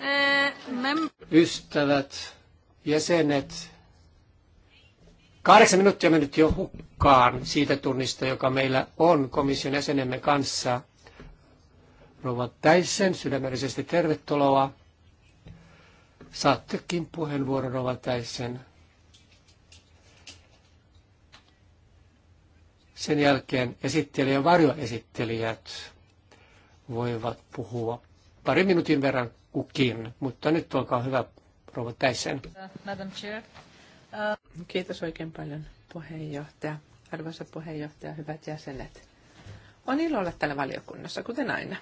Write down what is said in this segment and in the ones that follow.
Äh, Ystävät, jäsenet, kahdeksan minuuttia mennyt jo hukkaan siitä tunnista, joka meillä on komission jäsenemme kanssa. Rouva Täisen, sydämellisesti tervetuloa. Saattekin puheenvuoron Rouva Täisen. Sen jälkeen esittelijä ja varjoesittelijät voivat puhua pari minuutin verran kukin, mutta nyt olkaa hyvä rouva Täisen. Kiitos oikein paljon puheenjohtaja. Arvoisa puheenjohtaja, hyvät jäsenet. On ilo olla täällä valiokunnassa, kuten aina.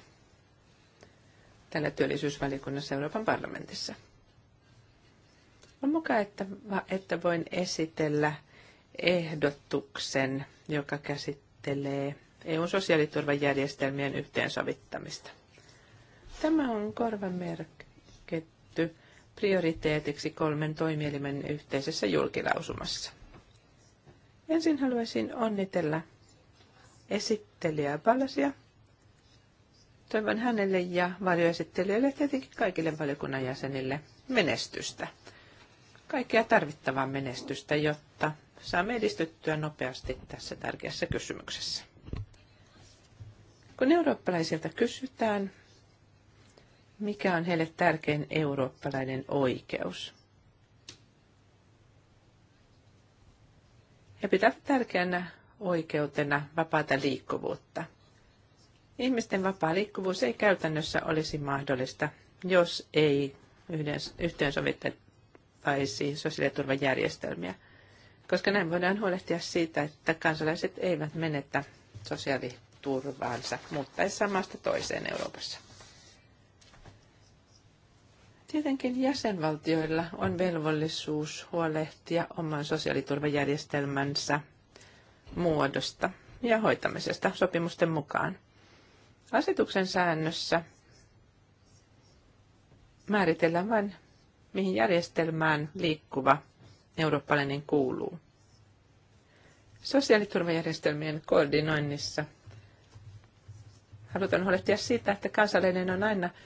Täällä työllisyysvaliokunnassa Euroopan parlamentissa. On mukaan, että, että voin esitellä ehdotuksen, joka käsittelee EU sosiaaliturvajärjestelmien yhteensovittamista. Tämä on korvamerkitty prioriteetiksi kolmen toimielimen yhteisessä julkilausumassa. Ensin haluaisin onnitella esittelijää Palasia. Toivon hänelle ja varjoesittelijöille tietenkin kaikille valiokunnan jäsenille menestystä. Kaikkea tarvittavaa menestystä, jotta saamme edistyttyä nopeasti tässä tärkeässä kysymyksessä. Kun eurooppalaisilta kysytään, mikä on heille tärkein eurooppalainen oikeus. He pitävät tärkeänä oikeutena vapaata liikkuvuutta. Ihmisten vapaa liikkuvuus ei käytännössä olisi mahdollista, jos ei yhteensovittaisi sosiaaliturvajärjestelmiä, koska näin voidaan huolehtia siitä, että kansalaiset eivät menetä sosiaaliturvaansa muuttaessa maasta toiseen Euroopassa. Tietenkin jäsenvaltioilla on velvollisuus huolehtia oman sosiaaliturvajärjestelmänsä muodosta ja hoitamisesta sopimusten mukaan. Asetuksen säännössä määritellään vain, mihin järjestelmään liikkuva eurooppalainen kuuluu. Sosiaaliturvajärjestelmien koordinoinnissa halutaan huolehtia siitä, että kansalainen on aina –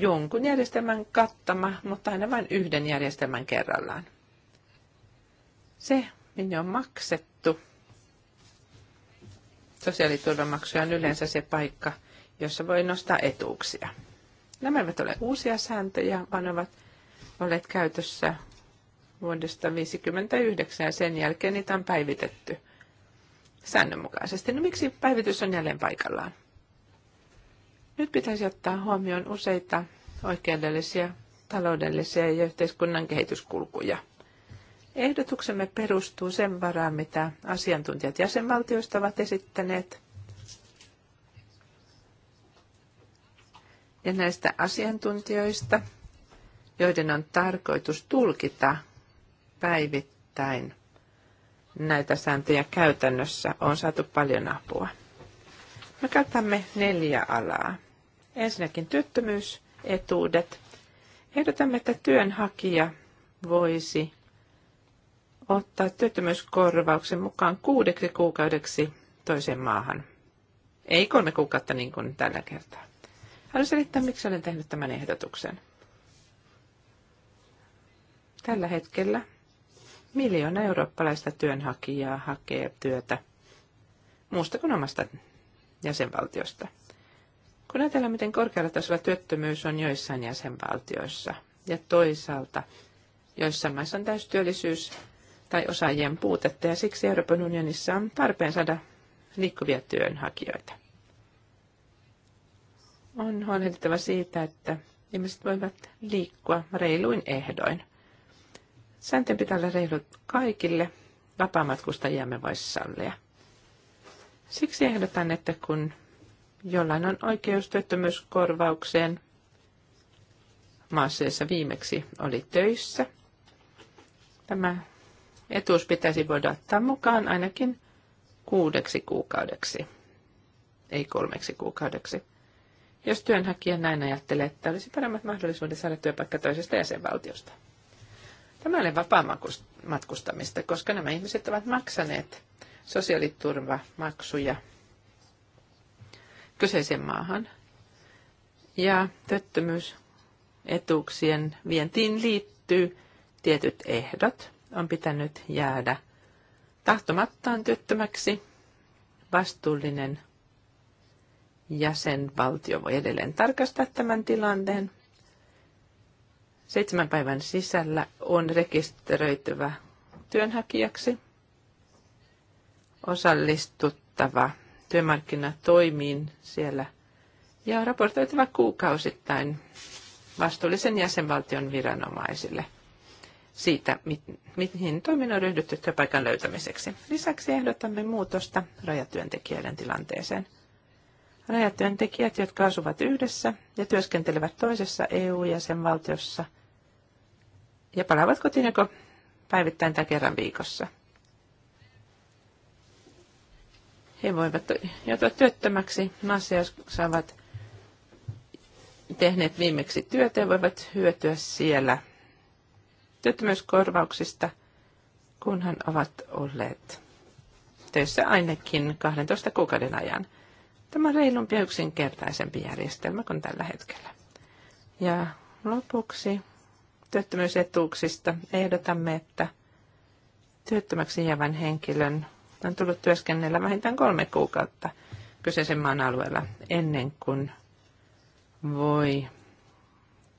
jonkun järjestelmän kattama, mutta aina vain yhden järjestelmän kerrallaan. Se, minne on maksettu, sosiaaliturvamaksuja on yleensä se paikka, jossa voi nostaa etuuksia. Nämä eivät ole uusia sääntöjä, vaan ovat olleet käytössä vuodesta 1959 ja sen jälkeen niitä on päivitetty säännönmukaisesti. No miksi päivitys on jälleen paikallaan? Nyt pitäisi ottaa huomioon useita oikeudellisia, taloudellisia ja yhteiskunnan kehityskulkuja. Ehdotuksemme perustuu sen varaan, mitä asiantuntijat jäsenvaltioista ovat esittäneet. Ja näistä asiantuntijoista, joiden on tarkoitus tulkita päivittäin näitä sääntöjä käytännössä, on saatu paljon apua. Me käytämme neljä alaa. Ensinnäkin työttömyysetuudet. Ehdotamme, että työnhakija voisi ottaa työttömyyskorvauksen mukaan kuudeksi kuukaudeksi toiseen maahan. Ei kolme kuukautta niin kuin tällä kertaa. Haluan selittää, miksi olen tehnyt tämän ehdotuksen. Tällä hetkellä miljoona eurooppalaista työnhakijaa hakee työtä muusta kuin omasta jäsenvaltiosta. Kun ajatellaan, miten korkealla tasolla työttömyys on joissain jäsenvaltioissa ja toisaalta joissain maissa on täystyöllisyys tai osaajien puutetta ja siksi Euroopan unionissa on tarpeen saada liikkuvia työnhakijoita. On huolehdittava siitä, että ihmiset voivat liikkua reiluin ehdoin. Sääntöjen pitää olla reilut kaikille, vapaamatkustajia me voisi sallia. Siksi ehdotan, että kun jollain on oikeus työttömyyskorvaukseen maassa, jossa viimeksi oli töissä. Tämä etuus pitäisi voida ottaa mukaan ainakin kuudeksi kuukaudeksi, ei kolmeksi kuukaudeksi. Jos työnhakija näin ajattelee, että olisi paremmat mahdollisuudet saada työpaikka toisesta jäsenvaltiosta. Tämä oli vapaa matkustamista, koska nämä ihmiset ovat maksaneet sosiaaliturvamaksuja – kyseiseen maahan. Ja työttömyysetuuksien vientiin liittyy tietyt ehdot. On pitänyt jäädä tahtomattaan työttömäksi. Vastuullinen jäsenvaltio voi edelleen tarkastaa tämän tilanteen. Seitsemän päivän sisällä on rekisteröityvä työnhakijaksi osallistuttava toimiin siellä ja raportoitava kuukausittain vastuullisen jäsenvaltion viranomaisille siitä, mihin on ryhdytty työpaikan löytämiseksi. Lisäksi ehdotamme muutosta rajatyöntekijöiden tilanteeseen. Rajatyöntekijät, jotka asuvat yhdessä ja työskentelevät toisessa EU-jäsenvaltiossa ja palaavat kotiin joko päivittäin tai kerran viikossa – he voivat joutua työttömäksi Naisia jos saavat tehneet viimeksi työtä he voivat hyötyä siellä työttömyyskorvauksista, kunhan ovat olleet töissä ainakin 12 kuukauden ajan. Tämä on reilumpi ja yksinkertaisempi järjestelmä kuin tällä hetkellä. Ja lopuksi työttömyysetuuksista ehdotamme, että työttömäksi jäävän henkilön on tullut työskennellä vähintään kolme kuukautta kyseisen maan alueella ennen kuin voi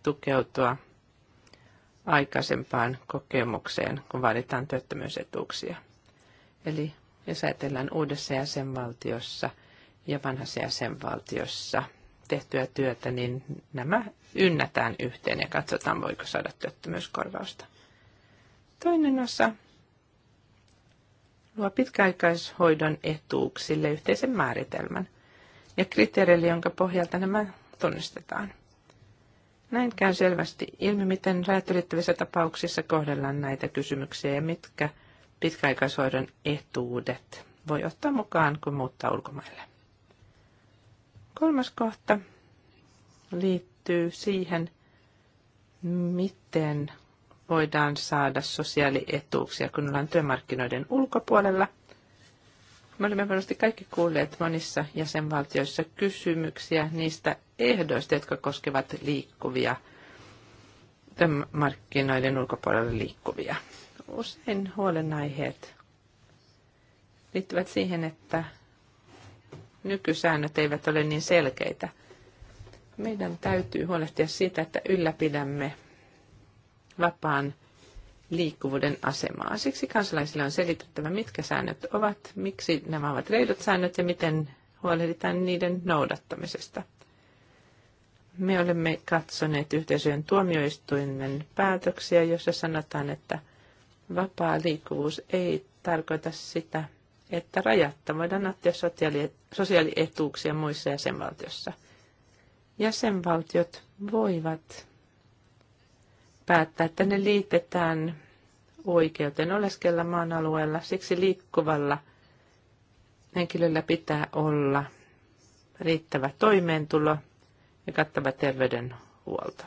tukeutua aikaisempaan kokemukseen, kun vaaditaan työttömyysetuuksia. Eli jos ajatellaan uudessa jäsenvaltiossa ja vanhassa jäsenvaltiossa tehtyä työtä, niin nämä ynnätään yhteen ja katsotaan, voiko saada työttömyyskorvausta. Toinen osa luo pitkäaikaishoidon etuuksille yhteisen määritelmän ja kriteerille, jonka pohjalta nämä tunnistetaan. Näin käy selvästi ilmi, miten rajat ylittävissä tapauksissa kohdellaan näitä kysymyksiä ja mitkä pitkäaikaishoidon etuudet voi ottaa mukaan, kun muuttaa ulkomaille. Kolmas kohta liittyy siihen, miten voidaan saada sosiaalietuuksia, kun ollaan työmarkkinoiden ulkopuolella. Me olemme varmasti kaikki kuulleet monissa jäsenvaltioissa kysymyksiä niistä ehdoista, jotka koskevat liikkuvia, markkinoiden ulkopuolella liikkuvia. Usein huolenaiheet liittyvät siihen, että nykysäännöt eivät ole niin selkeitä. Meidän täytyy huolehtia siitä, että ylläpidämme vapaan liikkuvuuden asemaa. Siksi kansalaisille on selitettävä, mitkä säännöt ovat, miksi nämä ovat reilut säännöt ja miten huolehditaan niiden noudattamisesta. Me olemme katsoneet yhteisöjen tuomioistuimen päätöksiä, joissa sanotaan, että vapaa liikkuvuus ei tarkoita sitä, että rajatta voidaan nauttia sosiaalietuuksia muissa jäsenvaltiossa. Jäsenvaltiot voivat päättää, että ne liitetään oikeuteen oleskella maan alueella. Siksi liikkuvalla henkilöllä pitää olla riittävä toimeentulo ja kattava terveydenhuolto.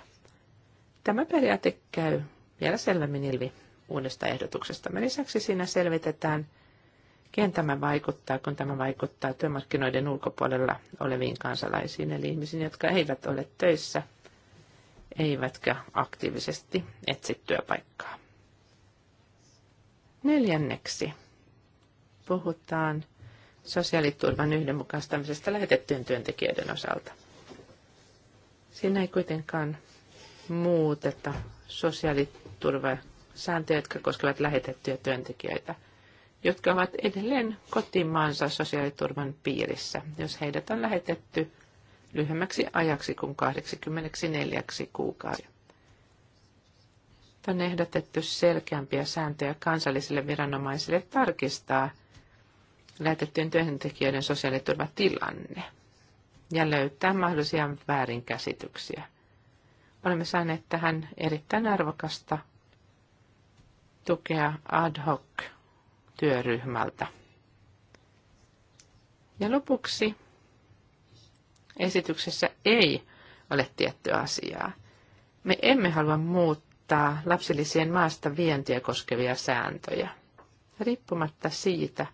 Tämä periaate käy vielä selvemmin ilmi uudesta ehdotuksesta. Me lisäksi siinä selvitetään, ken tämä vaikuttaa, kun tämä vaikuttaa työmarkkinoiden ulkopuolella oleviin kansalaisiin, eli ihmisiin, jotka eivät ole töissä – eivätkä aktiivisesti etsi työpaikkaa. Neljänneksi puhutaan sosiaaliturvan yhdenmukaistamisesta lähetettyjen työntekijöiden osalta. Siinä ei kuitenkaan muuteta sosiaaliturvasääntöjä, jotka koskevat lähetettyjä työntekijöitä, jotka ovat edelleen kotimaansa sosiaaliturvan piirissä, jos heidät on lähetetty lyhyemmäksi ajaksi kuin 84 kuukaudeksi. On ehdotettu selkeämpiä sääntöjä kansallisille viranomaisille tarkistaa lähetettyjen työntekijöiden sosiaaliturvatilanne ja löytää mahdollisia väärinkäsityksiä. Olemme saaneet tähän erittäin arvokasta tukea ad hoc työryhmältä. Ja lopuksi esityksessä ei ole tiettyä asiaa. Me emme halua muuttaa lapsilisien maasta vientiä koskevia sääntöjä, riippumatta siitä,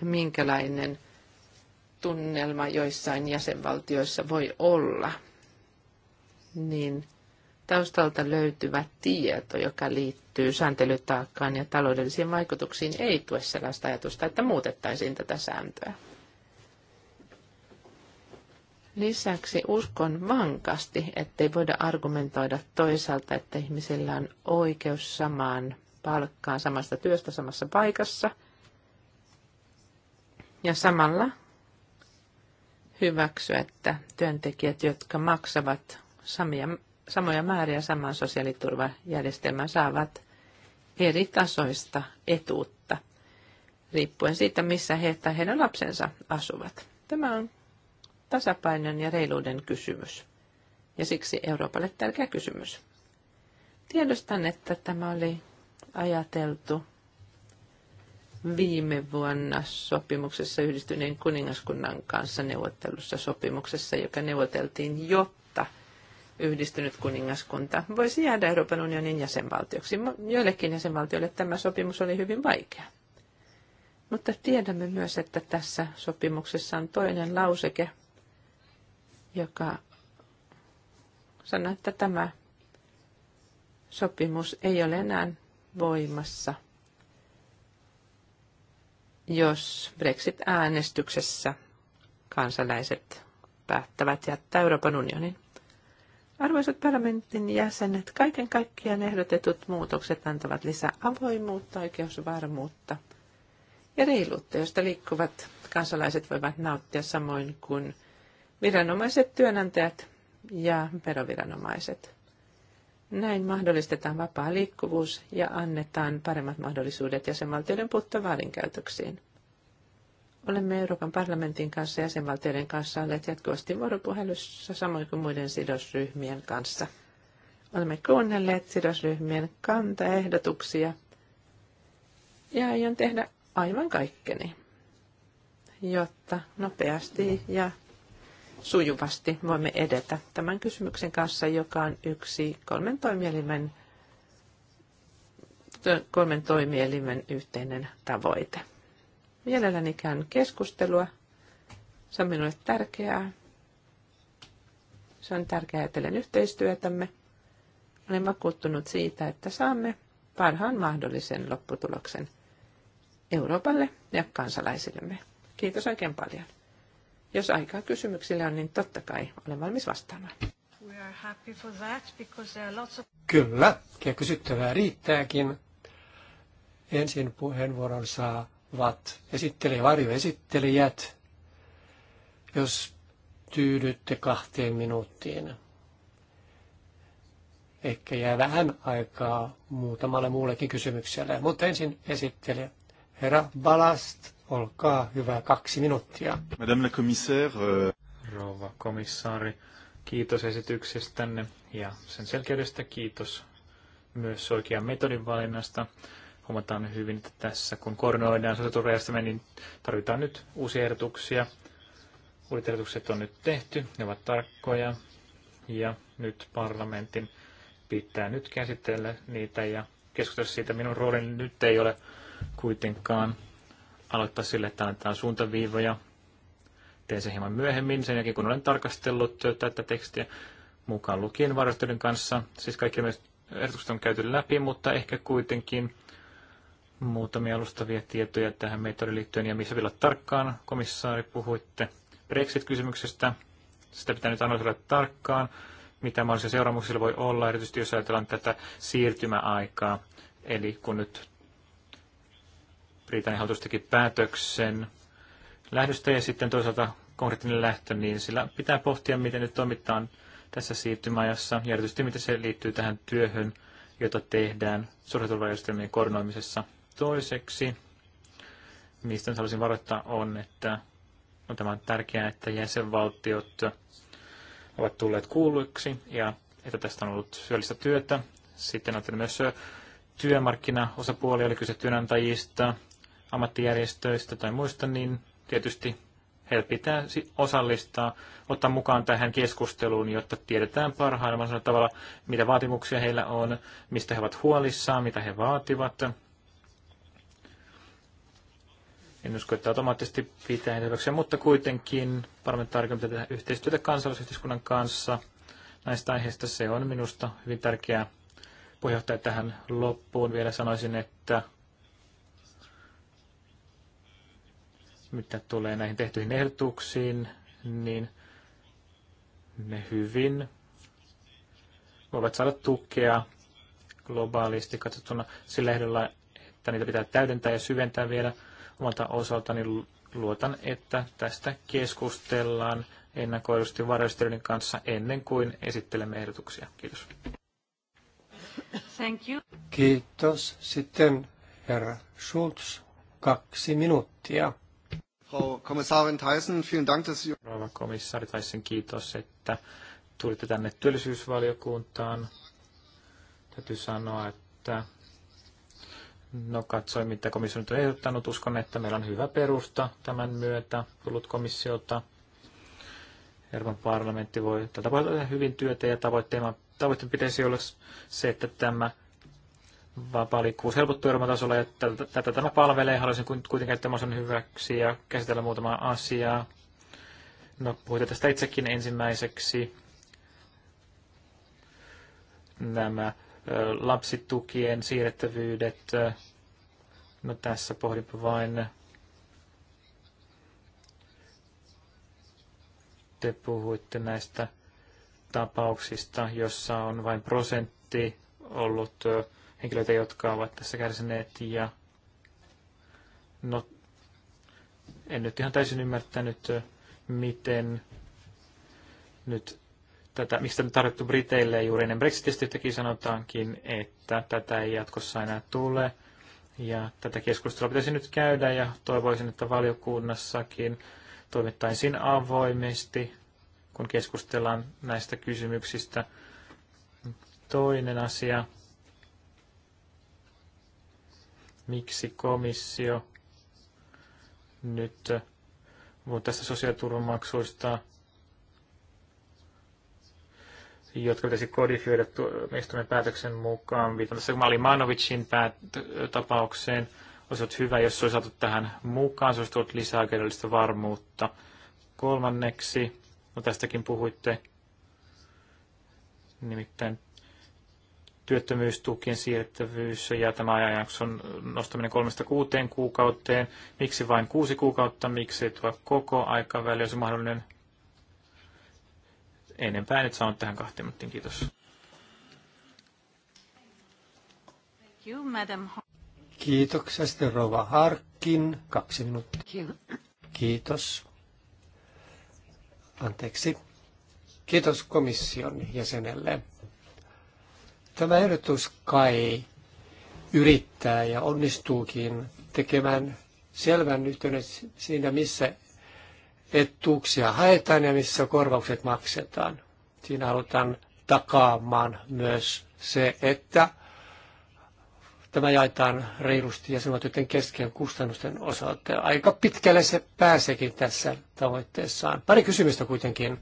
minkälainen tunnelma joissain jäsenvaltioissa voi olla, niin taustalta löytyvä tieto, joka liittyy sääntelytaakkaan ja taloudellisiin vaikutuksiin, ei tue sellaista ajatusta, että muutettaisiin tätä sääntöä. Lisäksi uskon vankasti, ettei voida argumentoida toisaalta, että ihmisillä on oikeus samaan palkkaan samasta työstä samassa paikassa ja samalla hyväksyä, että työntekijät, jotka maksavat samia, samoja määriä saman sosiaaliturvajärjestelmän, saavat eri tasoista etuutta, riippuen siitä, missä he tai heidän lapsensa asuvat. Tämä on tasapainon ja reiluuden kysymys. Ja siksi Euroopalle tärkeä kysymys. Tiedostan, että tämä oli ajateltu viime vuonna sopimuksessa yhdistyneen kuningaskunnan kanssa neuvottelussa sopimuksessa, joka neuvoteltiin, jotta yhdistynyt kuningaskunta voisi jäädä Euroopan unionin jäsenvaltioksi. Joillekin jäsenvaltioille tämä sopimus oli hyvin vaikea. Mutta tiedämme myös, että tässä sopimuksessa on toinen lauseke, joka sanoi, että tämä sopimus ei ole enää voimassa, jos Brexit-äänestyksessä kansalaiset päättävät jättää Euroopan unionin. Arvoisat parlamentin jäsenet, kaiken kaikkiaan ehdotetut muutokset antavat lisää avoimuutta, oikeusvarmuutta ja reiluutta, josta liikkuvat kansalaiset voivat nauttia samoin kuin viranomaiset, työnantajat ja veroviranomaiset. Näin mahdollistetaan vapaa liikkuvuus ja annetaan paremmat mahdollisuudet jäsenvaltioiden puuttua väärinkäytöksiin. Olemme Euroopan parlamentin kanssa ja jäsenvaltioiden kanssa olleet jatkuvasti vuoropuhelussa samoin kuin muiden sidosryhmien kanssa. Olemme kuunnelleet sidosryhmien kantaehdotuksia ja aion tehdä aivan kaikkeni, jotta nopeasti ja sujuvasti voimme edetä tämän kysymyksen kanssa, joka on yksi kolmen toimielimen, kolmen toimielimen yhteinen tavoite. Mielelläni käyn keskustelua. Se on minulle tärkeää. Se on tärkeää ajatellen yhteistyötämme. Olen vakuuttunut siitä, että saamme parhaan mahdollisen lopputuloksen Euroopalle ja kansalaisillemme. Kiitos oikein paljon. Jos aikaa kysymyksillä on, niin totta kai olen valmis vastaamaan. Kyllä, ja kysyttävää riittääkin. Ensin puheenvuoron saavat esittelijä, varjoesittelijät, jos tyydytte kahteen minuuttiin. Ehkä jää vähän aikaa muutamalle muullekin kysymykselle, mutta ensin esittelijä. Herra Balast, Olkaa hyvä, kaksi minuuttia. Madame la commissaire. Euh, Rouva komissaari, kiitos esityksestänne ja sen selkeydestä kiitos myös oikean metodin valinnasta. Huomataan hyvin, että tässä kun koordinoidaan sosiaaliturvajärjestelmää, niin tarvitaan nyt uusia ehdotuksia. Uudet ehdotukset on nyt tehty, ne ovat tarkkoja ja nyt parlamentin pitää nyt käsitellä niitä ja keskustella siitä. Minun roolini nyt ei ole kuitenkaan aloittaa sille, että annetaan suuntaviivoja. Teen sen hieman myöhemmin, sen jälkeen kun olen tarkastellut tätä tekstiä mukaan lukien varastoiden kanssa. Siis kaikki ehdotukset on käyty läpi, mutta ehkä kuitenkin muutamia alustavia tietoja tähän metodin liittyen ja missä vielä tarkkaan, komissaari, puhuitte Brexit-kysymyksestä. Sitä pitää nyt analysoida tarkkaan, mitä mahdollisia seuraamuksia voi olla, erityisesti jos ajatellaan tätä siirtymäaikaa. Eli kun nyt Britannian hallitus teki päätöksen lähdöstä ja sitten toisaalta konkreettinen lähtö, niin sillä pitää pohtia, miten nyt toimitaan tässä siirtymäajassa ja erityisesti miten se liittyy tähän työhön, jota tehdään sosiaaliturvajärjestelmien koordinoimisessa. Toiseksi, mistä haluaisin varoittaa, on, että no, tämä on tärkeää, että jäsenvaltiot ovat tulleet kuulluiksi ja että tästä on ollut syöllistä työtä. Sitten on myös työmarkkinaosapuoli, oli kyse työnantajista, ammattijärjestöistä tai muista, niin tietysti heidät pitää osallistaa, ottaa mukaan tähän keskusteluun, jotta tiedetään parhaimmalla tavalla, mitä vaatimuksia heillä on, mistä he ovat huolissaan, mitä he vaativat. En usko, että automaattisesti pitää edellyksiä, mutta kuitenkin parlamentaarikon pitää tehdä yhteistyötä kansalaisyhteiskunnan kanssa näistä aiheista. Se on minusta hyvin tärkeää. Puheenjohtaja tähän loppuun vielä sanoisin, että mitä tulee näihin tehtyihin ehdotuksiin, niin ne hyvin voivat saada tukea globaalisti katsottuna sillä ehdolla, että niitä pitää täydentää ja syventää vielä omalta osaltani. Luotan, että tästä keskustellaan ennakoidusti varjostelijoiden kanssa ennen kuin esittelemme ehdotuksia. Kiitos. Thank you. Kiitos. Sitten herra Schulz, kaksi minuuttia. Frau Kommissarin Thyssen, vielen Dank, dass Sie... Frau komissaari Thyssen, kiitos, että tulitte tänne työllisyysvaliokuntaan. Täytyy sanoa, että no katsoin, mitä komissio nyt on ehdottanut. Uskon, että meillä on hyvä perusta tämän myötä tullut komissiota, Euroopan parlamentti voi tätä tehdä hyvin työtä ja tavoitteena, tavoitteen pitäisi olla se, että tämä vapaa liikkuvuus helpottuu Euroopan tasolla ja tätä, tämä palvelee. Haluaisin kuitenkin käyttää sen hyväksi ja käsitellä muutama asiaa. No, puhuitte tästä itsekin ensimmäiseksi. Nämä lapsitukien siirrettävyydet. No tässä pohdinpa vain. Te puhuitte näistä tapauksista, jossa on vain prosentti ollut henkilöitä, jotka ovat tässä kärsineet. Ja no, en nyt ihan täysin ymmärtänyt, miten nyt tätä, mistä nyt tarjottu Briteille juuri ennen Brexitistä yhtäkkiä sanotaankin, että tätä ei jatkossa enää tule. Ja tätä keskustelua pitäisi nyt käydä ja toivoisin, että valiokunnassakin toimittaisiin avoimesti, kun keskustellaan näistä kysymyksistä. Toinen asia, miksi komissio nyt tässä sosiaaliturvamaksuista, jotka pitäisi kodifioida meistämme päätöksen mukaan, viitan tässä Malimanovicin tapaukseen, olisi ollut hyvä, jos se olisi saatu tähän mukaan, se olisi tullut lisää oikeudellista varmuutta. Kolmanneksi, no tästäkin puhuitte, nimittäin työttömyystukien siirrettävyys ja tämä ajanjakson nostaminen kolmesta kuuteen kuukauteen. Miksi vain kuusi kuukautta? Miksi ei tuo koko aikaväli olisi mahdollinen? Enempää nyt sanon tähän kahteen minuuttiin. Kiitos. Kiitoksia. Sitten Rova Harkin. Kaksi minuuttia. Kiitos. Anteeksi. Kiitos komission jäsenelle Tämä ehdotus kai yrittää ja onnistuukin tekemään selvän yhteyden siinä, missä etuuksia haetaan ja missä korvaukset maksetaan. Siinä halutaan takaamaan myös se, että tämä jaetaan reilusti ja sanotuiden kesken kustannusten osalta. Aika pitkälle se pääsekin tässä tavoitteessaan. Pari kysymystä kuitenkin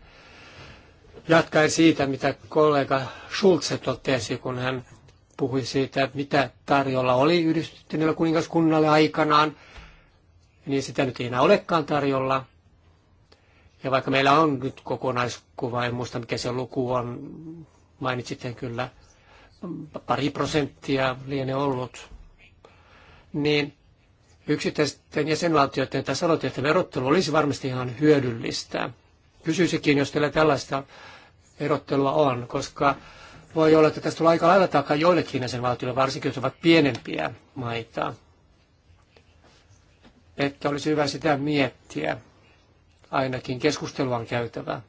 jatkaen siitä, mitä kollega Schulze totesi, kun hän puhui siitä, mitä tarjolla oli yhdistyneellä kuningaskunnalle aikanaan, niin sitä nyt ei enää olekaan tarjolla. Ja vaikka meillä on nyt kokonaiskuva, en muista mikä se luku on, mainitsitte kyllä, pari prosenttia liene ollut, niin yksittäisten jäsenvaltioiden tässä aloitteiden verottelu olisi varmasti ihan hyödyllistä kysyisikin, jos teillä tällaista erottelua on, koska voi olla, että tästä tulee aika lailla taakka joillekin jäsenvaltioille, varsinkin jos ovat pienempiä maita. Että olisi hyvä sitä miettiä. Ainakin keskustelua on käytävä.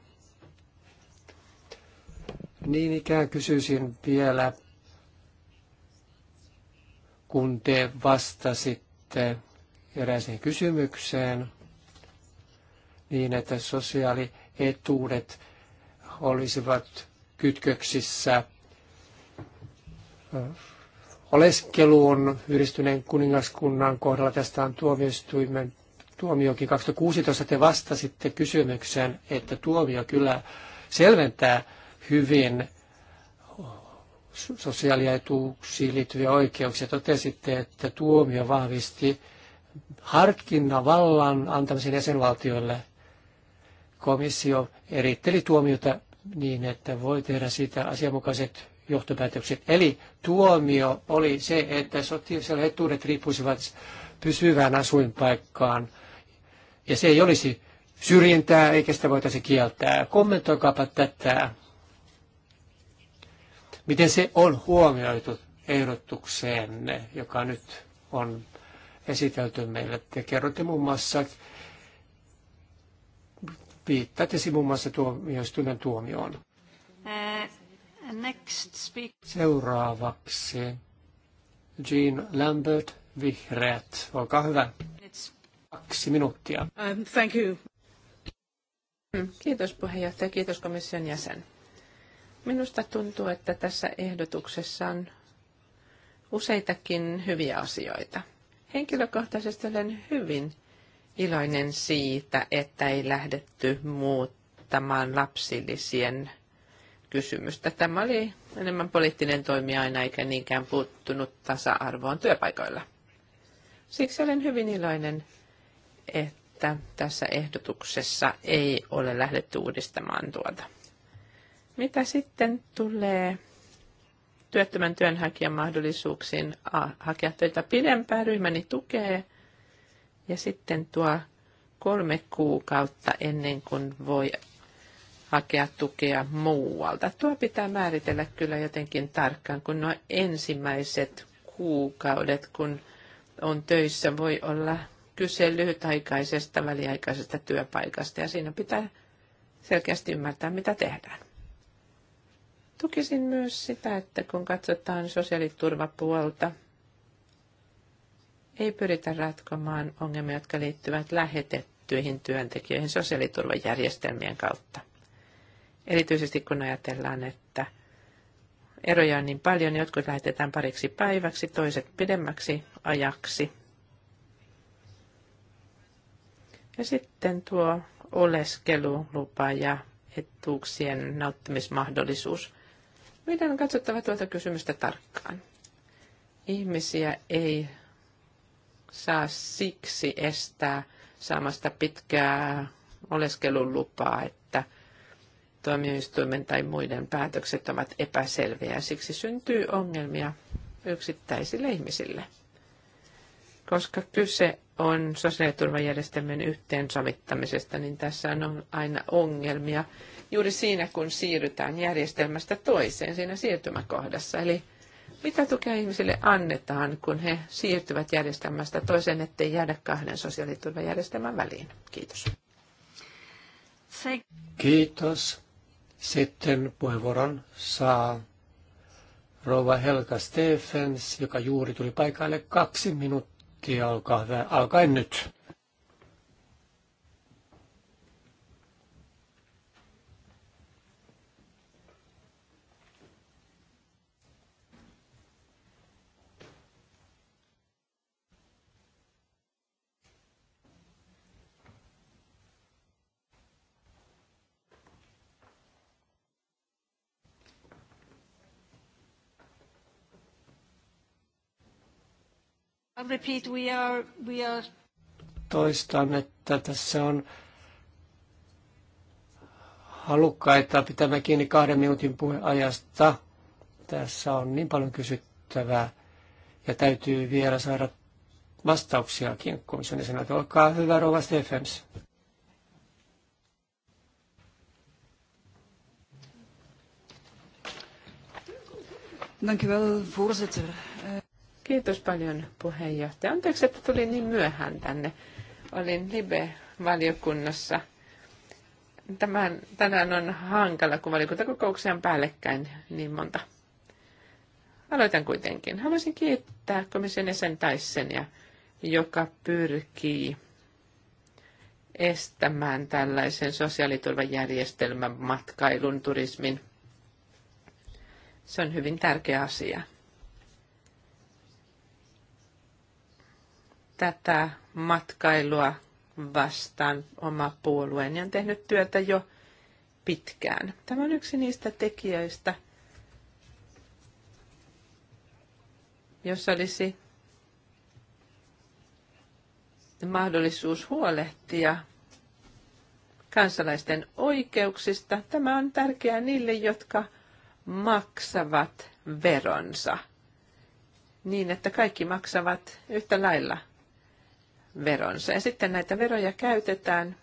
Niin ikään kysyisin vielä, kun te vastasitte eräiseen kysymykseen – niin, että sosiaalietuudet olisivat kytköksissä oleskeluun yhdistyneen kuningaskunnan kohdalla. Tästä on tuomioistuimen tuomiokin 2016 te vastasitte kysymykseen, että tuomio kyllä selventää hyvin sosiaalietuuksiin liittyviä oikeuksia. Totesitte, että tuomio vahvisti harkinnan vallan antamisen jäsenvaltioille komissio eritteli tuomiota niin, että voi tehdä siitä asianmukaiset johtopäätökset. Eli tuomio oli se, että sotilaiset etuudet riippuisivat pysyvään asuinpaikkaan, ja se ei olisi syrjintää, eikä sitä voitaisi kieltää. Kommentoikaapa tätä. Miten se on huomioitu ehdotukseenne, joka nyt on esitelty meille. Te kerrotte muun muassa viittaatte sivumassa tuomioistuimen tuomioon. Uh, next speak. Seuraavaksi Jean Lambert, Vihreät. Olkaa hyvä. Kaksi minuuttia. Um, thank you. Kiitos puheenjohtaja, kiitos komission jäsen. Minusta tuntuu, että tässä ehdotuksessa on useitakin hyviä asioita. Henkilökohtaisesti olen hyvin iloinen siitä, että ei lähdetty muuttamaan lapsillisien kysymystä. Tämä oli enemmän poliittinen toimi aina, eikä niinkään puuttunut tasa-arvoon työpaikoilla. Siksi olen hyvin iloinen, että tässä ehdotuksessa ei ole lähdetty uudistamaan tuota. Mitä sitten tulee työttömän työnhakijan mahdollisuuksiin hakea töitä pidempään, ryhmäni tukee – ja sitten tuo kolme kuukautta ennen kuin voi hakea tukea muualta. Tuo pitää määritellä kyllä jotenkin tarkkaan, kun nuo ensimmäiset kuukaudet, kun on töissä, voi olla kyse lyhytaikaisesta, väliaikaisesta työpaikasta ja siinä pitää selkeästi ymmärtää, mitä tehdään. Tukisin myös sitä, että kun katsotaan sosiaaliturvapuolta, ei pyritä ratkomaan ongelmia, jotka liittyvät lähetettyihin työntekijöihin sosiaaliturvajärjestelmien kautta. Erityisesti kun ajatellaan, että eroja on niin paljon, niin jotkut lähetetään pariksi päiväksi, toiset pidemmäksi ajaksi. Ja sitten tuo oleskelulupa ja etuuksien nauttimismahdollisuus. Meidän on katsottava tuota kysymystä tarkkaan. Ihmisiä ei saa siksi estää saamasta pitkää oleskelulupaa, että tuomioistuimen tai muiden päätökset ovat epäselviä. Siksi syntyy ongelmia yksittäisille ihmisille. Koska kyse on sosiaaliturvajärjestelmän yhteensovittamisesta, niin tässä on aina ongelmia juuri siinä, kun siirrytään järjestelmästä toiseen siinä siirtymäkohdassa. Eli mitä tukea ihmisille annetaan, kun he siirtyvät järjestelmästä toiseen, ettei jäädä kahden sosiaaliturvajärjestelmän väliin? Kiitos. Kiitos. Sitten puheenvuoron saa rouva Helga Stefens, joka juuri tuli paikalle kaksi minuuttia. Alkaa, Alkaen nyt. repeat, we are, we are... Toistan, että tässä on halukkaita pitämään kiinni kahden minuutin puheajasta. Tässä on niin paljon kysyttävää ja täytyy vielä saada vastauksiakin komission jäseneltä. Olkaa hyvä, Rova Stephens. Dankjewel, voorzitter. Kiitos paljon puheenjohtaja. Anteeksi, että tuli niin myöhään tänne. Olin Libe-valiokunnassa. Tämän, tänään on hankala, kun valiokuntakokouksia on päällekkäin niin monta. Aloitan kuitenkin. Haluaisin kiittää komission jäsen Taissenia, joka pyrkii estämään tällaisen sosiaaliturvajärjestelmän matkailun, turismin. Se on hyvin tärkeä asia. tätä matkailua vastaan oma puolueeni on tehnyt työtä jo pitkään. Tämä on yksi niistä tekijöistä, jos olisi mahdollisuus huolehtia kansalaisten oikeuksista. Tämä on tärkeää niille, jotka maksavat veronsa niin, että kaikki maksavat yhtä lailla veronsa. Ja sitten näitä veroja käytetään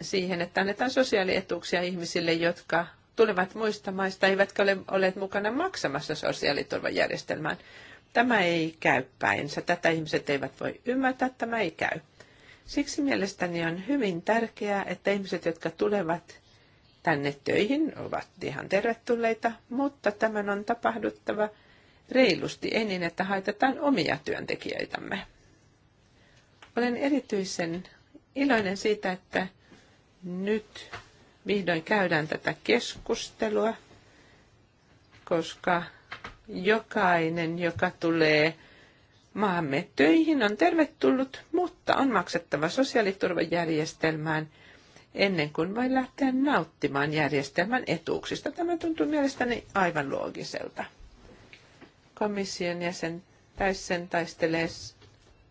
siihen, että annetaan sosiaalietuuksia ihmisille, jotka tulevat muista maista, eivätkä ole olleet mukana maksamassa sosiaaliturvajärjestelmään. Tämä ei käy päinsä. Tätä ihmiset eivät voi ymmärtää, tämä ei käy. Siksi mielestäni on hyvin tärkeää, että ihmiset, jotka tulevat tänne töihin, ovat ihan tervetulleita, mutta tämän on tapahduttava – reilusti, ei niin, että haitataan omia työntekijöitämme. Olen erityisen iloinen siitä, että nyt vihdoin käydään tätä keskustelua, koska jokainen, joka tulee maamme töihin, on tervetullut, mutta on maksettava sosiaaliturvajärjestelmään ennen kuin voi lähteä nauttimaan järjestelmän etuuksista. Tämä tuntuu mielestäni aivan loogiselta komission jäsen Täyssen taistelee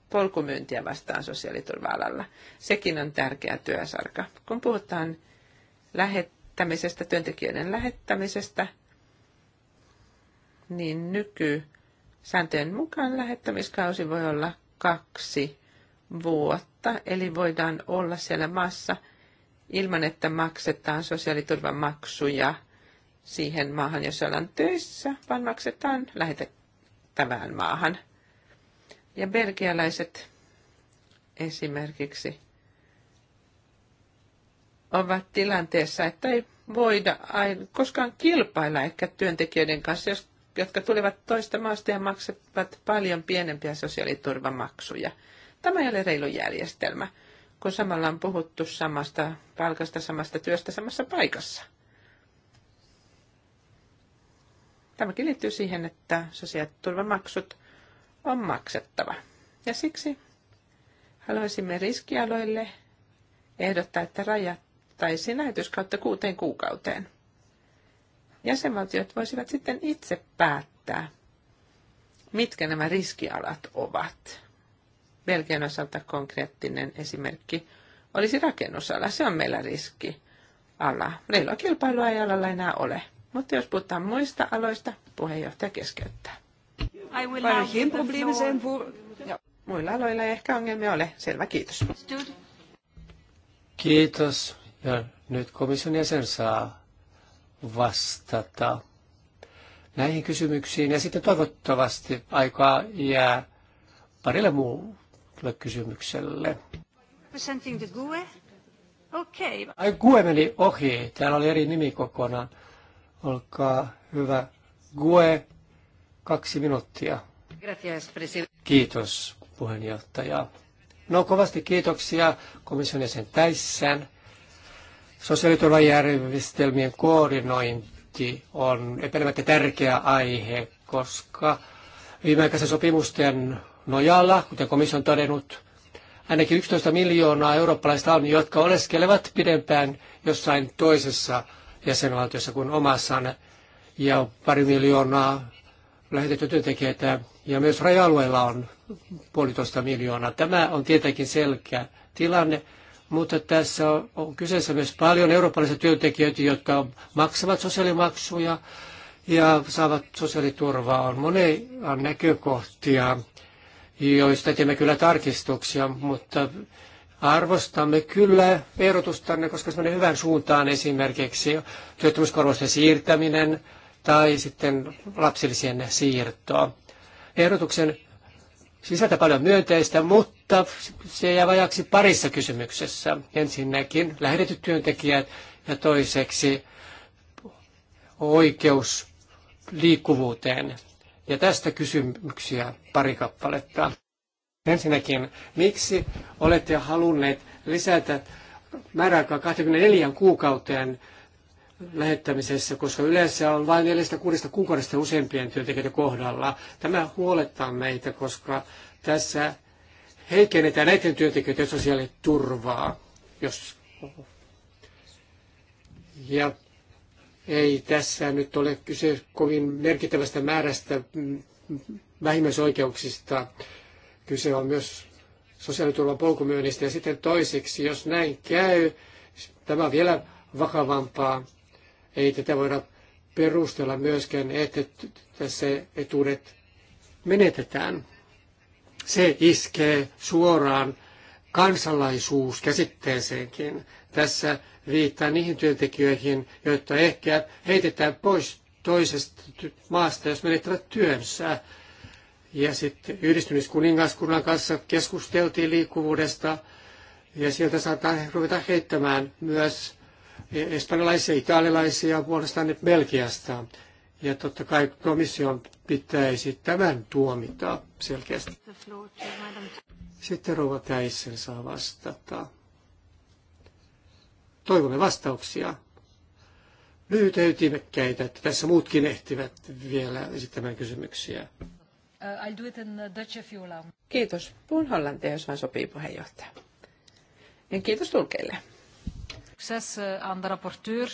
polkumyyntiä vastaan sosiaaliturva-alalla. Sekin on tärkeä työsarka. Kun puhutaan lähettämisestä, työntekijöiden lähettämisestä, niin nyky sääntöjen mukaan lähettämiskausi voi olla kaksi vuotta, eli voidaan olla siellä maassa ilman, että maksetaan sosiaaliturvamaksuja siihen maahan, jossa ollaan töissä, vaan maksetaan lähetet tämän maahan. Ja belgialaiset esimerkiksi ovat tilanteessa, että ei voida koskaan kilpailla ehkä työntekijöiden kanssa, jotka tulevat toista maasta ja maksavat paljon pienempiä sosiaaliturvamaksuja. Tämä ei ole reilu järjestelmä, kun samalla on puhuttu samasta palkasta, samasta työstä, samassa paikassa. Tämäkin liittyy siihen, että sosiaaliturvamaksut on maksettava. Ja siksi haluaisimme riskialoille ehdottaa, että rajattaisiin kautta kuuteen kuukauteen. Jäsenvaltiot voisivat sitten itse päättää, mitkä nämä riskialat ovat. Belgian osalta konkreettinen esimerkki olisi rakennusala. Se on meillä riskiala. Reilua kilpailua ei alalla enää ole. Mutta jos puhutaan muista aloista, puheenjohtaja keskeyttää. Muilla aloilla ei ehkä ongelmia ole. Selvä, kiitos. Kiitos. Ja nyt komission jäsen saa vastata näihin kysymyksiin. Ja sitten toivottavasti aikaa jää parille muulle kysymykselle. E? Ai GUE meni ohi. Täällä oli eri nimi kokonaan. Olkaa hyvä. Gue, kaksi minuuttia. Kiitos, puheenjohtaja. No kovasti kiitoksia komission jäsen Täissän. Sosiaaliturvajärjestelmien koordinointi on epäilemättä tärkeä aihe, koska viimeaikaisen sopimusten nojalla, kuten komissio on todennut, ainakin 11 miljoonaa eurooppalaista on, jotka oleskelevat pidempään jossain toisessa jäsenvaltiossa kuin omassaan ja pari miljoonaa lähetetty työntekijöitä ja myös raja-alueilla on puolitoista miljoonaa. Tämä on tietenkin selkeä tilanne, mutta tässä on kyseessä myös paljon eurooppalaisia työntekijöitä, jotka maksavat sosiaalimaksuja ja saavat sosiaaliturvaa. On monia näkökohtia, joista teemme kyllä tarkistuksia, mutta Arvostamme kyllä verotustanne, koska se menee hyvän suuntaan esimerkiksi työttömyyskorvausten siirtäminen tai sitten lapsillisien siirtoa. Ehdotuksen sisältä paljon myönteistä, mutta se jää vajaksi parissa kysymyksessä. Ensinnäkin lähetetyt työntekijät ja toiseksi oikeus liikkuvuuteen. Ja tästä kysymyksiä pari kappaletta. Ensinnäkin, miksi olette halunneet lisätä määräaikaa 24 kuukauteen lähettämisessä, koska yleensä on vain 4-6 kuukaudesta useimpien työntekijöiden kohdalla. Tämä huolettaa meitä, koska tässä heikennetään näiden työntekijöiden sosiaaliturvaa, jos... Ja ei tässä nyt ole kyse kovin merkittävästä määrästä mm, vähimmäisoikeuksista, Kyse on myös sosiaaliturvan polkumyönnistä. Ja sitten toiseksi, jos näin käy, tämä on vielä vakavampaa. Ei tätä voida perustella myöskään, että tässä etuudet menetetään. Se iskee suoraan kansalaisuuskäsitteeseenkin. Tässä viittaa niihin työntekijöihin, joita ehkä heitetään pois toisesta maasta, jos menettävät työnsä. Ja sitten yhdistymiskuningaskunnan kanssa keskusteltiin liikkuvuudesta. Ja sieltä saattaa ruveta heittämään myös espanjalaisia, italialaisia puolestaan nyt Belgiasta. Ja totta kai komission pitäisi tämän tuomita selkeästi. Sitten rouva Täissen saa vastata. Toivomme vastauksia. Lyhyitä ytimekkäitä, että tässä muutkin ehtivät vielä esittämään kysymyksiä. Uh, I'll do it in uh, Dutch if you allow. Kiitos. Puhun hollantia, jos vain sopii puheenjohtaja. Ja kiitos tulkeille. Success uh, aan de rapporteur.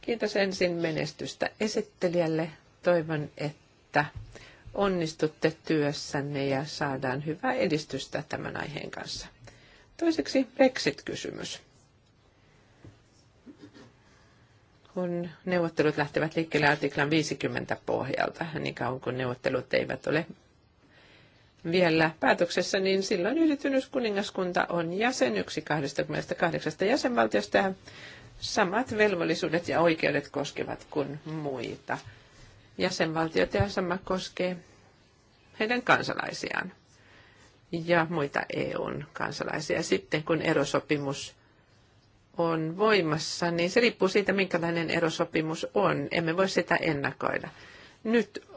Kiitos ensin menestystä esittelijälle. Toivon, että onnistutte työssänne ja saadaan hyvää edistystä tämän aiheen kanssa. Toiseksi Brexit-kysymys. kun neuvottelut lähtevät liikkeelle artiklan 50 pohjalta, niin kauan kun neuvottelut eivät ole vielä päätöksessä, niin silloin yhdistyneskuningaskunta on jäsen yksi 28 jäsenvaltiosta ja samat velvollisuudet ja oikeudet koskevat kuin muita jäsenvaltioita ja sama koskee heidän kansalaisiaan ja muita EUn kansalaisia. Sitten kun erosopimus on voimassa, niin se riippuu siitä, minkälainen erosopimus on. Emme voi sitä ennakoida. Nyt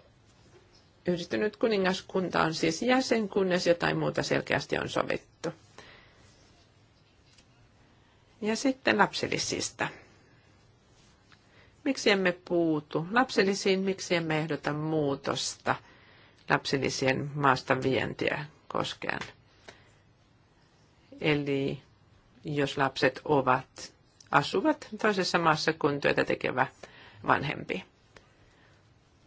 yhdistynyt kuningaskunta on siis jäsen, kunnes jotain muuta selkeästi on sovittu. Ja sitten lapsilisistä. Miksi emme puutu lapsilisiin, miksi emme ehdota muutosta lapsilisien maasta vientiä koskien? Eli jos lapset ovat, asuvat toisessa maassa kuin työtä tekevä vanhempi.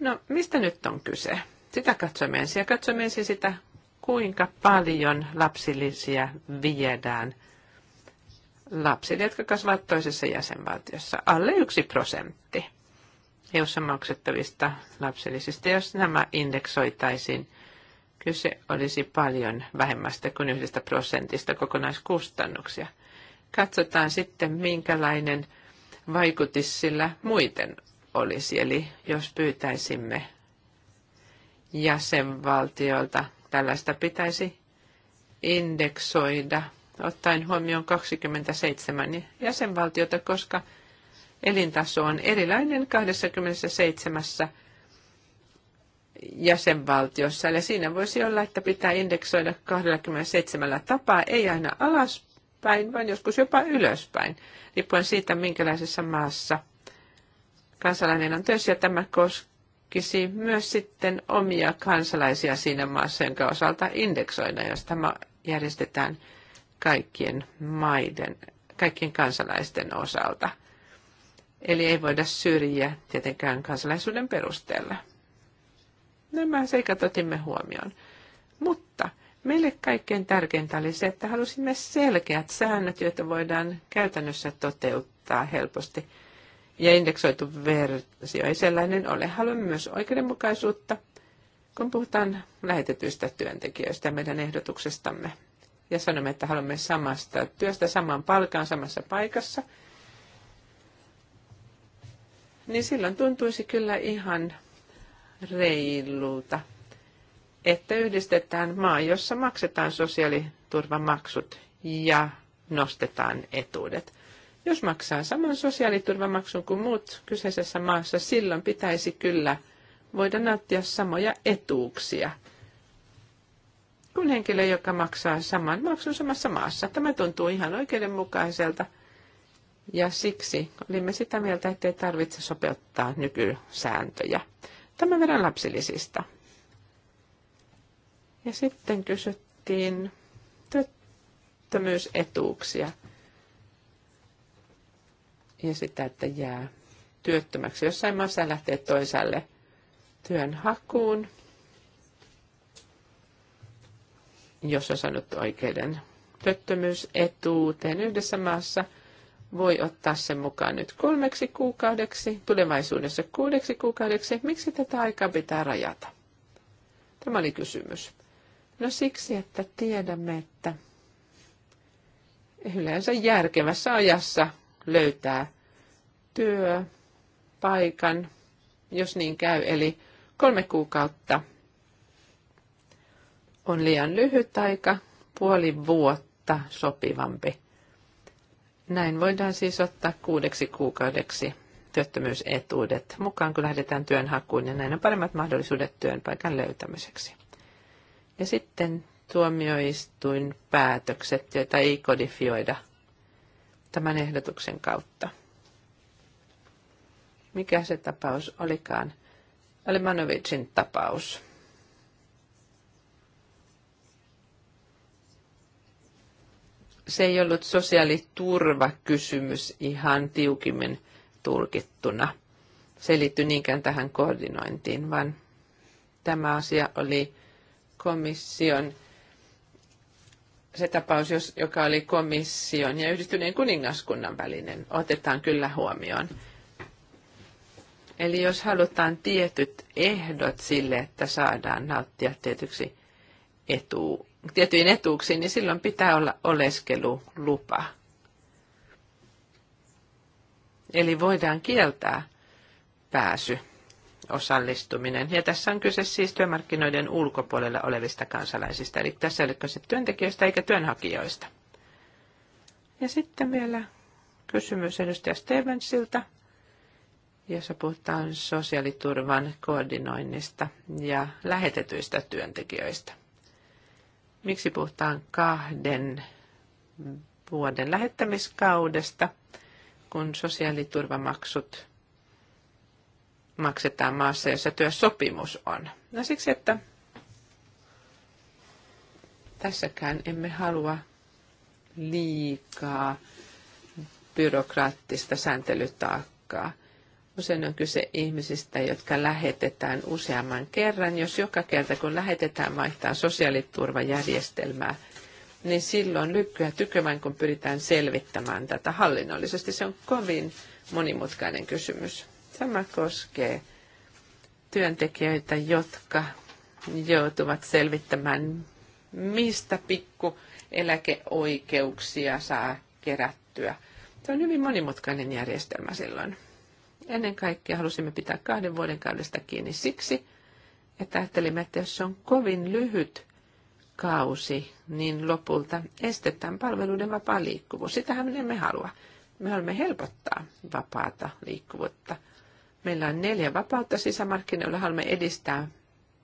No, mistä nyt on kyse? Sitä katsomme ensin ja katsomme ensin sitä, kuinka paljon lapsilisiä viedään lapsille, jotka kasvavat toisessa jäsenvaltiossa. Alle yksi prosentti EU-ssa maksettavista lapsilisistä, jos nämä indeksoitaisiin kyse olisi paljon vähemmästä kuin yhdestä prosentista kokonaiskustannuksia katsotaan sitten, minkälainen vaikutus sillä muiden olisi. Eli jos pyytäisimme jäsenvaltiolta, tällaista pitäisi indeksoida ottaen huomioon 27 niin jäsenvaltiota, koska elintaso on erilainen 27 jäsenvaltiossa. Eli siinä voisi olla, että pitää indeksoida 27 tapaa, ei aina alaspäin alaspäin, vaan joskus jopa ylöspäin, riippuen siitä, minkälaisessa maassa kansalainen on töissä. Ja tämä koskisi myös sitten omia kansalaisia siinä maassa, jonka osalta indeksoida, jos tämä järjestetään kaikkien maiden, kaikkien kansalaisten osalta. Eli ei voida syrjiä tietenkään kansalaisuuden perusteella. Nämä seikat otimme huomioon. Mutta Meille kaikkein tärkeintä oli se, että halusimme selkeät säännöt, joita voidaan käytännössä toteuttaa helposti. Ja indeksoitu versio ei sellainen ole. Haluamme myös oikeudenmukaisuutta, kun puhutaan lähetetyistä työntekijöistä meidän ehdotuksestamme. Ja sanomme, että haluamme samasta työstä saman palkan samassa paikassa. Niin silloin tuntuisi kyllä ihan reilulta että yhdistetään maa, jossa maksetaan sosiaaliturvamaksut ja nostetaan etuudet. Jos maksaa saman sosiaaliturvamaksun kuin muut kyseisessä maassa, silloin pitäisi kyllä voida nauttia samoja etuuksia kuin henkilö, joka maksaa saman maksun samassa maassa. Tämä tuntuu ihan oikeudenmukaiselta ja siksi olimme sitä mieltä, ettei tarvitse sopeuttaa nykysääntöjä. Tämän verran lapsilisista. Ja sitten kysyttiin työttömyysetuuksia ja sitä, että jää työttömäksi. Jossain maassa lähtee toisaalle työnhakuun, jos on saanut oikeuden työttömyysetuuteen yhdessä maassa, voi ottaa sen mukaan nyt kolmeksi kuukaudeksi, tulevaisuudessa kuudeksi kuukaudeksi. Miksi tätä aikaa pitää rajata? Tämä oli kysymys. No siksi, että tiedämme, että yleensä järkevässä ajassa löytää työ, paikan, jos niin käy. Eli kolme kuukautta on liian lyhyt aika, puoli vuotta sopivampi. Näin voidaan siis ottaa kuudeksi kuukaudeksi työttömyysetuudet mukaan, kun lähdetään työnhakuun ja näin on paremmat mahdollisuudet työnpaikan löytämiseksi. Ja sitten tuomioistuin päätökset, joita ei kodifioida tämän ehdotuksen kautta. Mikä se tapaus olikaan? Alemanovicin tapaus. Se ei ollut sosiaaliturvakysymys ihan tiukimmin tulkittuna. Se ei liitty niinkään tähän koordinointiin, vaan tämä asia oli komission se tapaus, joka oli komission ja yhdistyneen kuningaskunnan välinen, otetaan kyllä huomioon. Eli jos halutaan tietyt ehdot sille, että saadaan nauttia tietyksi etu, tietyin etuuksiin, niin silloin pitää olla oleskelulupa. Eli voidaan kieltää pääsy osallistuminen. Ja tässä on kyse siis työmarkkinoiden ulkopuolella olevista kansalaisista, eli tässä ei ole kyse työntekijöistä eikä työnhakijoista. Ja sitten vielä kysymys edustaja Stevensilta, jossa puhutaan sosiaaliturvan koordinoinnista ja lähetetyistä työntekijöistä. Miksi puhutaan kahden vuoden lähettämiskaudesta, kun sosiaaliturvamaksut maksetaan maassa, jossa työsopimus on. No siksi, että tässäkään emme halua liikaa byrokraattista sääntelytaakkaa. Usein on kyse ihmisistä, jotka lähetetään useamman kerran. Jos joka kerta, kun lähetetään, vaihtaa sosiaaliturvajärjestelmää, niin silloin lykkyä tykövän, kun pyritään selvittämään tätä hallinnollisesti. Se on kovin monimutkainen kysymys. Sama koskee työntekijöitä, jotka joutuvat selvittämään, mistä pikku eläkeoikeuksia saa kerättyä. Se on hyvin monimutkainen järjestelmä silloin. Ennen kaikkea halusimme pitää kahden vuoden kaudesta kiinni siksi, että ajattelimme, että jos on kovin lyhyt kausi, niin lopulta estetään palveluiden vapaa liikkuvuus. Sitähän me emme halua. Me haluamme helpottaa vapaata liikkuvuutta – Meillä on neljä vapautta sisämarkkinoilla, haluamme edistää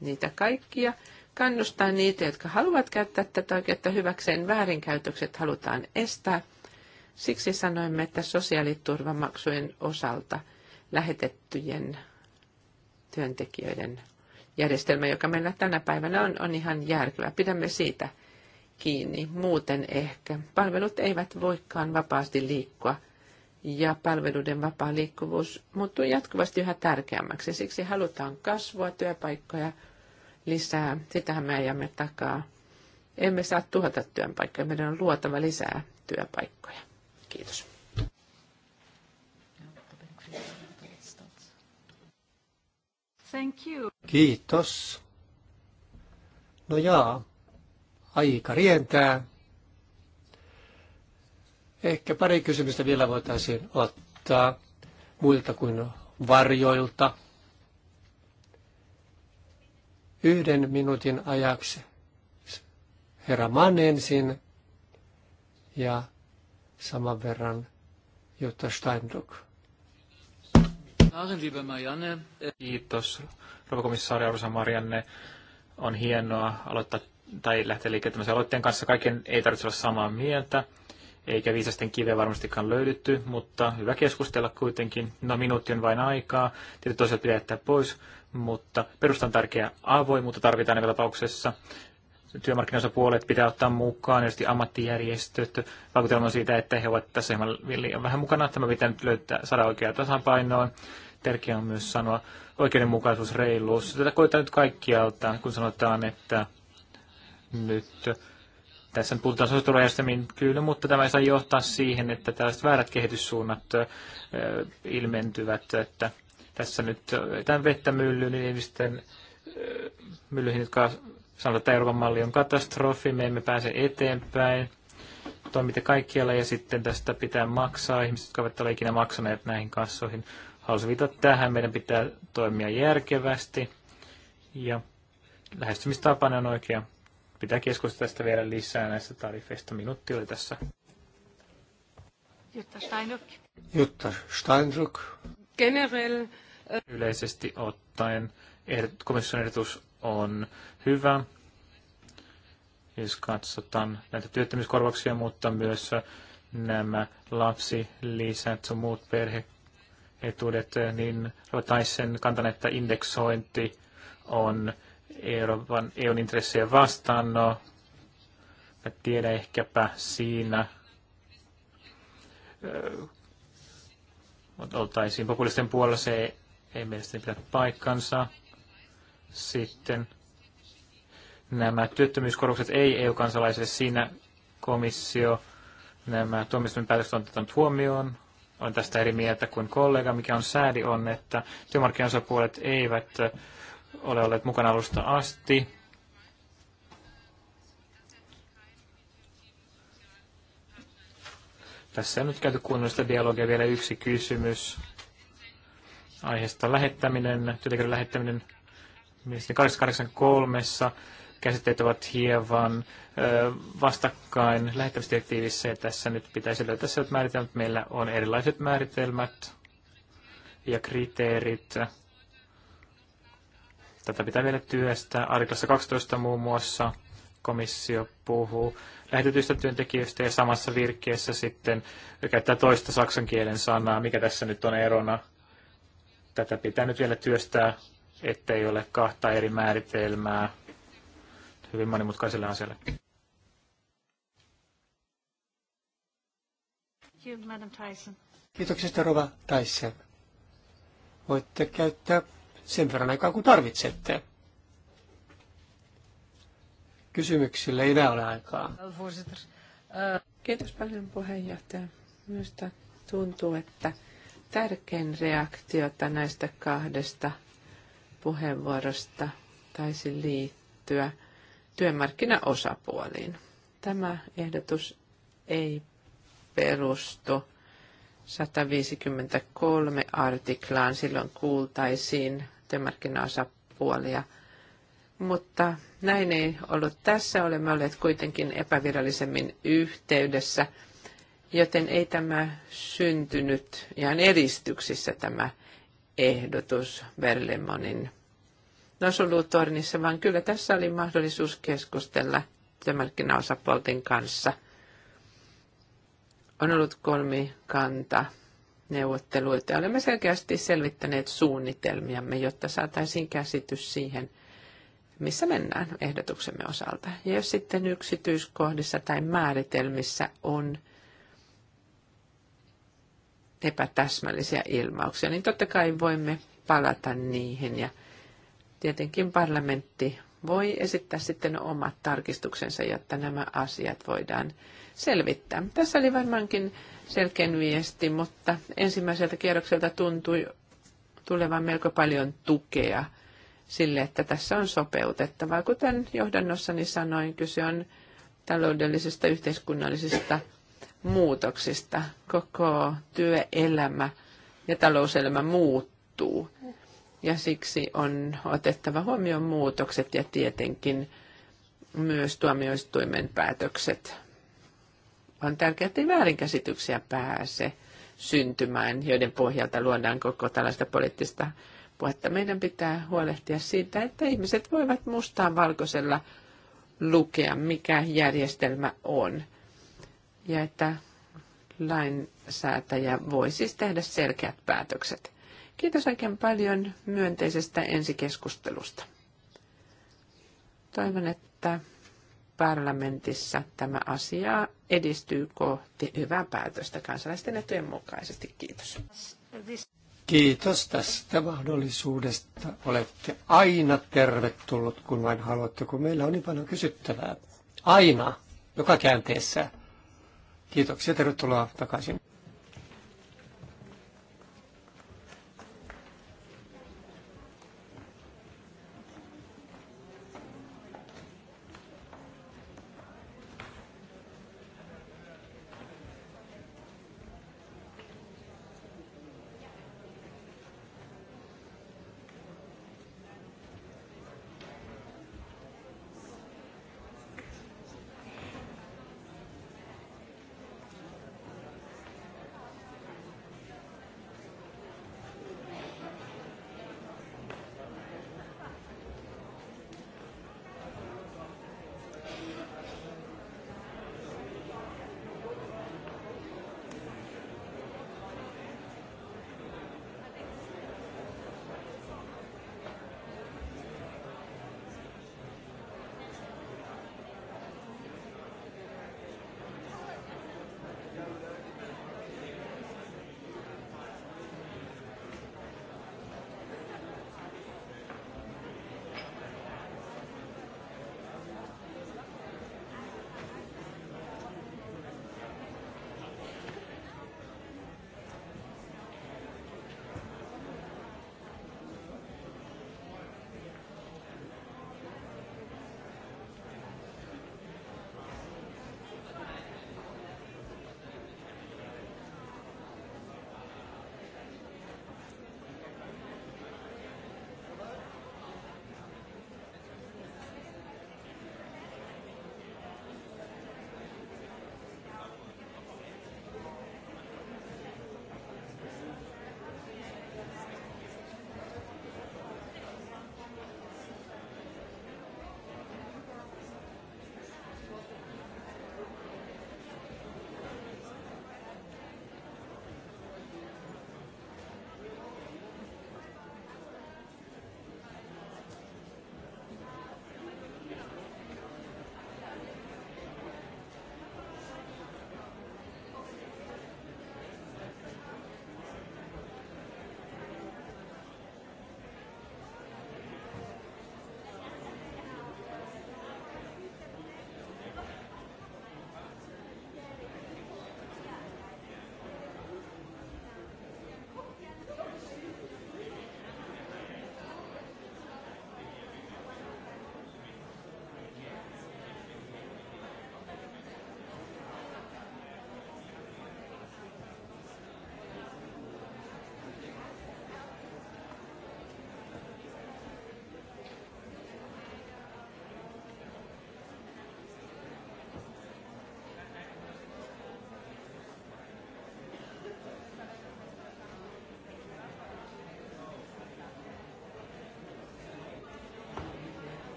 niitä kaikkia, kannustaa niitä, jotka haluavat käyttää tätä oikeutta hyväkseen, väärinkäytökset halutaan estää. Siksi sanoimme, että sosiaaliturvamaksujen osalta lähetettyjen työntekijöiden järjestelmä, joka meillä tänä päivänä on, on ihan järkevä. Pidämme siitä kiinni. Muuten ehkä palvelut eivät voikaan vapaasti liikkua – ja palveluiden vapaa liikkuvuus muuttuu jatkuvasti yhä tärkeämmäksi. Siksi halutaan kasvua, työpaikkoja lisää. Sitähän me ajamme takaa. Emme saa tuhota työpaikkoja. Meidän on luotava lisää työpaikkoja. Kiitos. Thank you. Kiitos. No jaa, aika rientää. Ehkä pari kysymystä vielä voitaisiin ottaa muilta kuin varjoilta. Yhden minuutin ajaksi herra Mann ensin ja saman verran Jutta Steinbrück. Kiitos, rouva komissaari Arvoisa Marianne. On hienoa aloittaa tai lähteä liikkeelle tämmöisen aloitteen kanssa. Kaiken ei tarvitse olla samaa mieltä eikä viisasten kiveä varmastikaan löydetty, mutta hyvä keskustella kuitenkin. No minuutti on vain aikaa, tietysti toisaalta pitää jättää pois, mutta perustan tärkeä avoimuutta tarvitaan joka tapauksessa. Työmarkkinaosapuolet pitää ottaa mukaan, erityisesti ammattijärjestöt, vaikutelma siitä, että he ovat tässä ihan liian vähän mukana. Tämä pitää nyt löytää, saada oikeaa tasapainoon. Tärkeää on myös sanoa oikeudenmukaisuus, reiluus. Tätä koetaan nyt kaikkialta, kun sanotaan, että nyt tässä nyt puhutaan sosiaaliturvajärjestelmiin kyllä, mutta tämä ei saa johtaa siihen, että tällaiset väärät kehityssuunnat ilmentyvät, että tässä nyt tämän vettä myllyyn niin ihmisten myllyihin, jotka sanotaan, että Euroopan malli on katastrofi, me emme pääse eteenpäin, toimitte kaikkialla ja sitten tästä pitää maksaa. Ihmiset, jotka eivät ole ikinä maksaneet näihin kassoihin, haluaisin viitata tähän. Meidän pitää toimia järkevästi ja lähestymistapana on oikea pitää keskustella tästä vielä lisää näistä tarifeista. Minuutti oli tässä. Jutta Steinruck. Jutta Steinruck. Generell. Äh, Yleisesti ottaen er, komission ehdotus on hyvä, jos katsotaan näitä työttömyyskorvauksia, mutta myös nämä lapsilisät ja muut perheetuudet, niin Tyson kantan, että indeksointi on Euroopan EUn intressejä vastaan. No, mä tiedä ehkäpä siinä mutta oltaisiin populisten puolella, se ei, ei mielestäni pidä paikkansa. Sitten nämä työttömyyskorvaukset ei EU-kansalaisille siinä komissio nämä tuomioistuimen päätökset on otettu huomioon. Olen tästä eri mieltä kuin kollega, mikä on sääli on, että työmarkkinaosapuolet eivät ole olleet mukana alusta asti. Tässä on nyt käyty kunnollista dialogia vielä yksi kysymys. Aiheesta lähettäminen, työntekijöiden lähettäminen. Mielestäni 883 käsitteet ovat hieman vastakkain lähettämisdirektiivissä ja tässä nyt pitäisi löytää sellaiset määritelmät. Meillä on erilaiset määritelmät ja kriteerit Tätä pitää vielä työstää. Artiklassa 12 muun muassa komissio puhuu lähetetyistä työntekijöistä ja samassa virkkeessä sitten käyttää toista saksan kielen sanaa, mikä tässä nyt on erona. Tätä pitää nyt vielä työstää, ettei ole kahta eri määritelmää hyvin monimutkaiselle asialle. Kiitoksia, Rova Tyson. Voitte käyttää sen verran aikaa kuin tarvitsette. Kysymyksille ei enää ole aikaa. Kiitos paljon puheenjohtaja. Minusta tuntuu, että tärkein reaktiota näistä kahdesta puheenvuorosta taisi liittyä työmarkkinaosapuoliin. Tämä ehdotus ei perustu 153 artiklaan. Silloin kuultaisiin työmarkkinaosapuolia. Mutta näin ei ollut tässä. Olemme olleet kuitenkin epävirallisemmin yhteydessä, joten ei tämä syntynyt ihan eristyksissä tämä ehdotus Berlemonin nosulutornissa, vaan kyllä tässä oli mahdollisuus keskustella työmarkkinaosapuolten kanssa. On ollut kanta neuvotteluita. Olemme selkeästi selvittäneet suunnitelmiamme, jotta saataisiin käsitys siihen, missä mennään ehdotuksemme osalta. Ja jos sitten yksityiskohdissa tai määritelmissä on epätäsmällisiä ilmauksia, niin totta kai voimme palata niihin. Ja tietenkin parlamentti voi esittää sitten omat tarkistuksensa, jotta nämä asiat voidaan selvittää. Tässä oli varmaankin selkeä viesti, mutta ensimmäiseltä kierrokselta tuntui tulevan melko paljon tukea sille, että tässä on sopeutettavaa. Kuten johdannossani sanoin, kyse on taloudellisista yhteiskunnallisista muutoksista. Koko työelämä ja talouselämä muuttuu. Ja siksi on otettava huomioon muutokset ja tietenkin myös tuomioistuimen päätökset on tärkeää, ei väärinkäsityksiä pääse syntymään, joiden pohjalta luodaan koko tällaista poliittista puhetta. Meidän pitää huolehtia siitä, että ihmiset voivat mustaan valkoisella lukea, mikä järjestelmä on. Ja että lainsäätäjä voi siis tehdä selkeät päätökset. Kiitos oikein paljon myönteisestä ensikeskustelusta. Toivon, että parlamentissa tämä asia edistyy kohti hyvää päätöstä kansalaisten etujen mukaisesti. Kiitos. Kiitos tästä mahdollisuudesta. Olette aina tervetullut, kun vain haluatte, kun meillä on niin paljon kysyttävää. Aina, joka käänteessä. Kiitoksia, tervetuloa takaisin.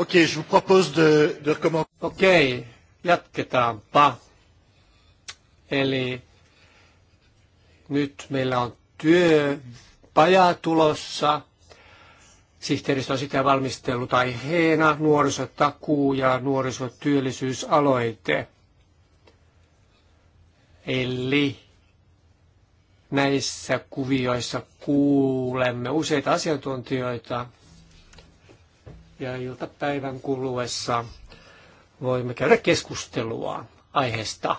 Okei, je vous propose de, de recommencer. Okei, jatketaanpa. Eli nyt meillä on työpaja tulossa. Sihteeristö on sitä valmistellut aiheena nuorisotakuu ja nuorisotyöllisyysaloite. Eli näissä kuvioissa kuulemme useita asiantuntijoita ja iltapäivän kuluessa voimme käydä keskustelua aiheesta.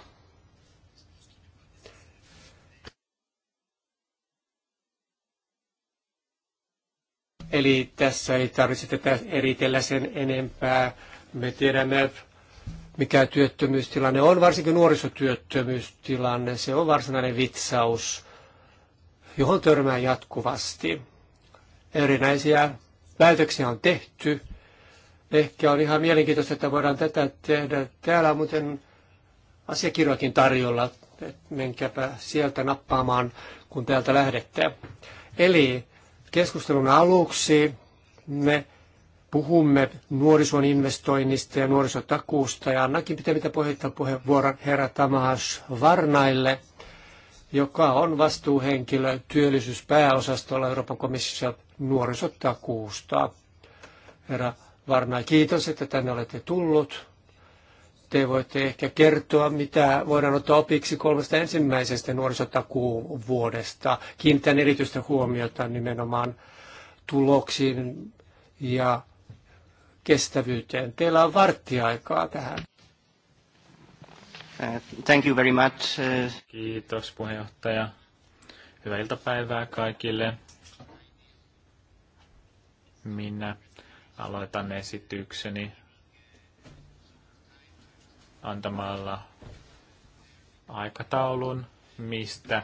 Eli tässä ei tarvitse tätä eritellä sen enempää. Me tiedämme, mikä työttömyystilanne on, varsinkin nuorisotyöttömyystilanne. Se on varsinainen vitsaus, johon törmää jatkuvasti. Erinäisiä Päätöksiä on tehty. Ehkä on ihan mielenkiintoista, että voidaan tätä tehdä. Täällä on muuten asiakirjoakin tarjolla. että Menkääpä sieltä nappaamaan, kun täältä lähdette. Eli keskustelun aluksi me puhumme nuorison investoinnista ja nuorisotakuusta. Ja annakin mitä puheita puheenvuoron herra Tamas Varnaille, joka on vastuuhenkilö työllisyyspääosastolla Euroopan komissiossa nuorisotakuusta. Herra Varna, kiitos, että tänne olette tullut. Te voitte ehkä kertoa, mitä voidaan ottaa opiksi kolmesta ensimmäisestä nuorisotakuvuodesta. vuodesta. Kiinnitän erityistä huomiota nimenomaan tuloksiin ja kestävyyteen. Teillä on varttiaikaa tähän. Uh, thank you very much. Uh. Kiitos puheenjohtaja. Hyvää iltapäivää kaikille. Minä aloitan esitykseni antamalla aikataulun, mistä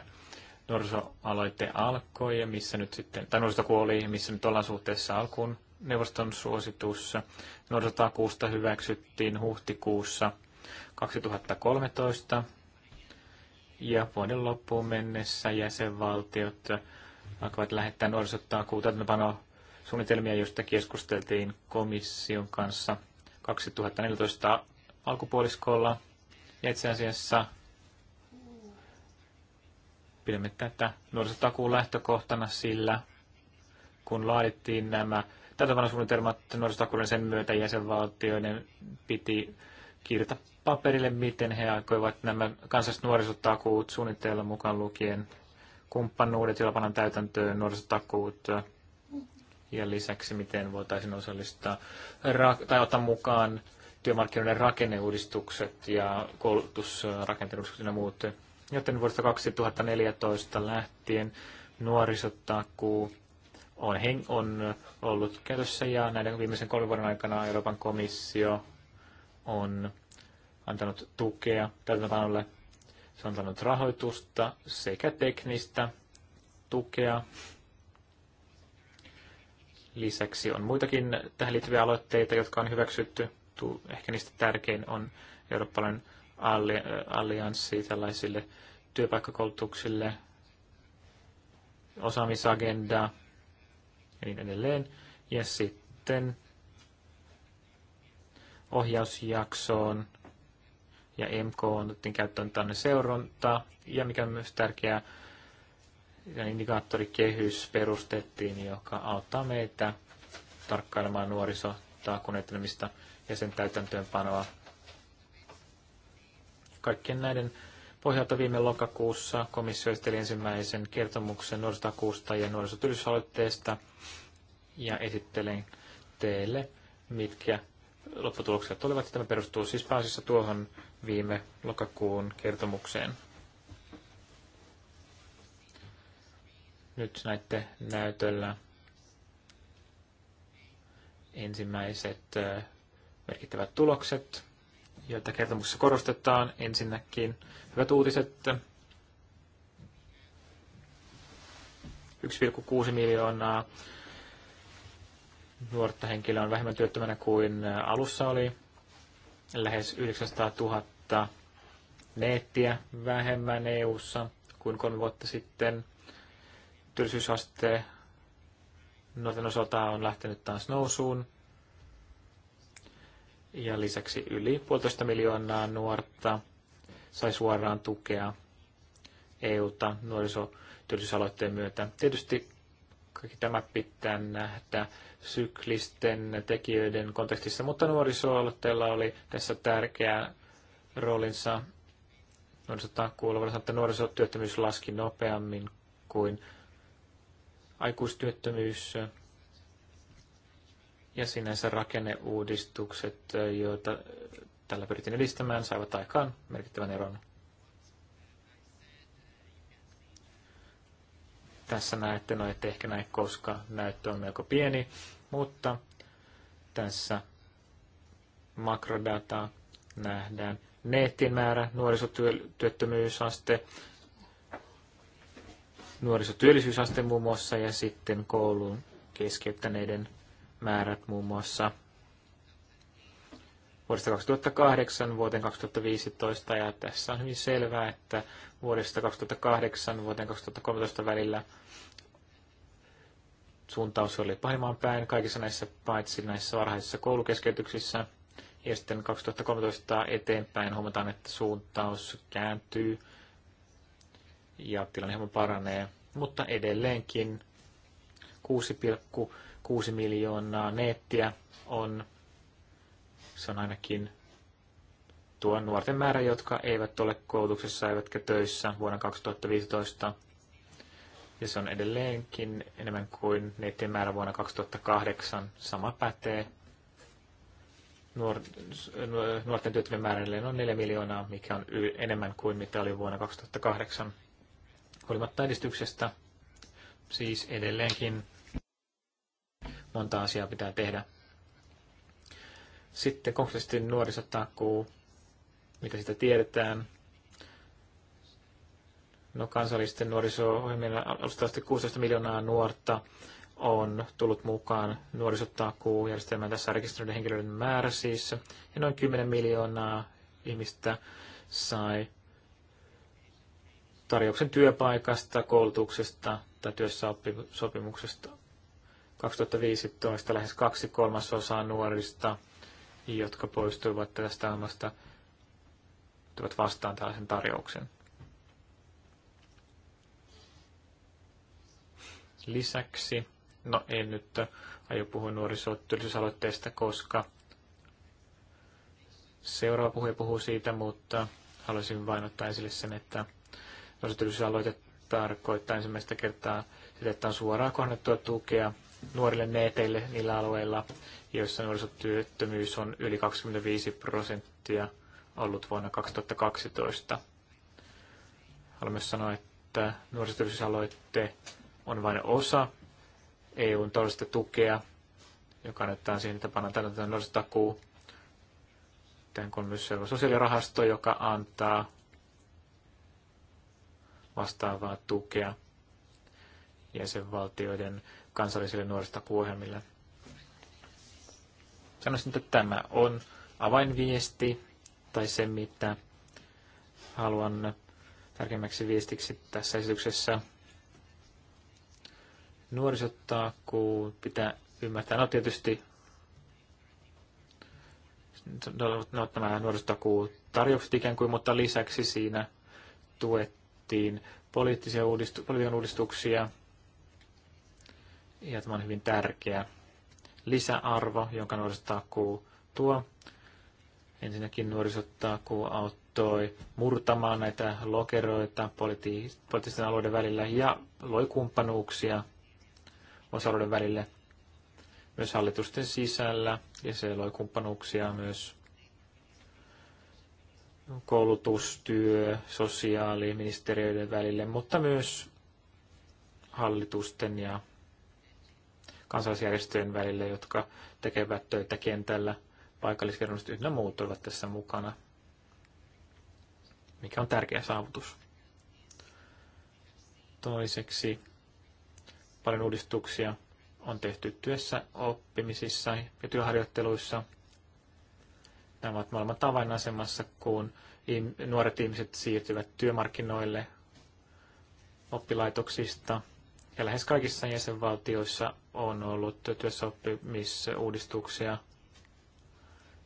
nuorisoaloite alkoi ja missä nyt sitten, tai nuorisota kuoli, missä nyt ollaan suhteessa alkuun neuvoston suositussa. Nuorisotakuusta hyväksyttiin huhtikuussa 2013 ja vuoden loppuun mennessä jäsenvaltiot alkavat lähettää nuorisotakuun täytäntöpano suunnitelmia, joista keskusteltiin komission kanssa 2014 alkupuoliskolla. Ja itse asiassa pidämme tätä nuorisotakuun lähtökohtana sillä, kun laadittiin nämä täytäntöpanosuunnitelmat nuorisotakuuden niin sen myötä jäsenvaltioiden piti kirjata paperille, miten he aikoivat nämä kansalliset nuorisotakuut suunnitella mukaan lukien kumppanuudet, joilla pannaan täytäntöön nuorisotakuut ja lisäksi miten voitaisiin osallistaa tai ottaa mukaan työmarkkinoiden rakenneuudistukset ja koulutusrakenteuudistukset ja muut. Joten vuodesta 2014 lähtien nuorisotakuu on, heng- on ollut käytössä ja näiden viimeisen kolmen vuoden aikana Euroopan komissio on antanut tukea täytäntöpanolle. Se on antanut rahoitusta sekä teknistä tukea Lisäksi on muitakin tähän liittyviä aloitteita, jotka on hyväksytty. Ehkä niistä tärkein on eurooppalainen äh, allianssi tällaisille työpaikkakoulutuksille, osaamisagenda ja niin edelleen. Ja sitten ohjausjaksoon ja MK on otettiin käyttöön tänne seurantaa. Ja mikä on myös tärkeää, indikaattorikehys perustettiin, joka auttaa meitä tarkkailemaan nuorisotaakun ja sen täytäntöönpanoa. Kaikkien näiden pohjalta viime lokakuussa komissio esitteli ensimmäisen kertomuksen nuorisotakuusta ja nuorisotyöllisyysaloitteesta ja esittelen teille, mitkä lopputulokset olivat. Tämä perustuu siis pääasiassa tuohon viime lokakuun kertomukseen. Nyt näette näytöllä ensimmäiset merkittävät tulokset, joita kertomuksessa korostetaan. Ensinnäkin hyvät uutiset. 1,6 miljoonaa nuorta henkilöä on vähemmän työttömänä kuin alussa oli. Lähes 900 000 neettiä vähemmän EU-ssa kuin kolme vuotta sitten – Työllisyysaste nuorten osalta on lähtenyt taas nousuun. Ja lisäksi yli puolitoista miljoonaa nuorta sai suoraan tukea EUta nuorisotyöllisyysaloitteen myötä. Tietysti kaikki tämä pitää nähdä syklisten tekijöiden kontekstissa, mutta nuorisoaloitteella oli tässä tärkeä roolinsa. Nuorisotakuulla voidaan että nuorisotyöttömyys laski nopeammin kuin aikuistyöttömyys ja sinänsä rakenneuudistukset, joita tällä pyrittiin edistämään, saivat aikaan merkittävän eron. Tässä näette, no ette ehkä näe, koska näyttö on melko pieni, mutta tässä makrodata nähdään. Neettimäärä, nuorisotyöttömyysaste, nuorisotyöllisyysaste muun muassa ja sitten koulun keskeyttäneiden määrät muun muassa vuodesta 2008 vuoteen 2015 ja tässä on hyvin selvää, että vuodesta 2008 vuoteen 2013 välillä suuntaus oli pahimman päin kaikissa näissä paitsi näissä varhaisissa koulukeskeytyksissä. Ja sitten 2013 eteenpäin huomataan, että suuntaus kääntyy ja tilanne hieman paranee, mutta edelleenkin 6,6 miljoonaa neettiä on, se on ainakin tuo nuorten määrä, jotka eivät ole koulutuksessa eivätkä töissä vuonna 2015. Ja se on edelleenkin enemmän kuin neettien määrä vuonna 2008. Sama pätee nuorten työttömien määrä on 4 miljoonaa, mikä on enemmän kuin mitä oli vuonna 2008. Huolimatta edistyksestä, siis edelleenkin monta asiaa pitää tehdä. Sitten konkreettisesti nuorisotakuu, mitä sitä tiedetään. No kansallisten nuoriso-ohjelmien alustavasti 16 miljoonaa nuorta on tullut mukaan nuorisotakuu järjestelmään tässä rekisteröiden henkilöiden määrä siis. Ja noin 10 miljoonaa ihmistä sai tarjouksen työpaikasta, koulutuksesta tai sopimuksesta. 2015 lähes kaksi kolmasosaa nuorista, jotka poistuivat tästä ammasta, tulivat vastaan tällaisen tarjouksen. Lisäksi, no en nyt aio puhua nuorisotyöllisyysaloitteesta, koska seuraava puhuja puhuu siitä, mutta haluaisin vain ottaa esille sen, että nuorisotyöllisyysaloite tarkoittaa ensimmäistä kertaa sitä, että on suoraan kohdennettua tukea nuorille neeteille niillä alueilla, joissa nuorisotyöttömyys on yli 25 prosenttia ollut vuonna 2012. Haluan myös sanoa, että nuorisotyöllisyysaloitte on vain osa EUn taloudellista tukea, joka annetaan siihen, että pannaan tällainen nuorisotakuu. Tämän on myös sosiaalirahasto, joka antaa vastaavaa tukea jäsenvaltioiden kansallisille nuoristakuohjelmille. Sanoisin, että tämä on avainviesti tai se, mitä haluan tärkeimmäksi viestiksi tässä esityksessä. Nuorisotakuu pitää ymmärtää. No tietysti no, ovat nämä nuorisotakuutarjoukset ikään kuin, mutta lisäksi siinä tuet tehtiin poliittisia uudistu- politiikan uudistuksia, ja tämä on hyvin tärkeä lisäarvo, jonka nuorisotakuu tuo. Ensinnäkin nuorisotakuu auttoi murtamaan näitä lokeroita politi- poliittisten alueiden välillä ja loi kumppanuuksia osa välille myös hallitusten sisällä ja se loi kumppanuuksia myös koulutustyö sosiaaliministeriöiden välille, mutta myös hallitusten ja kansalaisjärjestöjen välille, jotka tekevät töitä kentällä. Paikalliskerronnot ynnä muut ovat tässä mukana, mikä on tärkeä saavutus. Toiseksi paljon uudistuksia on tehty työssä oppimisissa ja työharjoitteluissa – Nämä ovat maailman tavan asemassa, kun nuoret ihmiset siirtyvät työmarkkinoille oppilaitoksista. Ja lähes kaikissa jäsenvaltioissa on ollut työssäoppimisuudistuksia.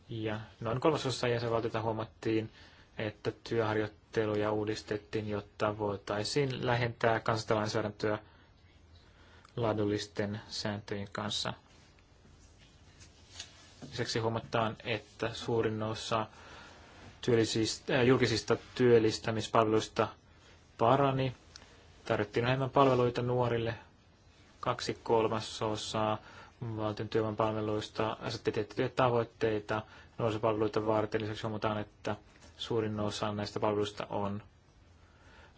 Ja noin kolmasosassa jäsenvaltiota huomattiin, että työharjoitteluja uudistettiin, jotta voitaisiin lähentää kansantalainsäädäntöä laadullisten sääntöjen kanssa. Lisäksi huomataan, että suurin osa työllisistä, äh, julkisista työllistämispalveluista parani. Tarjottiin enemmän palveluita nuorille. Kaksi kolmasosaa valtion työvoimapalveluista asetti tiettyjä tavoitteita nuorisopalveluita varten. Lisäksi huomataan, että suurin osa näistä palveluista on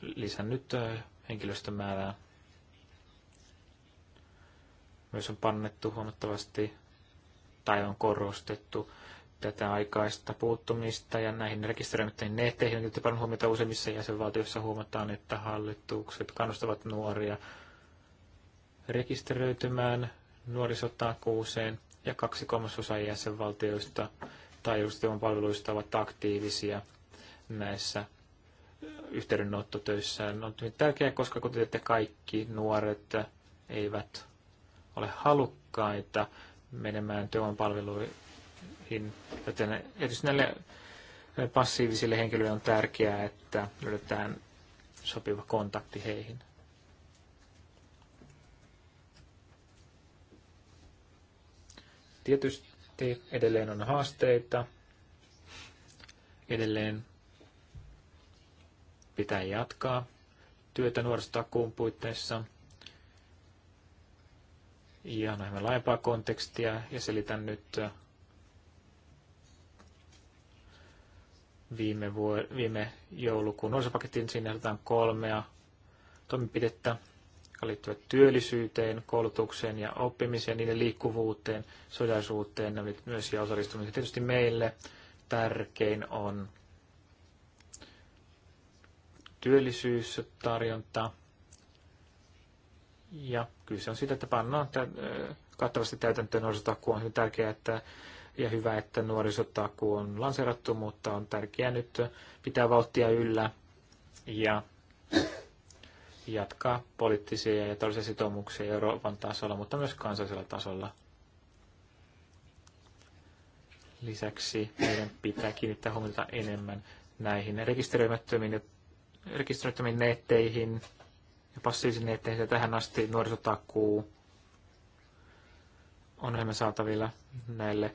lisännyt äh, henkilöstömäärää. Myös on pannettu huomattavasti tai on korostettu tätä aikaista puuttumista ja näihin rekisteröimittäin ne teihin paljon huomiota useimmissa jäsenvaltioissa huomataan, että hallitukset kannustavat nuoria rekisteröitymään nuorisotakuuseen ja kaksi kolmasosaa jäsenvaltioista tai julkisten palveluista ovat aktiivisia näissä yhteydenottotöissään. On hyvin tärkeää, koska kuten te kaikki nuoret eivät ole halukkaita menemään palveluihin. Joten erityisesti näille passiivisille henkilöille on tärkeää, että löydetään sopiva kontakti heihin. Tietysti edelleen on haasteita. Edelleen pitää jatkaa työtä nuorisotakuun puitteissa – ja näin laajempaa kontekstia ja selitän nyt äh, viime, vuo- viime joulukuun nuorisopakettiin. Siinä ehdotetaan kolmea toimenpidettä, jotka liittyvät työllisyyteen, koulutukseen ja oppimiseen, niiden liikkuvuuteen, sodaisuuteen ja myös ja osallistumiseen. Tietysti meille tärkein on työllisyystarjonta, ja se on siitä, että pannaan äh, kattavasti täytäntöön nuorisotakku on hyvin tärkeää, että ja hyvä, että nuorisotakku on lanseerattu, mutta on tärkeää nyt pitää vauhtia yllä ja jatkaa poliittisia ja taloudellisia sitoumuksia Euroopan tasolla, mutta myös kansallisella tasolla. Lisäksi meidän pitää kiinnittää huomiota enemmän näihin rekisteröimättömiin rekisteröimättömiin netteihin, ja passiivisen niin ja tähän asti nuorisotakuu on enemmän saatavilla näille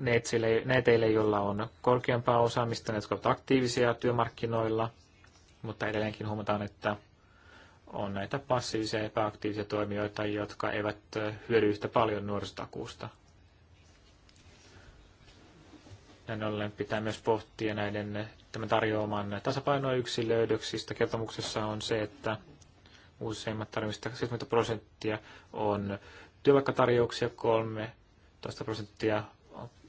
neteille, neteille, joilla on korkeampaa osaamista, ne, jotka ovat aktiivisia työmarkkinoilla, mutta edelleenkin huomataan, että on näitä passiivisia ja epäaktiivisia toimijoita, jotka eivät hyödy yhtä paljon nuorisotakuusta. Näin ollen pitää myös pohtia näiden tämän tarjoaman tasapainoa Kertomuksessa on se, että useimmat tarjoamista 70 prosenttia on työpaikkatarjouksia, 13 prosenttia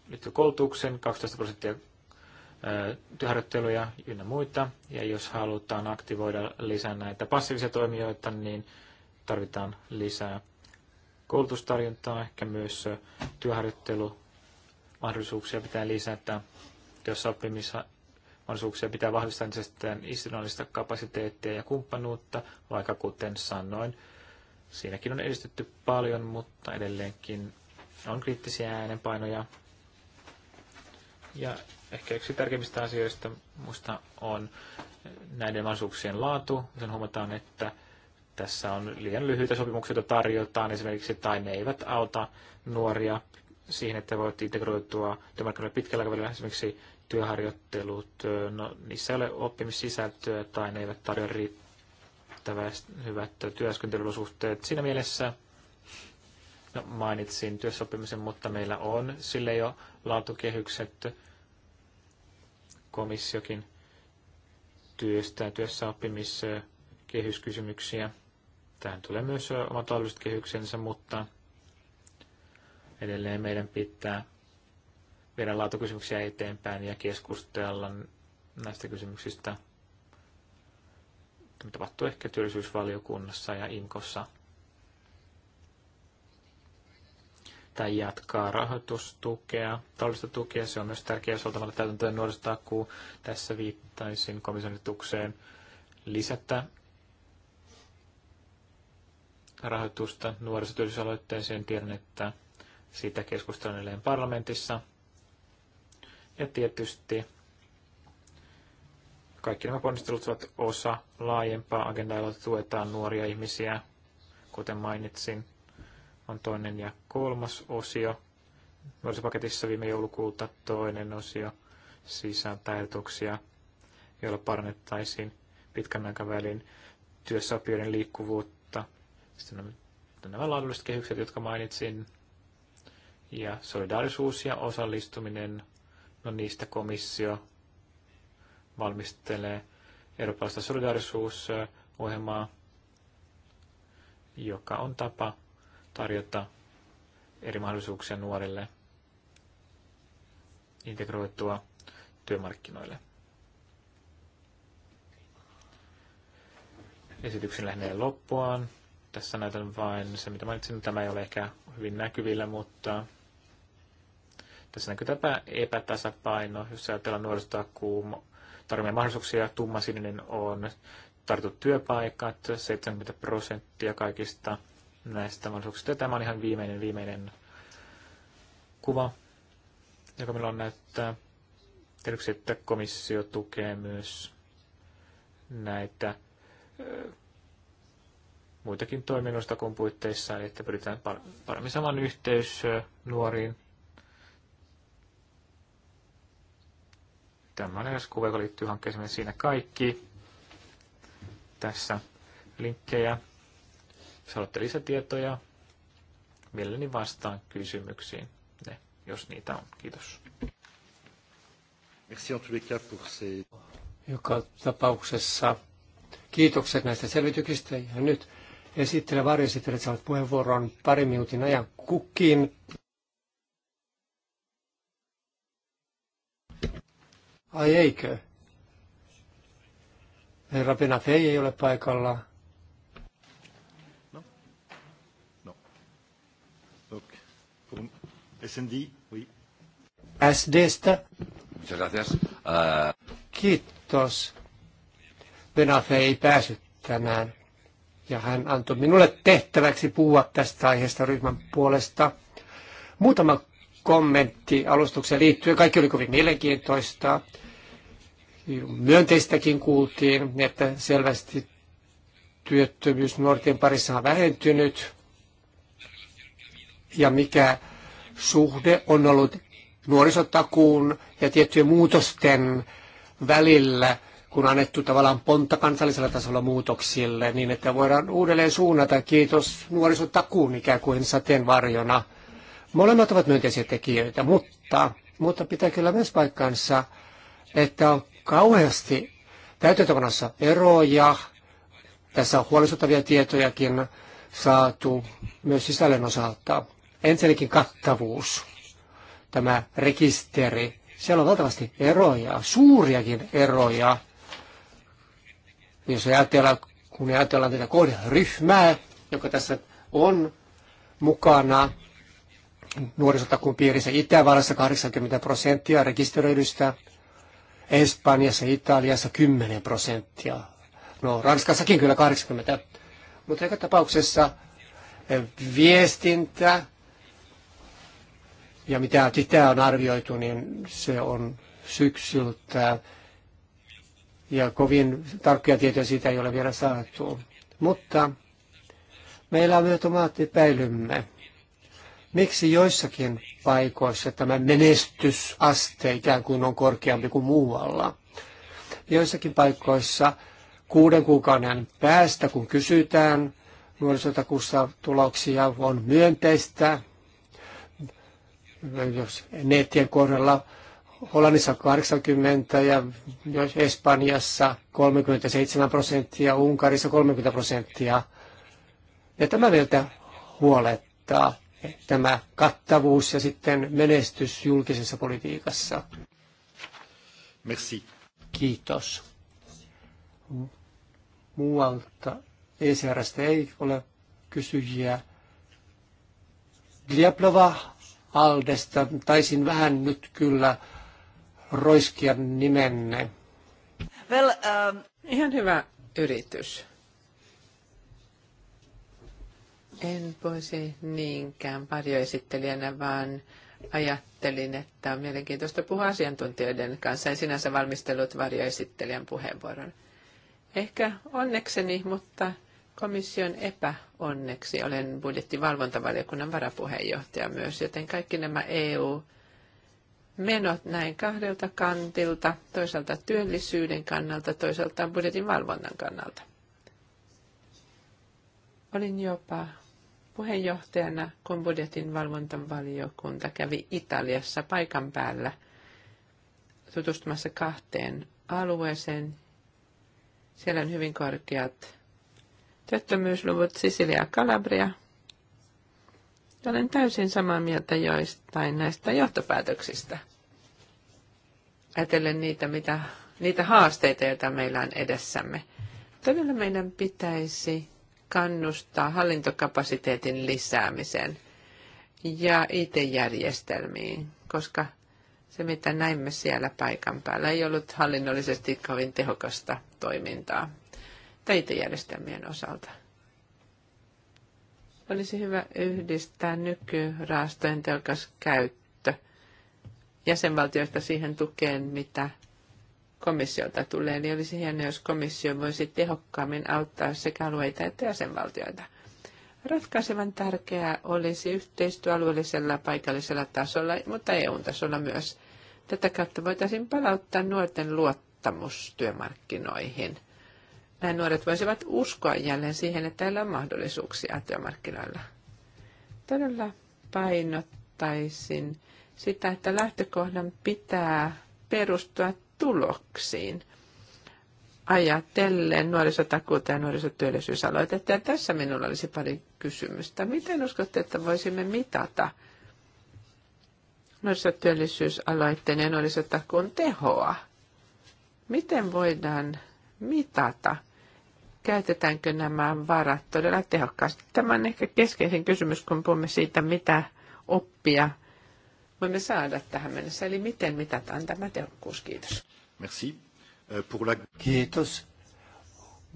liittyy koulutuksen, 12 prosenttia työharjoitteluja ynnä muita. Ja jos halutaan aktivoida lisää näitä passiivisia toimijoita, niin tarvitaan lisää koulutustarjontaa, ehkä myös työharjoittelumahdollisuuksia pitää lisätä, työssä oppimissa mahdollisuuksia pitää vahvistaa entisestään istunnollista kapasiteettia ja kumppanuutta, vaikka kuten sanoin, siinäkin on edistytty paljon, mutta edelleenkin on kriittisiä äänenpainoja. Ja ehkä yksi tärkeimmistä asioista minusta on näiden mahdollisuuksien laatu. Sen huomataan, että tässä on liian lyhyitä sopimuksia, joita tarjotaan esimerkiksi, tai ne eivät auta nuoria siihen, että voit integroitua työmarkkinoille pitkällä aikavälillä. Esimerkiksi työharjoittelut, no, niissä ei ole oppimissisältöä tai ne eivät tarjoa riittävästi hyvät työskentelyolosuhteet. Siinä mielessä no, mainitsin työssäoppimisen, mutta meillä on sille jo laatukehykset. Komissiokin työstää työssäoppimiskehyskysymyksiä. Tähän tulee myös omat kehyksensä, mutta edelleen meidän pitää viedä laatukysymyksiä eteenpäin ja keskustella näistä kysymyksistä. Tämä tapahtuu ehkä työllisyysvaliokunnassa ja IMKossa. Tai jatkaa rahoitustukea, taloudellista tukea. Se on myös tärkeää soltamalla täytäntöön nuorisotakuu. Tässä viittaisin komissionitukseen lisätä rahoitusta nuorisotyöllisyysaloitteeseen. Tiedän, että siitä keskustellaan parlamentissa – ja tietysti kaikki nämä ponnistelut ovat osa laajempaa agendaa, jolla tuetaan nuoria ihmisiä, kuten mainitsin. On toinen ja kolmas osio. Nuorisopaketissa viime joulukuuta toinen osio sisältää ehdotuksia, joilla parannettaisiin pitkän aikavälin työssäopijoiden liikkuvuutta. Sitten on nämä laadulliset kehykset, jotka mainitsin, ja solidaarisuus ja osallistuminen – No niistä komissio valmistelee eurooppalaista solidaarisuusohjelmaa, joka on tapa tarjota eri mahdollisuuksia nuorille integroitua työmarkkinoille. Esityksen lähenee loppuaan. Tässä näytän vain se, mitä mainitsin. Tämä ei ole ehkä hyvin näkyvillä, mutta tässä näkyy tämä epätasapaino, jos ajatellaan nuorisotakuun tarvitsee mahdollisuuksia. tumma sininen on tartut työpaikat, 70 prosenttia kaikista näistä mahdollisuuksista. Ja tämä on ihan viimeinen, viimeinen kuva, joka meillä on näyttää. Tiedoksi, että komissio tukee myös näitä muitakin toiminnoista kuin puitteissa, että pyritään paremmin saman yhteys nuoriin Tämä jos kuva, joka liittyy hankkeeseen. Siinä kaikki. Tässä linkkejä. Jos haluatte lisätietoja, mielelläni vastaan kysymyksiin, ne, jos niitä on. Kiitos. Merci en tous les cas pour ces... Joka tapauksessa kiitokset näistä selvityksistä. Ja nyt esittelen varjoesittelijät saavat puheenvuoron parin minuutin ajan kukin. Ai eikö? Herra Benafei ei ole paikalla. No. No. Donc, pour SND, oui. SDstä. Muchas gracias. Uh... Kiitos. Benafe ei päässyt tänään ja hän antoi minulle tehtäväksi puhua tästä aiheesta ryhmän puolesta. Muutama kommentti alustukseen liittyen. Kaikki oli kovin mielenkiintoista. Myönteistäkin kuultiin, että selvästi työttömyys nuorten parissa on vähentynyt. Ja mikä suhde on ollut nuorisotakuun ja tiettyjen muutosten välillä, kun annettu tavallaan ponta kansallisella tasolla muutoksille, niin että voidaan uudelleen suunnata, kiitos nuorisotakuun ikään kuin sateenvarjona. varjona Molemmat ovat myönteisiä tekijöitä, mutta, mutta pitää kyllä myös paikkansa, että on kauheasti täytäntöpanossa eroja. Tässä on huolestuttavia tietojakin saatu myös sisällön osalta. Ensinnäkin kattavuus, tämä rekisteri. Siellä on valtavasti eroja, suuriakin eroja. Jos ajatellaan, kun ajatellaan tätä kohderyhmää, joka tässä on mukana, nuorisotakuun piirissä. Itävallassa 80 prosenttia rekisteröidystä, Espanjassa, Italiassa 10 prosenttia. No, Ranskassakin kyllä 80. Mutta joka tapauksessa eh, viestintä ja mitä sitä on arvioitu, niin se on syksyltä ja kovin tarkkoja tietoja siitä ei ole vielä saatu. Mutta meillä on myös omat epäilymme Miksi joissakin paikoissa tämä menestysaste ikään kuin on korkeampi kuin muualla? Joissakin paikoissa kuuden kuukauden päästä, kun kysytään nuorisotakuussa tuloksia, on myönteistä. Jos netien kohdalla Hollannissa 80 ja jos Espanjassa 37 prosenttia, Unkarissa 30 prosenttia. Ja tämä meiltä huolettaa tämä kattavuus ja sitten menestys julkisessa politiikassa. Merci. Kiitos. Muualta ECRstä ei ole kysyjiä. Gliablova Aldesta taisin vähän nyt kyllä roiskia nimenne. Well, um... Ihan hyvä yritys. En voisi niinkään esittelijänä, vaan ajattelin, että on mielenkiintoista puhua asiantuntijoiden kanssa. ja sinänsä valmistellut varjoesittelijän puheenvuoron. Ehkä onnekseni, mutta komission epäonneksi olen budjettivalvontavaliokunnan varapuheenjohtaja myös, joten kaikki nämä EU menot näin kahdelta kantilta, toisaalta työllisyyden kannalta, toisaalta budjetin valvonnan kannalta. Olin jopa puheenjohtajana, kun budjetin valvontavaliokunta kävi Italiassa paikan päällä tutustumassa kahteen alueeseen. Siellä on hyvin korkeat työttömyysluvut Sisilia ja Kalabria. Olen täysin samaa mieltä joistain näistä johtopäätöksistä. Ajatellen niitä, mitä, niitä haasteita, joita meillä on edessämme. Todella meidän pitäisi kannustaa hallintokapasiteetin lisäämiseen ja IT-järjestelmiin, koska se, mitä näimme siellä paikan päällä, ei ollut hallinnollisesti kovin tehokasta toimintaa IT-järjestelmien osalta. Olisi hyvä yhdistää nykyraastojen tehokas käyttö jäsenvaltioista siihen tukeen, mitä komissiolta tulee, niin olisi hienoa, jos komissio voisi tehokkaammin auttaa sekä alueita että jäsenvaltioita. Ratkaisevan tärkeää olisi yhteistyö alueellisella paikallisella tasolla, mutta EU-tasolla myös. Tätä kautta voitaisiin palauttaa nuorten luottamus työmarkkinoihin. Näin nuoret voisivat uskoa jälleen siihen, että heillä on mahdollisuuksia työmarkkinoilla. Todella painottaisin sitä, että lähtökohdan pitää perustua tuloksiin ajatellen nuorisotakuuta ja nuorisotyöllisyysaloitetta. Ja tässä minulla olisi pari kysymystä. Miten uskotte, että voisimme mitata nuorisotyöllisyysaloitteen ja nuorisotakuun tehoa? Miten voidaan mitata, käytetäänkö nämä varat todella tehokkaasti? Tämä on ehkä keskeisin kysymys, kun puhumme siitä, mitä oppia voimme saada tähän mennessä. Eli miten mitataan tämä tehokkuus? Kiitos. Merci. Euh, pour la... Kiitos.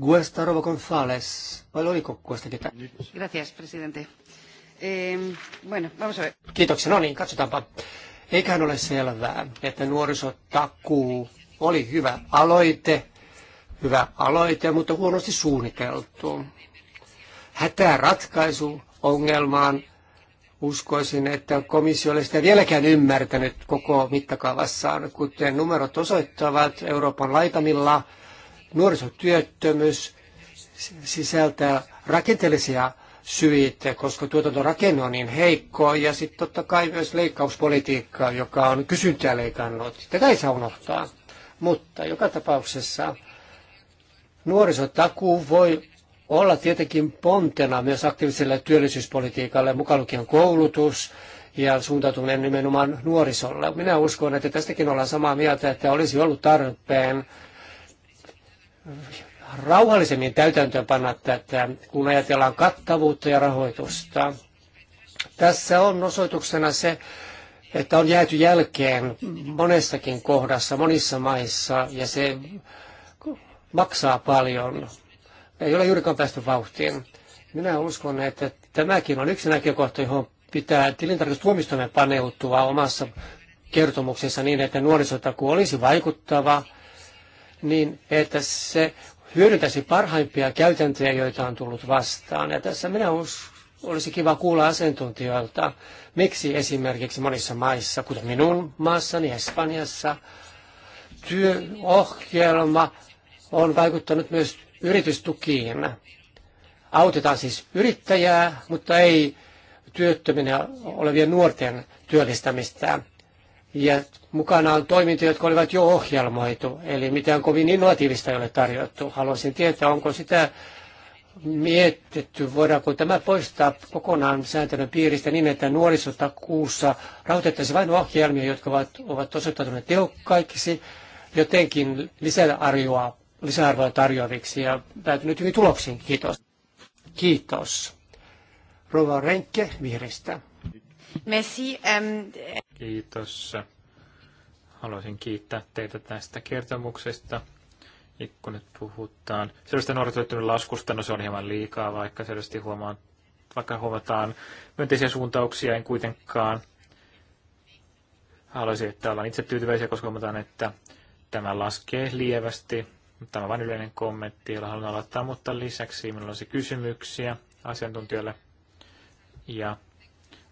Guesta Robo González. Vai oliko Guesta ketä? Gracias, presidente. Eh, bueno, vamos a ver. Kiitoksia. No niin, katsotaanpa. Eiköhän ole selvää, että nuorisotakuu oli hyvä aloite, hyvä aloite, mutta huonosti suunniteltu. Hätää ratkaisu ongelmaan uskoisin, että komissio ei sitä vieläkään ymmärtänyt koko mittakaavassaan. Kuten numerot osoittavat, Euroopan laitamilla nuorisotyöttömyys sisältää rakenteellisia syitä, koska tuotantorakenne on niin heikko ja sitten totta kai myös leikkauspolitiikka, joka on kysyntää leikannut. Tätä ei saa unohtaa, mutta joka tapauksessa nuorisotakuu voi olla tietenkin pontena myös aktiiviselle työllisyyspolitiikalle, mukaan lukien koulutus ja suuntautuminen nimenomaan nuorisolle. Minä uskon, että tästäkin ollaan samaa mieltä, että olisi ollut tarpeen rauhallisemmin täytäntöönpanna tätä, kun ajatellaan kattavuutta ja rahoitusta. Tässä on osoituksena se, että on jääty jälkeen monessakin kohdassa, monissa maissa, ja se maksaa paljon ei ole juurikaan päästy vauhtiin. Minä uskon, että tämäkin on yksi näkökohta, johon pitää tilintarkastustuomistomme paneutua omassa kertomuksessa niin, että nuorisotaku olisi vaikuttava, niin että se hyödyntäisi parhaimpia käytäntöjä, joita on tullut vastaan. Ja tässä minä us, olisi kiva kuulla asiantuntijoilta, miksi esimerkiksi monissa maissa, kuten minun maassani Espanjassa, työohjelma on vaikuttanut myös yritystukiin. Autetaan siis yrittäjää, mutta ei työttöminä olevien nuorten työllistämistä. Ja mukana on toimintoja, jotka olivat jo ohjelmoitu, eli mitään kovin innovatiivista ei ole tarjottu. Haluaisin tietää, onko sitä mietitty, voidaanko tämä poistaa kokonaan sääntelyn piiristä niin, että nuorisotakuussa rahoitettaisiin vain ohjelmia, jotka ovat, ovat osoittautuneet tehokkaiksi, jotenkin lisätä arjoa lisäarvoa tarjoaviksi ja päätynyt hyvin tuloksiin. Kiitos. Kiitos. Rova Renkke vihreistä. Merci. Um... Kiitos. Haluaisin kiittää teitä tästä kertomuksesta. Ja kun nyt puhutaan Selvästi nuorisotyöttömyyden laskusta, no se on hieman liikaa, vaikka selvästi huomaan, vaikka huomataan myönteisiä suuntauksia, en kuitenkaan haluaisin, että ollaan itse tyytyväisiä, koska huomataan, että tämä laskee lievästi Tämä on vain yleinen kommentti, jolla haluan aloittaa, mutta lisäksi minulla olisi kysymyksiä asiantuntijoille ja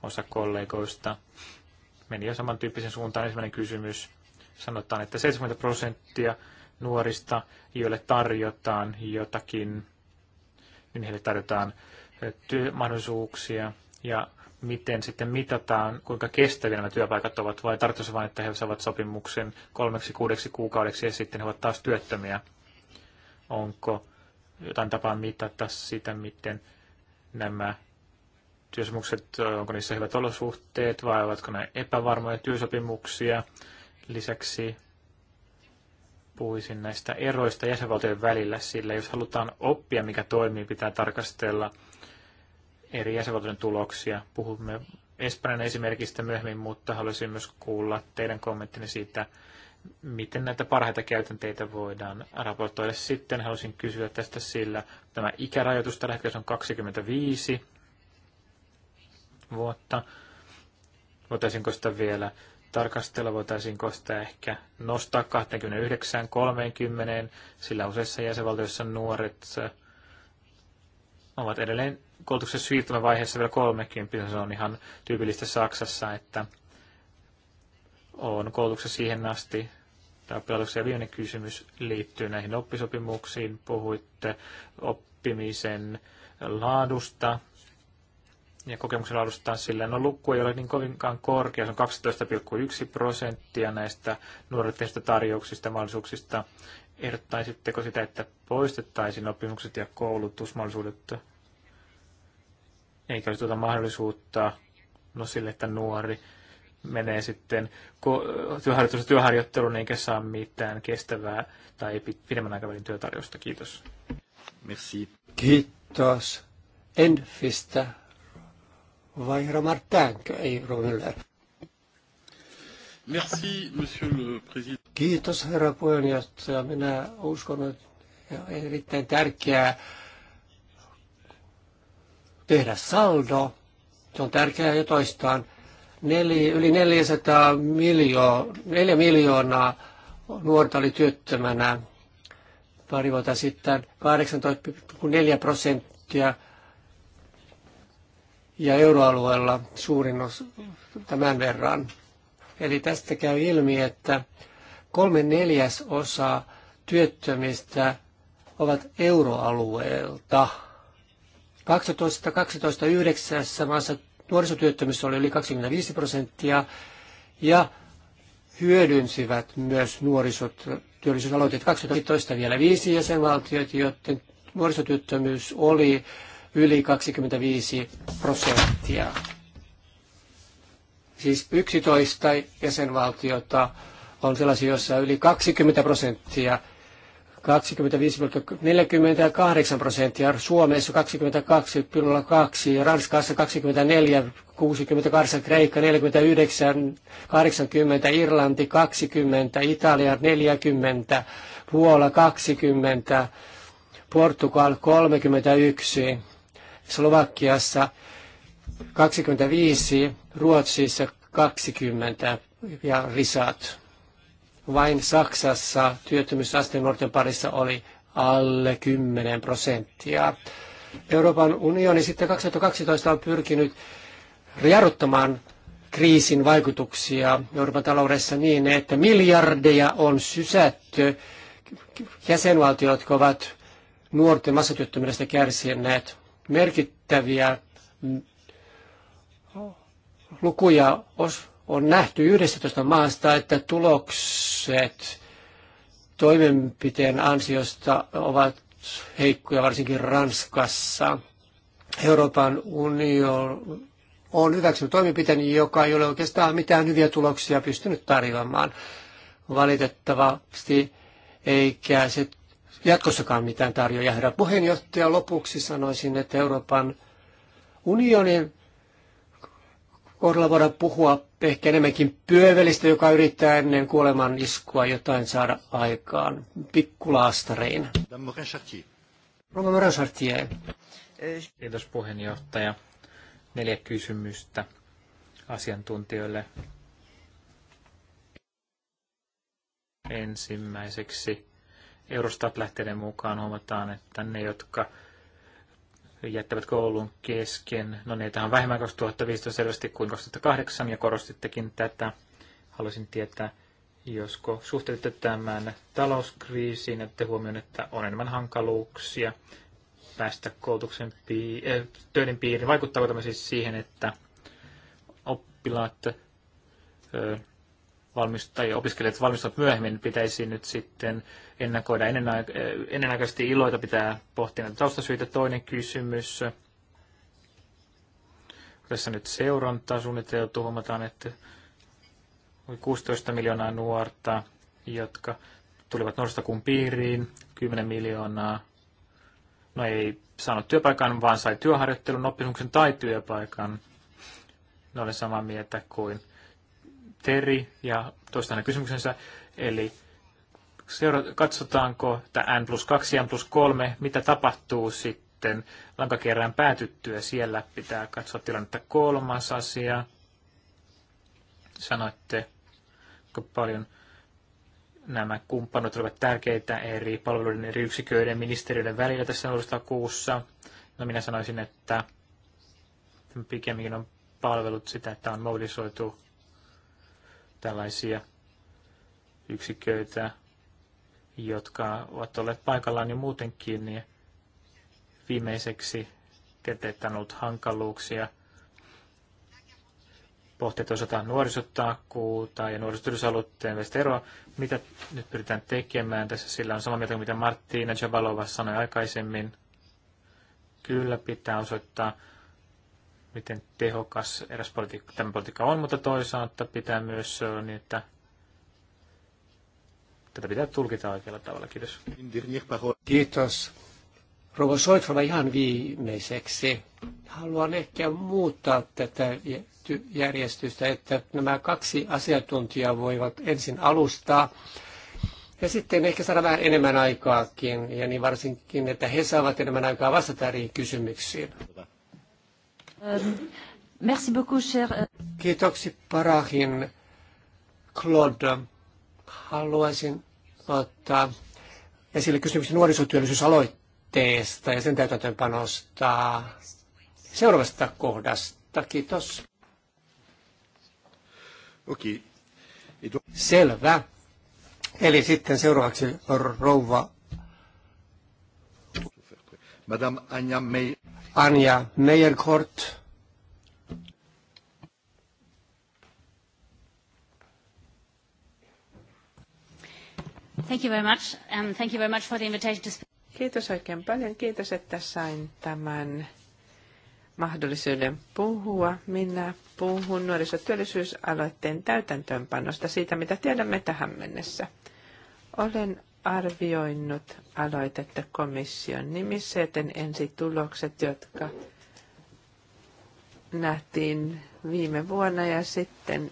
osa kollegoista meni jo samantyyppisen suuntaan. Ensimmäinen kysymys. Sanotaan, että 70 prosenttia nuorista, joille tarjotaan jotakin, niin heille tarjotaan työmahdollisuuksia ja miten sitten mitataan, kuinka kestäviä nämä työpaikat ovat, vai tarkoitus vain, että he saavat sopimuksen kolmeksi, kuudeksi kuukaudeksi ja sitten he ovat taas työttömiä onko jotain tapaa mitata sitä, miten nämä työsopimukset, onko niissä hyvät olosuhteet vai ovatko ne epävarmoja työsopimuksia. Lisäksi puhuisin näistä eroista jäsenvaltojen välillä, sillä jos halutaan oppia, mikä toimii, pitää tarkastella eri jäsenvaltojen tuloksia. Puhumme Espanjan esimerkistä myöhemmin, mutta haluaisin myös kuulla teidän kommenttinne siitä, miten näitä parhaita käytänteitä voidaan raportoida. Sitten haluaisin kysyä tästä sillä, tämä ikärajoitus tällä hetkellä on 25 vuotta. Voitaisinko sitä vielä tarkastella, voitaisinko sitä ehkä nostaa 29-30, sillä useissa jäsenvaltioissa nuoret äh, ovat edelleen koulutuksen siirtymävaiheessa vielä 30, se on ihan tyypillistä Saksassa, että on koulutuksessa siihen asti. Tämä opetuksen ja viimeinen kysymys liittyy näihin oppisopimuksiin. Puhuitte oppimisen laadusta ja kokemuksen laadustaan sillä. No lukku ei ole niin kovinkaan korkea, se on 12,1 prosenttia näistä nuorten tarjouksista ja mahdollisuuksista. Ehdottaisitteko sitä, että poistettaisiin oppimukset ja koulutusmahdollisuudet? Eikä olisi tuota mahdollisuutta no sille, että nuori menee sitten työharjoittelu, työharjoittelusta työharjoitteluun eikä saa mitään kestävää tai pidemmän aikavälin työtarjosta. Kiitos. Merci. Kiitos. Enfistä vai Romartanko, ei Romiller. Merci, monsieur le président. Kiitos, herra puheenjohtaja. Minä uskon, että on erittäin tärkeää tehdä saldo. Se on tärkeää jo toistaan Neli, yli 400 miljoonaa, 4 miljoonaa nuorta oli työttömänä pari vuotta sitten, 18,4 prosenttia ja euroalueella suurin osa tämän verran. Eli tästä käy ilmi, että kolme neljäs osa työttömistä ovat euroalueelta. 12, 12 maassa nuorisotyöttömyys oli yli 25 prosenttia ja hyödynsivät myös nuorisot työllisyysaloitteet 2015 vielä viisi jäsenvaltiot, joiden nuorisotyöttömyys oli yli 25 prosenttia. Siis 11 jäsenvaltiota on sellaisia, joissa yli 20 prosenttia 25,48 prosenttia, Suomessa 22,2 ja Ranskassa 24, 68, Kreikka 49, 80, Irlanti 20, Italia 40, Puola 20, Portugal 31, Slovakiassa 25, Ruotsissa 20 ja risat. Vain Saksassa työttömyysaste nuorten parissa oli alle 10 prosenttia. Euroopan unioni sitten 2012 on pyrkinyt jarruttamaan kriisin vaikutuksia Euroopan taloudessa niin, että miljardeja on sysätty jäsenvaltiot, jotka ovat nuorten massatyöttömyydestä kärsineet. Merkittäviä lukuja os- on nähty 11 maasta, että tulokset toimenpiteen ansiosta ovat heikkoja, varsinkin Ranskassa. Euroopan unioni on hyväksynyt toimenpiteen, joka ei ole oikeastaan mitään hyviä tuloksia pystynyt tarjoamaan valitettavasti, eikä se jatkossakaan mitään tarjoa. Herra puheenjohtaja, lopuksi sanoisin, että Euroopan unionin kohdalla voidaan puhua ehkä enemmänkin pyövelistä, joka yrittää ennen kuoleman iskua jotain saada aikaan pikkulaastarein. Roma Morasartier. Kiitos puheenjohtaja. Neljä kysymystä asiantuntijoille. Ensimmäiseksi Eurostat-lähteiden mukaan huomataan, että ne, jotka jättävät koulun kesken. No niitä on vähemmän 2015 selvästi kuin 2008 ja korostittekin tätä. Haluaisin tietää, josko suhteutitte tämän talouskriisiin, että huomioon, että on enemmän hankaluuksia päästä koulutuksen pii- äh, töiden piiriin. Vaikuttaako tämä siis siihen, että oppilaat äh, valmist- tai opiskelijat valmistuvat myöhemmin, pitäisi nyt sitten ennakoida ennenaik- eh, ennenaikaisesti iloita, pitää pohtia näitä taustasyitä. Toinen kysymys. Tässä nyt seurantaa suunniteltu, huomataan, että oli 16 miljoonaa nuorta, jotka tulivat nuorisotakuun piiriin, 10 miljoonaa. No ei saanut työpaikan, vaan sai työharjoittelun, oppimuksen tai työpaikan. Ne no olen samaa mieltä kuin Teri ja toistaan kysymyksensä, eli seura- katsotaanko tämä N plus 2 ja N plus 3, mitä tapahtuu sitten lankakerään päätyttyä. Siellä pitää katsoa tilannetta kolmas asia. Sanoitte, kuinka paljon nämä kumppanut ovat tärkeitä eri palveluiden, eri yksiköiden, ministeriöiden välillä tässä kuussa. No minä sanoisin, että pikemminkin on palvelut sitä, että on mobilisoitu tällaisia yksiköitä, jotka ovat olleet paikallaan jo muutenkin, niin viimeiseksi tieteet ollut hankaluuksia Pohteet osataan nuorisotakuuta ja nuorisotyöllisyysalueen välistä eroa. Mitä nyt pyritään tekemään tässä? Sillä on sama mieltä kuin mitä Martina Jabalova sanoi aikaisemmin. Kyllä pitää osoittaa miten tehokas eräs politiikka, tämä politiikka on, mutta toisaalta pitää myös niin, että tätä pitää tulkita oikealla tavalla. Kiitos. Kiitos. Rouva Soitrova ihan viimeiseksi. Haluan ehkä muuttaa tätä järjestystä, että nämä kaksi asiantuntijaa voivat ensin alustaa ja sitten ehkä saada vähän enemmän aikaakin, ja niin varsinkin, että he saavat enemmän aikaa vastata eri kysymyksiin. Euh, merci beaucoup, cher. Euh, Kiitoksi Parahin, Claude. Haluaisin ottaa esille kysymyksen nuorisotyöllisyysaloitteesta ja sen täytäntöönpanosta seuraavasta kohdasta. Kiitos. Okay. Selvä. Eli sitten seuraavaksi rouva Madame Anja May. Anja Meyerkort. Thank you very much. Um, thank you very much for the invitation to speak. Kiitos oikein paljon. Kiitos, että sain tämän mahdollisuuden puhua. Minä puhun nuorisotyöllisyysaloitteen täytäntöönpanosta siitä, mitä tiedämme tähän mennessä. Olen arvioinut aloitetta komission nimissä, joten ensi tulokset, jotka nähtiin viime vuonna ja sitten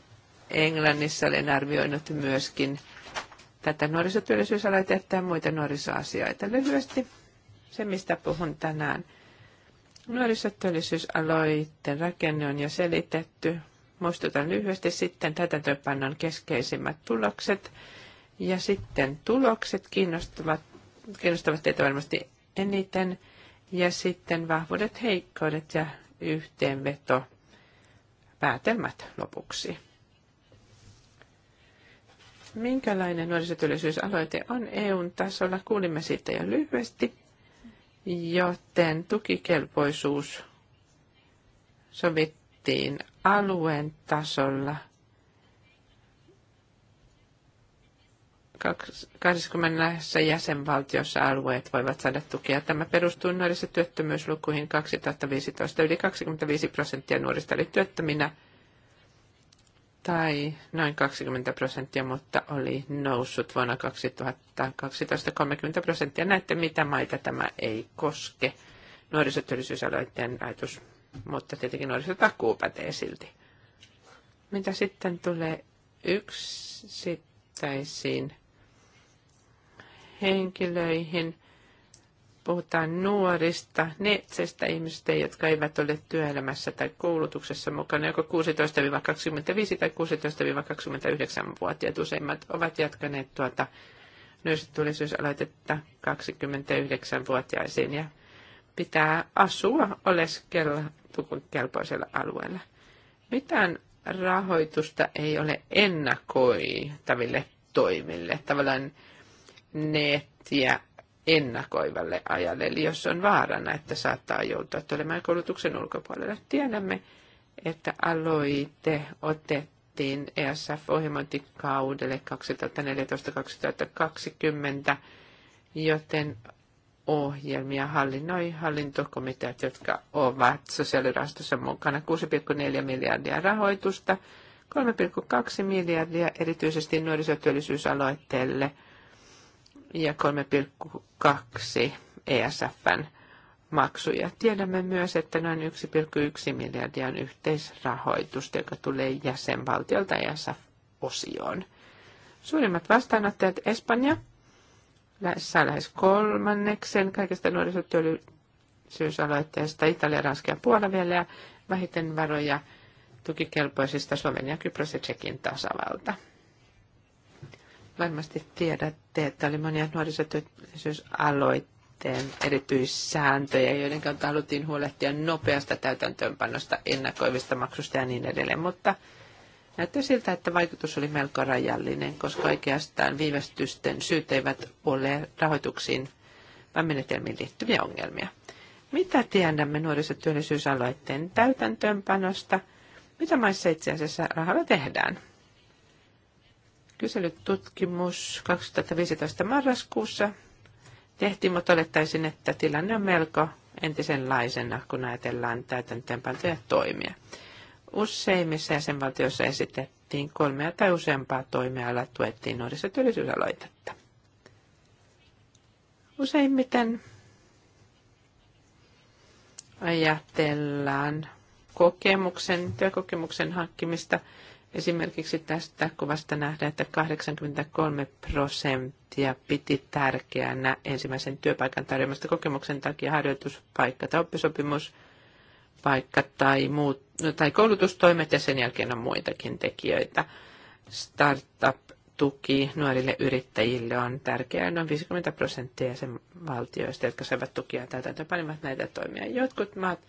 Englannissa olen arvioinut myöskin tätä nuorisotyöllisyysaloitetta ja muita nuorisoasioita. Lyhyesti se, mistä puhun tänään. Nuorisotyöllisyysaloitteen rakenne on jo selitetty. Muistutan lyhyesti sitten tätä täytäntöönpannon keskeisimmät tulokset ja sitten tulokset kiinnostavat, kiinnostavat teitä varmasti eniten. Ja sitten vahvuudet, heikkoudet ja yhteenveto päätelmät lopuksi. Minkälainen nuorisotyöllisyysaloite on EUn tasolla? Kuulimme siitä jo lyhyesti, joten tukikelpoisuus sovittiin alueen tasolla – 20 jäsenvaltiossa alueet voivat saada tukea. Tämä perustuu nuorissa työttömyyslukuihin 2015. Yli 25 prosenttia nuorista oli työttöminä tai noin 20 prosenttia, mutta oli noussut vuonna 2012 30 prosenttia. Näette, mitä maita tämä ei koske. Nuorisotyöllisyysaloitteen ajatus, mutta tietenkin nuorisotakuu pätee silti. Mitä sitten tulee yksittäisiin henkilöihin. Puhutaan nuorista, netsestä ihmisistä, jotka eivät ole työelämässä tai koulutuksessa mukana, joko 16-25 tai 16-29-vuotiaat useimmat ovat jatkaneet tuota nuorisotyöllisyysaloitetta 29-vuotiaisiin ja pitää asua oleskella kelpoisella alueella. Mitään rahoitusta ei ole ennakoitaville toimille. Tavallaan nettiä ennakoivalle ajalle, eli jos on vaarana, että saattaa joutua tulemaan koulutuksen ulkopuolelle. Tiedämme, että aloite otettiin ESF-ohjelmointikaudelle 2014-2020, joten ohjelmia hallinnoi hallintokomiteat, jotka ovat sosiaalirahastossa mukana 6,4 miljardia rahoitusta, 3,2 miljardia erityisesti nuorisotyöllisyysaloitteelle – ja 3,2 ESFn maksuja. Tiedämme myös, että noin 1,1 miljardia on yhteisrahoitusta, joka tulee jäsenvaltiolta ESF-osioon. Suurimmat vastaanottajat Espanja saa lähes kolmanneksen kaikista nuorisotyöllisyysaloitteesta, Italia, Ranska ja Puola vielä ja vähiten varoja tukikelpoisista Slovenia, Kypros ja Tsekin tasavalta varmasti tiedätte, että oli monia nuorisotyöllisyysaloitteen erityissääntöjä, joiden kautta haluttiin huolehtia nopeasta täytäntöönpanosta, ennakoivista maksusta ja niin edelleen. Mutta näyttää siltä, että vaikutus oli melko rajallinen, koska oikeastaan viivästysten syyt eivät ole rahoituksiin vaan menetelmiin liittyviä ongelmia. Mitä tiedämme nuorisotyöllisyysaloitteen täytäntöönpanosta? Mitä maissa itse asiassa rahalla tehdään? Kyselytutkimus 2015 marraskuussa tehtiin, mutta olettaisin, että tilanne on melko entisenlaisena, kun ajatellaan täytäntöönpantoja toimia. Useimmissa jäsenvaltioissa esitettiin kolmea tai useampaa toimialaa tuettiin nuorisotyöllisyysaloitetta. Useimmiten ajatellaan kokemuksen, työkokemuksen hankkimista – Esimerkiksi tästä kuvasta nähdään, että 83 prosenttia piti tärkeänä ensimmäisen työpaikan tarjoamasta kokemuksen takia harjoituspaikka tai oppisopimus paikka tai, muut, tai koulutustoimet ja sen jälkeen on muitakin tekijöitä. Startup-tuki nuorille yrittäjille on tärkeää. Noin 50 prosenttia sen valtioista, jotka saivat tukia täytäntö, panivat näitä toimia. Jotkut maat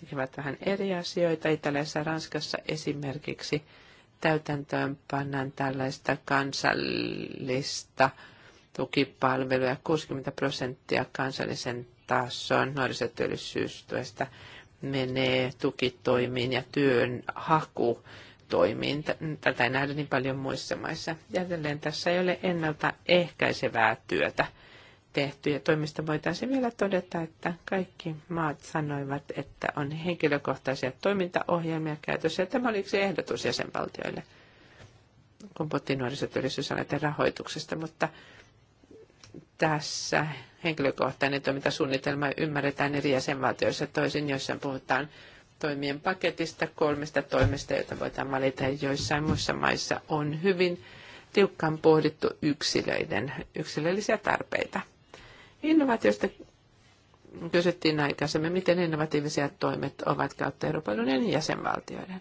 tekevät vähän eri asioita. Italiassa ja Ranskassa esimerkiksi täytäntöön pannaan tällaista kansallista tukipalveluja, 60 prosenttia kansallisen tason nuorisotyöllisyystyöstä menee tukitoimiin ja työn haku toimiin. Tätä ei nähdä niin paljon muissa maissa. Jälleen tässä ei ole ennaltaehkäisevää työtä tehty. Ja toimista voitaisiin vielä todeta, että kaikki maat sanoivat, että on henkilökohtaisia toimintaohjelmia käytössä. Ja tämä oli yksi ehdotus jäsenvaltioille, kun puhuttiin nuorisotyöllisyysaloitteen rahoituksesta. Mutta tässä henkilökohtainen toimintasuunnitelma ymmärretään eri jäsenvaltioissa toisin, joissa puhutaan toimien paketista, kolmesta toimesta, joita voidaan valita, joissain muissa maissa on hyvin tiukkaan pohdittu yksilöiden, yksilöllisiä tarpeita. Innovaatiosta kysyttiin aikaisemmin, miten innovatiivisia toimet ovat kautta Euroopan unionin jäsenvaltioiden.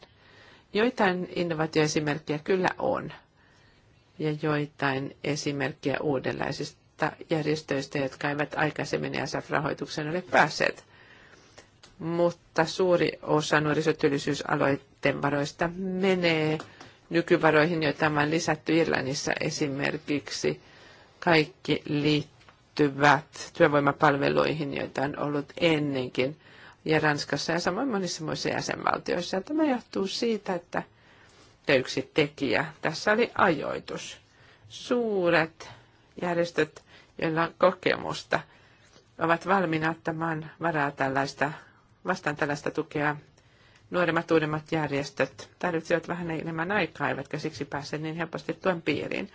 Joitain innovaatioesimerkkejä kyllä on, ja joitain esimerkkejä uudenlaisista järjestöistä, jotka eivät aikaisemmin ESF-rahoituksen ole päässeet. Mutta suuri osa nuorisotyöllisyysaloitteen varoista menee nykyvaroihin, joita on lisätty Irlannissa esimerkiksi. Kaikki liittyy liittyvät työvoimapalveluihin, joita on ollut ennenkin ja Ranskassa ja samoin monissa muissa jäsenvaltioissa. Ja tämä johtuu siitä, että ja yksi tekijä tässä oli ajoitus. Suuret järjestöt, joilla on kokemusta, ovat valmiina ottamaan varaa tällaista, vastaan tällaista tukea. Nuoremmat, uudemmat järjestöt tarvitsevat vähän enemmän aikaa, eivätkä siksi pääse niin helposti tuen piiriin.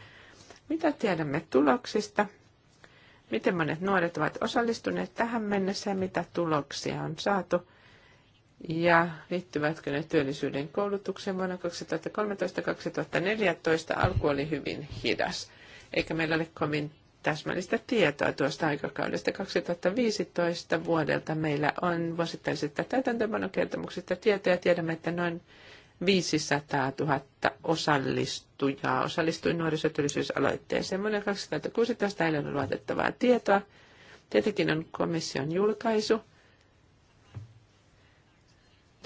Mitä tiedämme tuloksista? miten monet nuoret ovat osallistuneet tähän mennessä ja mitä tuloksia on saatu. Ja liittyvätkö ne työllisyyden koulutukseen vuonna 2013-2014? Alku oli hyvin hidas, eikä meillä ole kovin täsmällistä tietoa tuosta aikakaudesta. 2015 vuodelta meillä on vuosittaisista täytäntöönpanokertomuksista tietoja. Tiedämme, että noin 500 000 osallistujaa osallistui nuorisotyöllisyysaloitteen. Semmoinen 2016 ei ole luotettavaa tietoa. Tietenkin on komission julkaisu,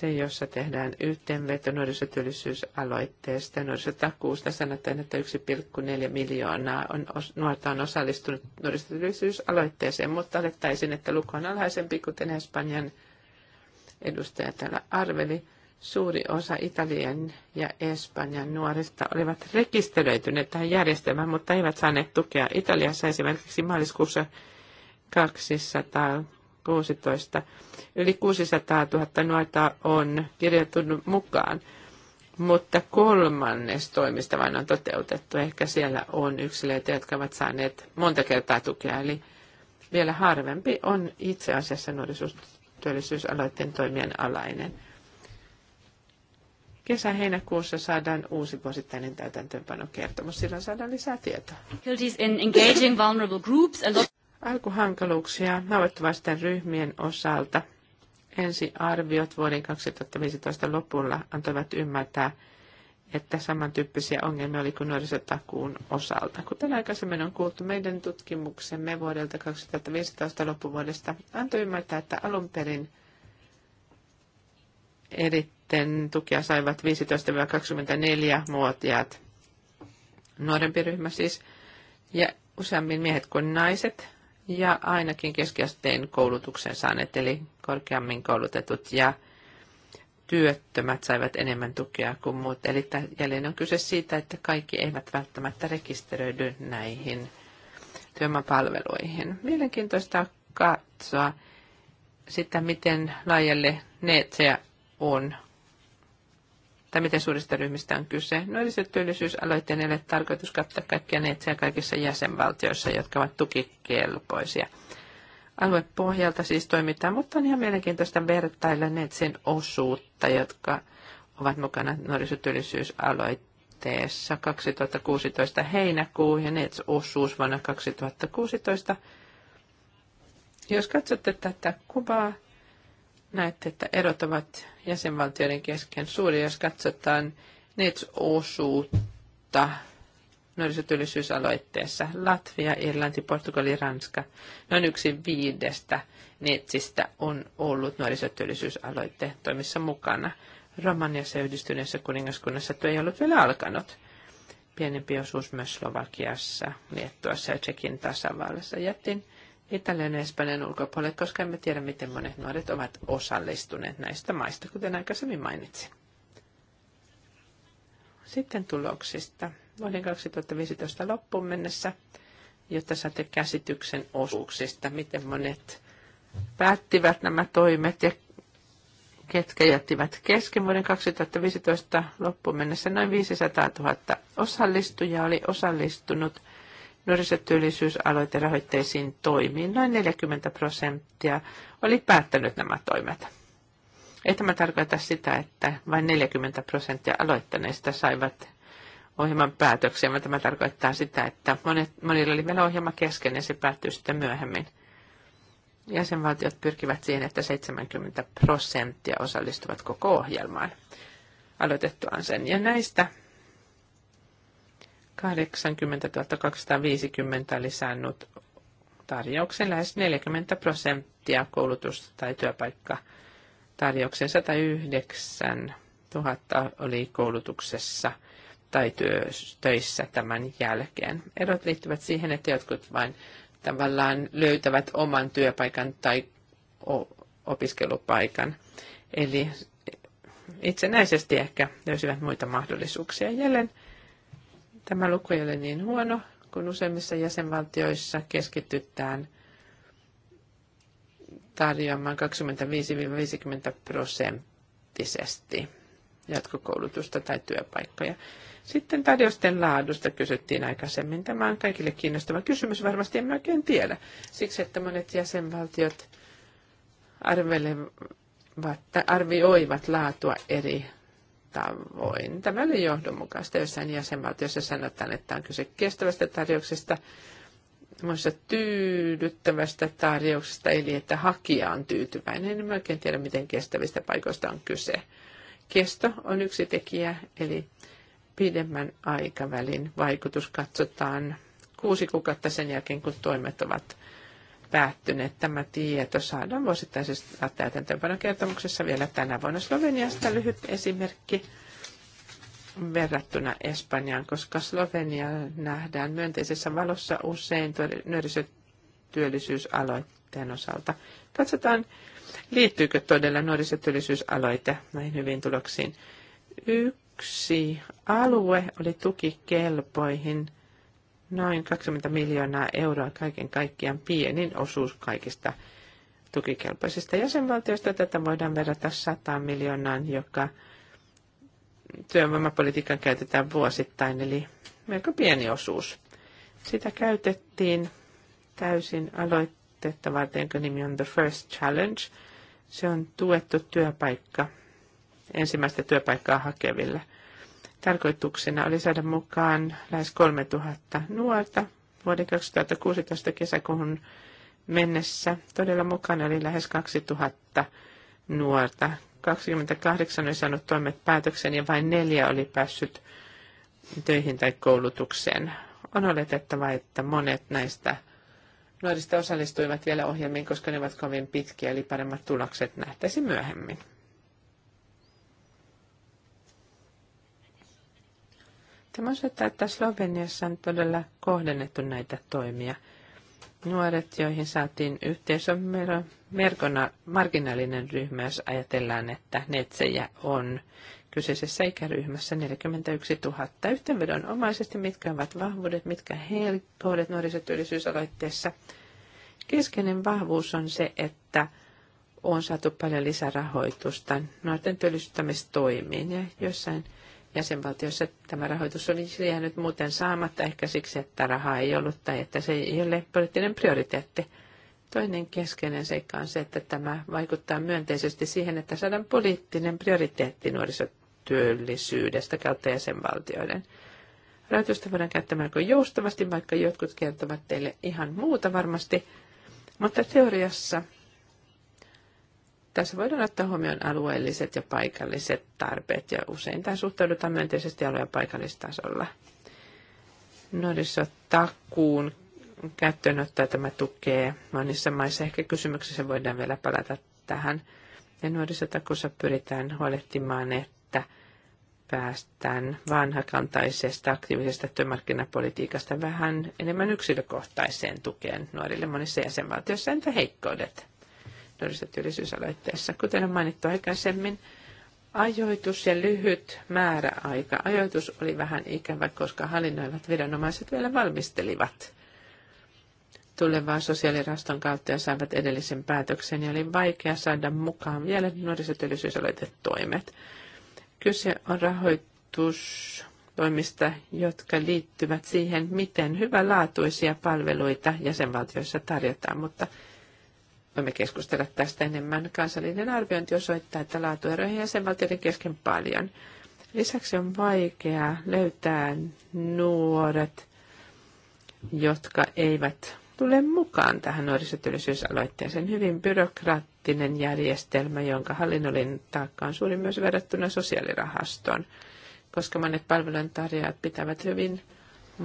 se, jossa tehdään yhteenveto nuorisotyöllisyysaloitteesta nuorisotakuusta. Sanotaan, että 1,4 miljoonaa on, nuorta on osallistunut nuorisotyöllisyysaloitteeseen, mutta olettaisin, että luku on alhaisempi, kuten Espanjan edustaja täällä arveli suuri osa Italian ja Espanjan nuorista olivat rekisteröityneet tähän järjestelmään, mutta eivät saaneet tukea. Italiassa esimerkiksi maaliskuussa 216 yli 600 000 nuorta on kirjoittunut mukaan, mutta kolmannes toimista vain on toteutettu. Ehkä siellä on yksilöitä, jotka ovat saaneet monta kertaa tukea, eli vielä harvempi on itse asiassa nuorisotyöllisyysaloitteen toimien alainen. Kesä-heinäkuussa saadaan uusi vuosittainen täytäntöönpanokertomus. Silloin saadaan lisää tietoa. Alkuhankaluuksia haavoittuvaisten ryhmien osalta. Ensi arviot vuoden 2015 lopulla antoivat ymmärtää, että samantyyppisiä ongelmia oli kuin nuorisotakuun osalta. Kuten aikaisemmin on kuultu, meidän tutkimuksemme vuodelta 2015 loppuvuodesta antoi ymmärtää, että alun perin Eritten tukea saivat 15-24-vuotiaat, nuorempi ryhmä siis, ja useammin miehet kuin naiset, ja ainakin keskiasteen koulutuksen saaneet, eli korkeammin koulutetut ja työttömät saivat enemmän tukea kuin muut. Eli jälleen on kyse siitä, että kaikki eivät välttämättä rekisteröidy näihin työmapalveluihin. Mielenkiintoista katsoa sitä, miten laajalle NEET ja on, tai miten suurista ryhmistä on kyse. Nuorisotyöllisyysaloitteen ei tarkoitus kattaa kaikkia neitsejä kaikissa jäsenvaltioissa, jotka ovat tukikelpoisia. pohjalta siis toimitaan, mutta on ihan mielenkiintoista vertailla neitsin osuutta, jotka ovat mukana nuorisotyöllisyysaloitteessa 2016 heinäkuu ja neits osuus vuonna 2016. Jos katsotte tätä kuvaa, näette, että erot ovat jäsenvaltioiden kesken suuria, jos katsotaan NETS-osuutta nuorisotyöllisyysaloitteessa. Latvia, Irlanti, Portugali, Ranska. Noin yksi viidestä NETSistä on ollut nuorisotyöllisyysaloitte toimissa mukana. Romaniassa ja yhdistyneessä kuningaskunnassa työ ei ollut vielä alkanut. Pienempi osuus myös Slovakiassa, Liettuassa ja Tsekin tasavallassa. Jätin Italian ja Espanjan ulkopuolelle, koska emme tiedä, miten monet nuoret ovat osallistuneet näistä maista, kuten aikaisemmin mainitsin. Sitten tuloksista. Vuoden 2015 loppuun mennessä, jotta saatte käsityksen osuuksista, miten monet päättivät nämä toimet ja ketkä jättivät kesken vuoden 2015 loppuun mennessä noin 500 000 osallistujaa oli osallistunut nuorisotyöllisyysaloiterahoitteisiin toimiin noin 40 prosenttia oli päättänyt nämä toimet. Ei tämä tarkoita sitä, että vain 40 prosenttia aloittaneista saivat ohjelman päätöksiä, vaan tämä tarkoittaa sitä, että monet, monilla oli vielä ohjelma kesken ja se päättyy sitten myöhemmin. Jäsenvaltiot pyrkivät siihen, että 70 prosenttia osallistuvat koko ohjelmaan aloitettuaan sen. Ja näistä 80 250 lisännyt tarjouksen lähes 40 prosenttia koulutus- tai työpaikka Tarjouksen 109 000 oli koulutuksessa tai töissä tämän jälkeen. Erot liittyvät siihen, että jotkut vain tavallaan löytävät oman työpaikan tai opiskelupaikan. Eli itsenäisesti ehkä löysivät muita mahdollisuuksia. Jälleen Tämä luku ei ole niin huono, kun useimmissa jäsenvaltioissa keskitytään tarjoamaan 25-50 prosenttisesti jatkokoulutusta tai työpaikkoja. Sitten tarjosten laadusta kysyttiin aikaisemmin. Tämä on kaikille kiinnostava kysymys. Varmasti emme oikein tiedä. Siksi, että monet jäsenvaltiot arvelevat, arvioivat laatua eri tavoin. Tämä oli johdonmukaista. Jossain jäsenvaltiossa sanotaan, että on kyse kestävästä tarjouksesta, muissa tyydyttävästä tarjouksesta, eli että hakija on tyytyväinen. En oikein tiedä, miten kestävistä paikoista on kyse. Kesto on yksi tekijä, eli pidemmän aikavälin vaikutus katsotaan kuusi kuukautta sen jälkeen, kun toimet ovat päättyneet. Tämä tieto saadaan vuosittaisessa täytäntöönpanon kertomuksessa vielä tänä vuonna Sloveniasta lyhyt esimerkki verrattuna Espanjaan, koska Slovenia nähdään myönteisessä valossa usein nuorisotyöllisyysaloitteen osalta. Katsotaan, liittyykö todella nuorisotyöllisyysaloite näihin hyviin tuloksiin. Yksi alue oli tukikelpoihin noin 20 miljoonaa euroa kaiken kaikkiaan pienin osuus kaikista tukikelpoisista jäsenvaltioista. Tätä voidaan verrata 100 miljoonaan, joka työvoimapolitiikan käytetään vuosittain, eli melko pieni osuus. Sitä käytettiin täysin aloitteetta varten, jonka nimi on The First Challenge. Se on tuettu työpaikka ensimmäistä työpaikkaa hakeville – Tarkoituksena oli saada mukaan lähes 3000 nuorta vuoden 2016 kesäkuun mennessä. Todella mukana oli lähes 2000 nuorta. 28 oli saanut toimet päätöksen ja vain neljä oli päässyt töihin tai koulutukseen. On oletettava, että monet näistä nuorista osallistuivat vielä ohjelmiin, koska ne ovat kovin pitkiä, eli paremmat tulokset nähtäisi myöhemmin. Tämä osoittaa, että Sloveniassa on todella kohdennettu näitä toimia. Nuoret, joihin saatiin on merkona, marginaalinen ryhmä, jos ajatellaan, että netsejä on kyseisessä ikäryhmässä 41 000. Yhteenvedonomaisesti, mitkä ovat vahvuudet, mitkä heikkoudet nuorisotyöllisyysaloitteessa. Keskeinen vahvuus on se, että on saatu paljon lisärahoitusta nuorten työllistämistoimiin ja jossain jäsenvaltiossa tämä rahoitus oli jäänyt muuten saamatta, ehkä siksi, että rahaa ei ollut tai että se ei ole poliittinen prioriteetti. Toinen keskeinen seikka on se, että tämä vaikuttaa myönteisesti siihen, että saadaan poliittinen prioriteetti nuorisotyöllisyydestä kautta jäsenvaltioiden. Rahoitusta voidaan käyttää melko joustavasti, vaikka jotkut kertovat teille ihan muuta varmasti, mutta teoriassa – tässä voidaan ottaa huomioon alueelliset ja paikalliset tarpeet ja usein tämä suhtaudutaan myönteisesti alue- ja paikallistasolla. Nuorisotakuun käyttöönottoa tämä tukee. Monissa maissa ehkä kysymyksessä voidaan vielä palata tähän. Ja nuorisotakuussa pyritään huolehtimaan, että päästään vanhakantaisesta aktiivisesta työmarkkinapolitiikasta vähän enemmän yksilökohtaiseen tukeen nuorille monissa jäsenvaltioissa. Entä heikkoudet? nuorissa työllisyysaloitteessa. Kuten on mainittu aikaisemmin, ajoitus ja lyhyt määräaika. Ajoitus oli vähän ikävä, koska hallinnoivat viranomaiset vielä valmistelivat tulevaa sosiaaliraston kautta ja saivat edellisen päätöksen, ja oli vaikea saada mukaan vielä nuorisotyöllisyysaloitetoimet. Kyse on rahoitustoimista, jotka liittyvät siihen, miten hyvälaatuisia palveluita jäsenvaltioissa tarjotaan, mutta voimme keskustella tästä enemmän. Kansallinen arviointi osoittaa, että laatueroja jäsenvaltioiden kesken paljon. Lisäksi on vaikeaa löytää nuoret, jotka eivät tule mukaan tähän nuorisotyöllisyysaloitteeseen. Hyvin byrokraattinen järjestelmä, jonka hallinnollinen taakka on suuri myös verrattuna sosiaalirahastoon, koska monet palveluntarjoajat pitävät hyvin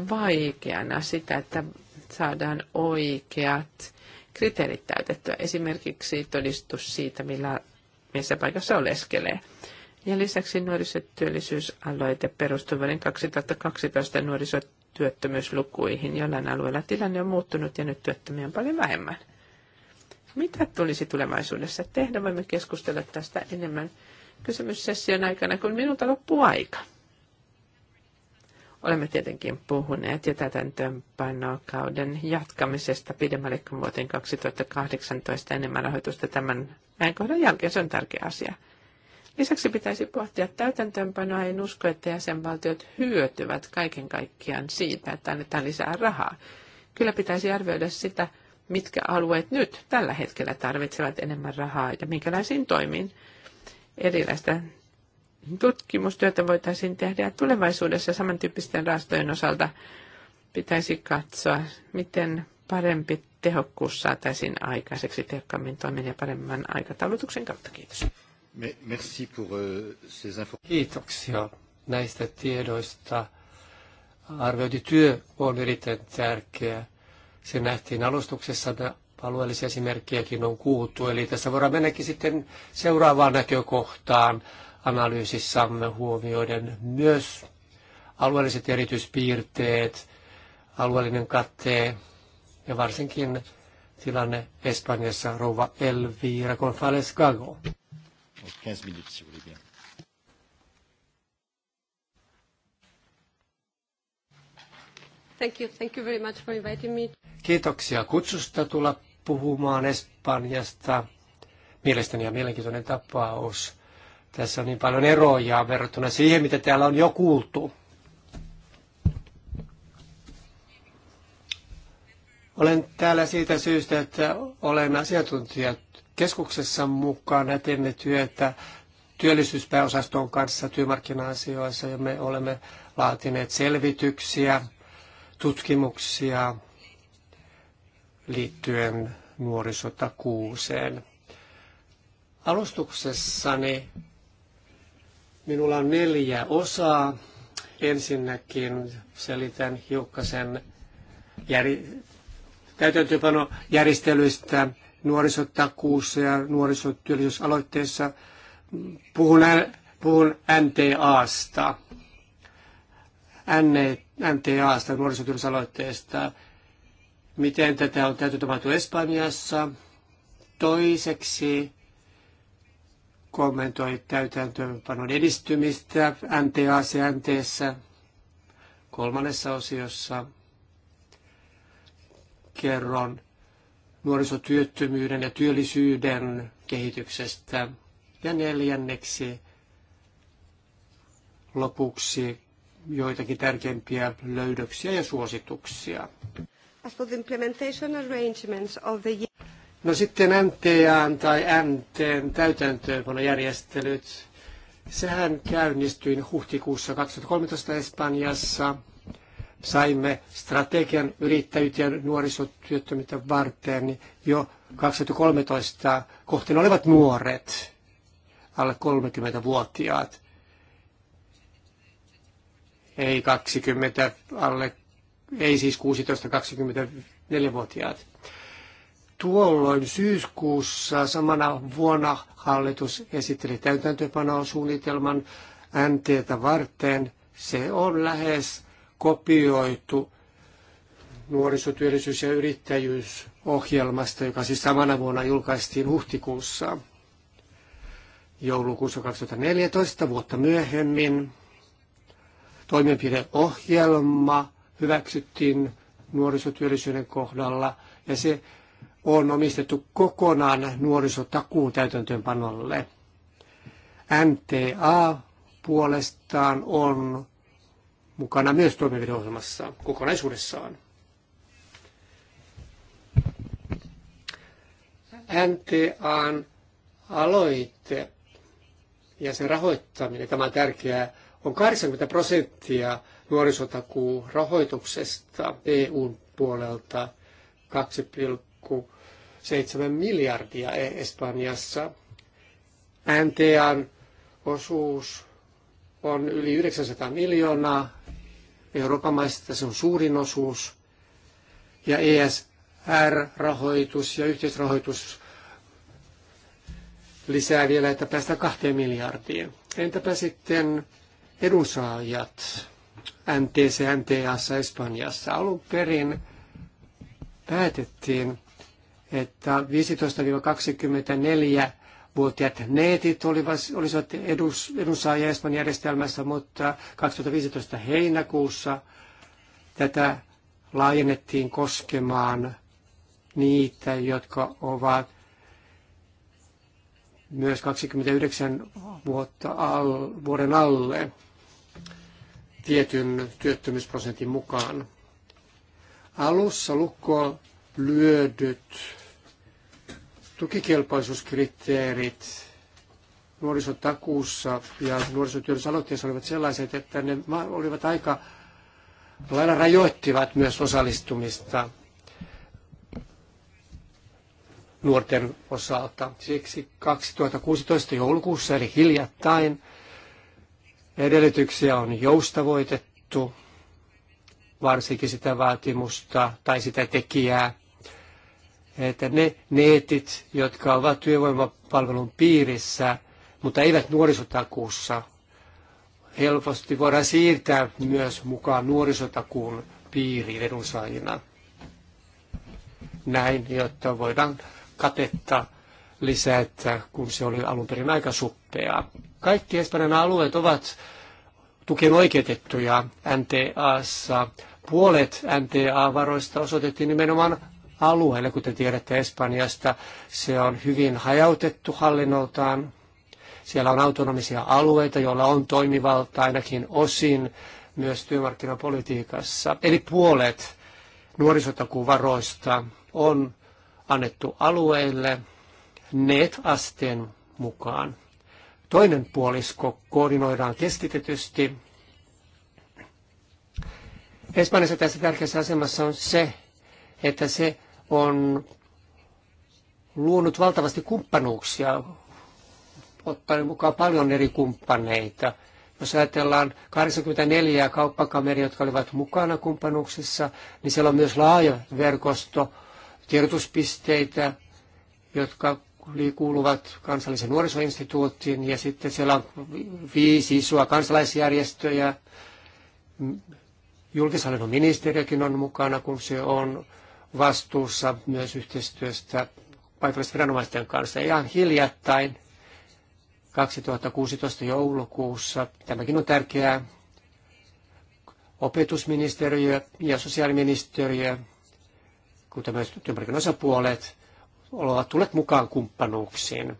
vaikeana sitä, että saadaan oikeat kriteerit täytettyä, esimerkiksi todistus siitä, millä, missä paikassa oleskelee. Ja lisäksi nuorisotyöllisyysaloite perustuu vuoden 2012 nuorisotyöttömyyslukuihin. Jollain alueella tilanne on muuttunut ja nyt työttömiä on paljon vähemmän. Mitä tulisi tulevaisuudessa tehdä? Voimme keskustella tästä enemmän kysymyssession aikana, kun minulta loppuu aika. Olemme tietenkin puhuneet jo täytäntöönpanokauden jatkamisesta pidemmälle kuin vuoteen 2018 enemmän rahoitusta tämän ajankohdan jälkeen. Se on tärkeä asia. Lisäksi pitäisi pohtia täytäntöönpanoa. En usko, että jäsenvaltiot hyötyvät kaiken kaikkiaan siitä, että annetaan lisää rahaa. Kyllä pitäisi arvioida sitä, mitkä alueet nyt tällä hetkellä tarvitsevat enemmän rahaa ja minkälaisiin toimiin. Erilaista tutkimustyötä voitaisiin tehdä ja tulevaisuudessa samantyyppisten rahastojen osalta pitäisi katsoa, miten parempi tehokkuus saataisiin aikaiseksi tehokkaammin toimin ja paremman aikataulutuksen kautta. Kiitos. Euh, Kiitoksia näistä tiedoista. Arviointityö on erittäin tärkeä. Se nähtiin alustuksessa, alueellisia esimerkkejäkin on kuultu. Eli tässä voidaan mennäkin sitten seuraavaan näkökohtaan analyysissamme huomioiden myös alueelliset erityispiirteet, alueellinen katte ja varsinkin tilanne Espanjassa rouva Elvira González Gago. 15 minutes, si vous bien. Thank you. Thank you very much for inviting me. Kiitoksia kutsusta tulla puhumaan Espanjasta. Mielestäni on mielenkiintoinen tapaus tässä on niin paljon eroja verrattuna siihen, mitä täällä on jo kuultu. Olen täällä siitä syystä, että olen asiantuntijat keskuksessa mukaan ja teemme työtä työllisyyspääosaston kanssa työmarkkina-asioissa ja me olemme laatineet selvityksiä, tutkimuksia liittyen nuorisotakuuseen. Alustuksessani Minulla on neljä osaa. Ensinnäkin selitän hiukkasen järi- täytäntöönpanojärjestelyistä nuorisotakuussa ja nuorisotyöllisyysaloitteessa. Puhun, puhun NTAsta, NTAsta, e, nuorisotyöllisyysaloitteesta, miten tätä on täytäntöpanoitu Espanjassa. Toiseksi kommentoi täytäntöönpanon edistymistä NTAC NTssä kolmannessa osiossa. Kerron nuorisotyöttömyyden ja työllisyyden kehityksestä. Ja neljänneksi lopuksi joitakin tärkeimpiä löydöksiä ja suosituksia. As for the implementation arrangements of the No sitten MTAn tai MTn täytäntöönpanojärjestelyt. Sehän käynnistyi huhtikuussa 2013 Espanjassa. Saimme strategian yrittäjyyttä ja nuorisotyöttömyyttä varten jo 2013 kohteen olevat nuoret, alle 30-vuotiaat. Ei 20, alle, ei siis 16-24-vuotiaat. Tuolloin syyskuussa samana vuonna hallitus esitteli täytäntöpanosuunnitelman NTtä varten. Se on lähes kopioitu nuorisotyöllisyys- ja yrittäjyysohjelmasta, joka siis samana vuonna julkaistiin huhtikuussa. Joulukuussa 2014 vuotta myöhemmin toimenpideohjelma hyväksyttiin nuorisotyöllisyyden kohdalla ja se on omistettu kokonaan nuorisotakuun täytäntöönpanolle. NTA puolestaan on mukana myös toimenpideohjelmassa kokonaisuudessaan. NTAn aloite ja sen rahoittaminen, tämä on tärkeää, on 80 prosenttia nuorisotakuurahoituksesta rahoituksesta EUn puolelta 7 miljardia e Espanjassa. NTAn osuus on yli 900 miljoonaa. Euroopan maista se on suurin osuus. Ja ESR-rahoitus ja yhteisrahoitus lisää vielä, että päästään kahteen miljardiin. Entäpä sitten edunsaajat NTC, NTAssa, Espanjassa? Alun perin päätettiin että 15-24-vuotiaat neetit olivat, olisivat edus, edunsaajia Espan järjestelmässä, mutta 2015 heinäkuussa tätä laajennettiin koskemaan niitä, jotka ovat myös 29 vuotta al, vuoden alle tietyn työttömyysprosentin mukaan. Alussa lukko lyödyt tukikelpoisuuskriteerit nuorisotakuussa ja aloitteessa olivat sellaiset, että ne olivat aika lailla rajoittivat myös osallistumista nuorten osalta. Siksi 2016 joulukuussa eli hiljattain edellytyksiä on joustavoitettu, varsinkin sitä vaatimusta tai sitä tekijää, että ne neetit, jotka ovat työvoimapalvelun piirissä, mutta eivät nuorisotakuussa, helposti voidaan siirtää myös mukaan nuorisotakuun piiriin edunsaajina. Näin, jotta voidaan katetta lisätä, kun se oli alun perin aika suppeaa. Kaikki Espanjan alueet ovat tukeen oikeutettuja NTAssa. Puolet NTA-varoista osoitettiin nimenomaan alueelle. Kuten tiedätte Espanjasta, se on hyvin hajautettu hallinnoltaan. Siellä on autonomisia alueita, joilla on toimivalta ainakin osin myös työmarkkinapolitiikassa. Eli puolet nuorisotakuvaroista on annettu alueille NET-asteen mukaan. Toinen puolisko koordinoidaan keskitetysti. Espanjassa tässä tärkeässä asemassa on se, että se on luonut valtavasti kumppanuuksia, ottaen mukaan paljon eri kumppaneita. Jos ajatellaan 84 kauppakameria, jotka olivat mukana kumppanuuksissa, niin siellä on myös laaja verkosto tiedotuspisteitä, jotka kuuluvat kansallisen nuorisoinstituuttiin, ja sitten siellä on viisi isoa kansalaisjärjestöjä, julkishallinnon ministeriökin on mukana, kun se on vastuussa myös yhteistyöstä paikallisviranomaisten kanssa. Ihan hiljattain 2016 joulukuussa, tämäkin on tärkeää, opetusministeriö ja sosiaaliministeriö, kuten myös työmarkkinoiden osapuolet, ovat tulleet mukaan kumppanuuksiin.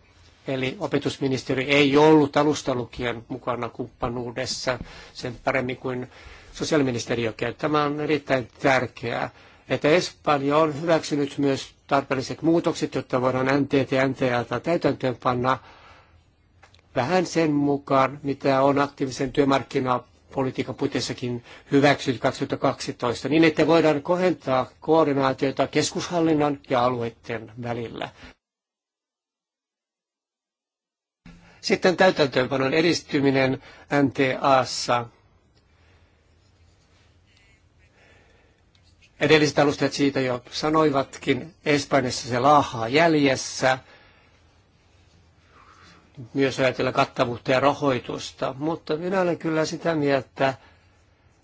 Eli opetusministeri ei ollut alusta lukien mukana kumppanuudessa sen paremmin kuin sosiaaliministeriö Tämä on erittäin tärkeää että Espanja on hyväksynyt myös tarpeelliset muutokset, jotta voidaan NTT ja NTLtä täytäntöön panna vähän sen mukaan, mitä on aktiivisen työmarkkinapolitiikan puitteissakin hyväksytty 2012, niin että voidaan kohentaa koordinaatiota keskushallinnan ja alueiden välillä. Sitten täytäntöönpanon edistyminen NTAssa Edelliset alustajat siitä jo sanoivatkin, Espanjassa se laahaa jäljessä, myös ajatella kattavuutta ja rahoitusta, mutta minä olen kyllä sitä mieltä,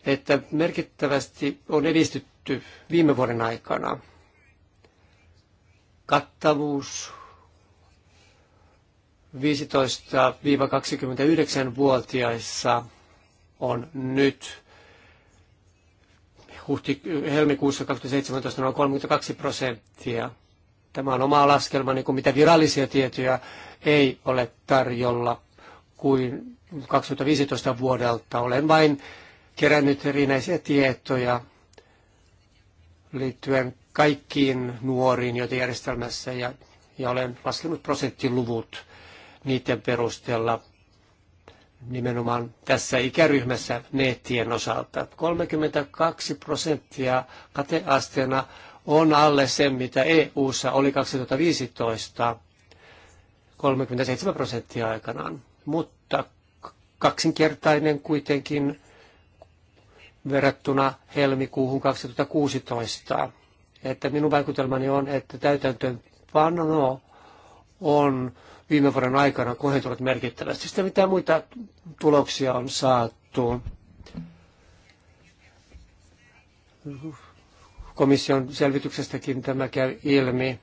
että merkittävästi on edistytty viime vuoden aikana. Kattavuus 15-29-vuotiaissa on nyt huhti, helmikuussa 2017 noin 32 prosenttia. Tämä on oma laskelma, niin kuin mitä virallisia tietoja ei ole tarjolla kuin 2015 vuodelta. Olen vain kerännyt erinäisiä tietoja liittyen kaikkiin nuoriin, joita järjestelmässä ja, ja olen laskenut prosenttiluvut niiden perusteella nimenomaan tässä ikäryhmässä neettien osalta. 32 prosenttia kateasteena on alle sen, mitä EU-ssa oli 2015, 37 prosenttia aikanaan, mutta kaksinkertainen kuitenkin verrattuna helmikuuhun 2016. Että minun vaikutelmani on, että täytäntöönpano on viime vuoden aikana kohentunut merkittävästi. Sitten mitä muita tuloksia on saatu? Komission selvityksestäkin tämä käy ilmi.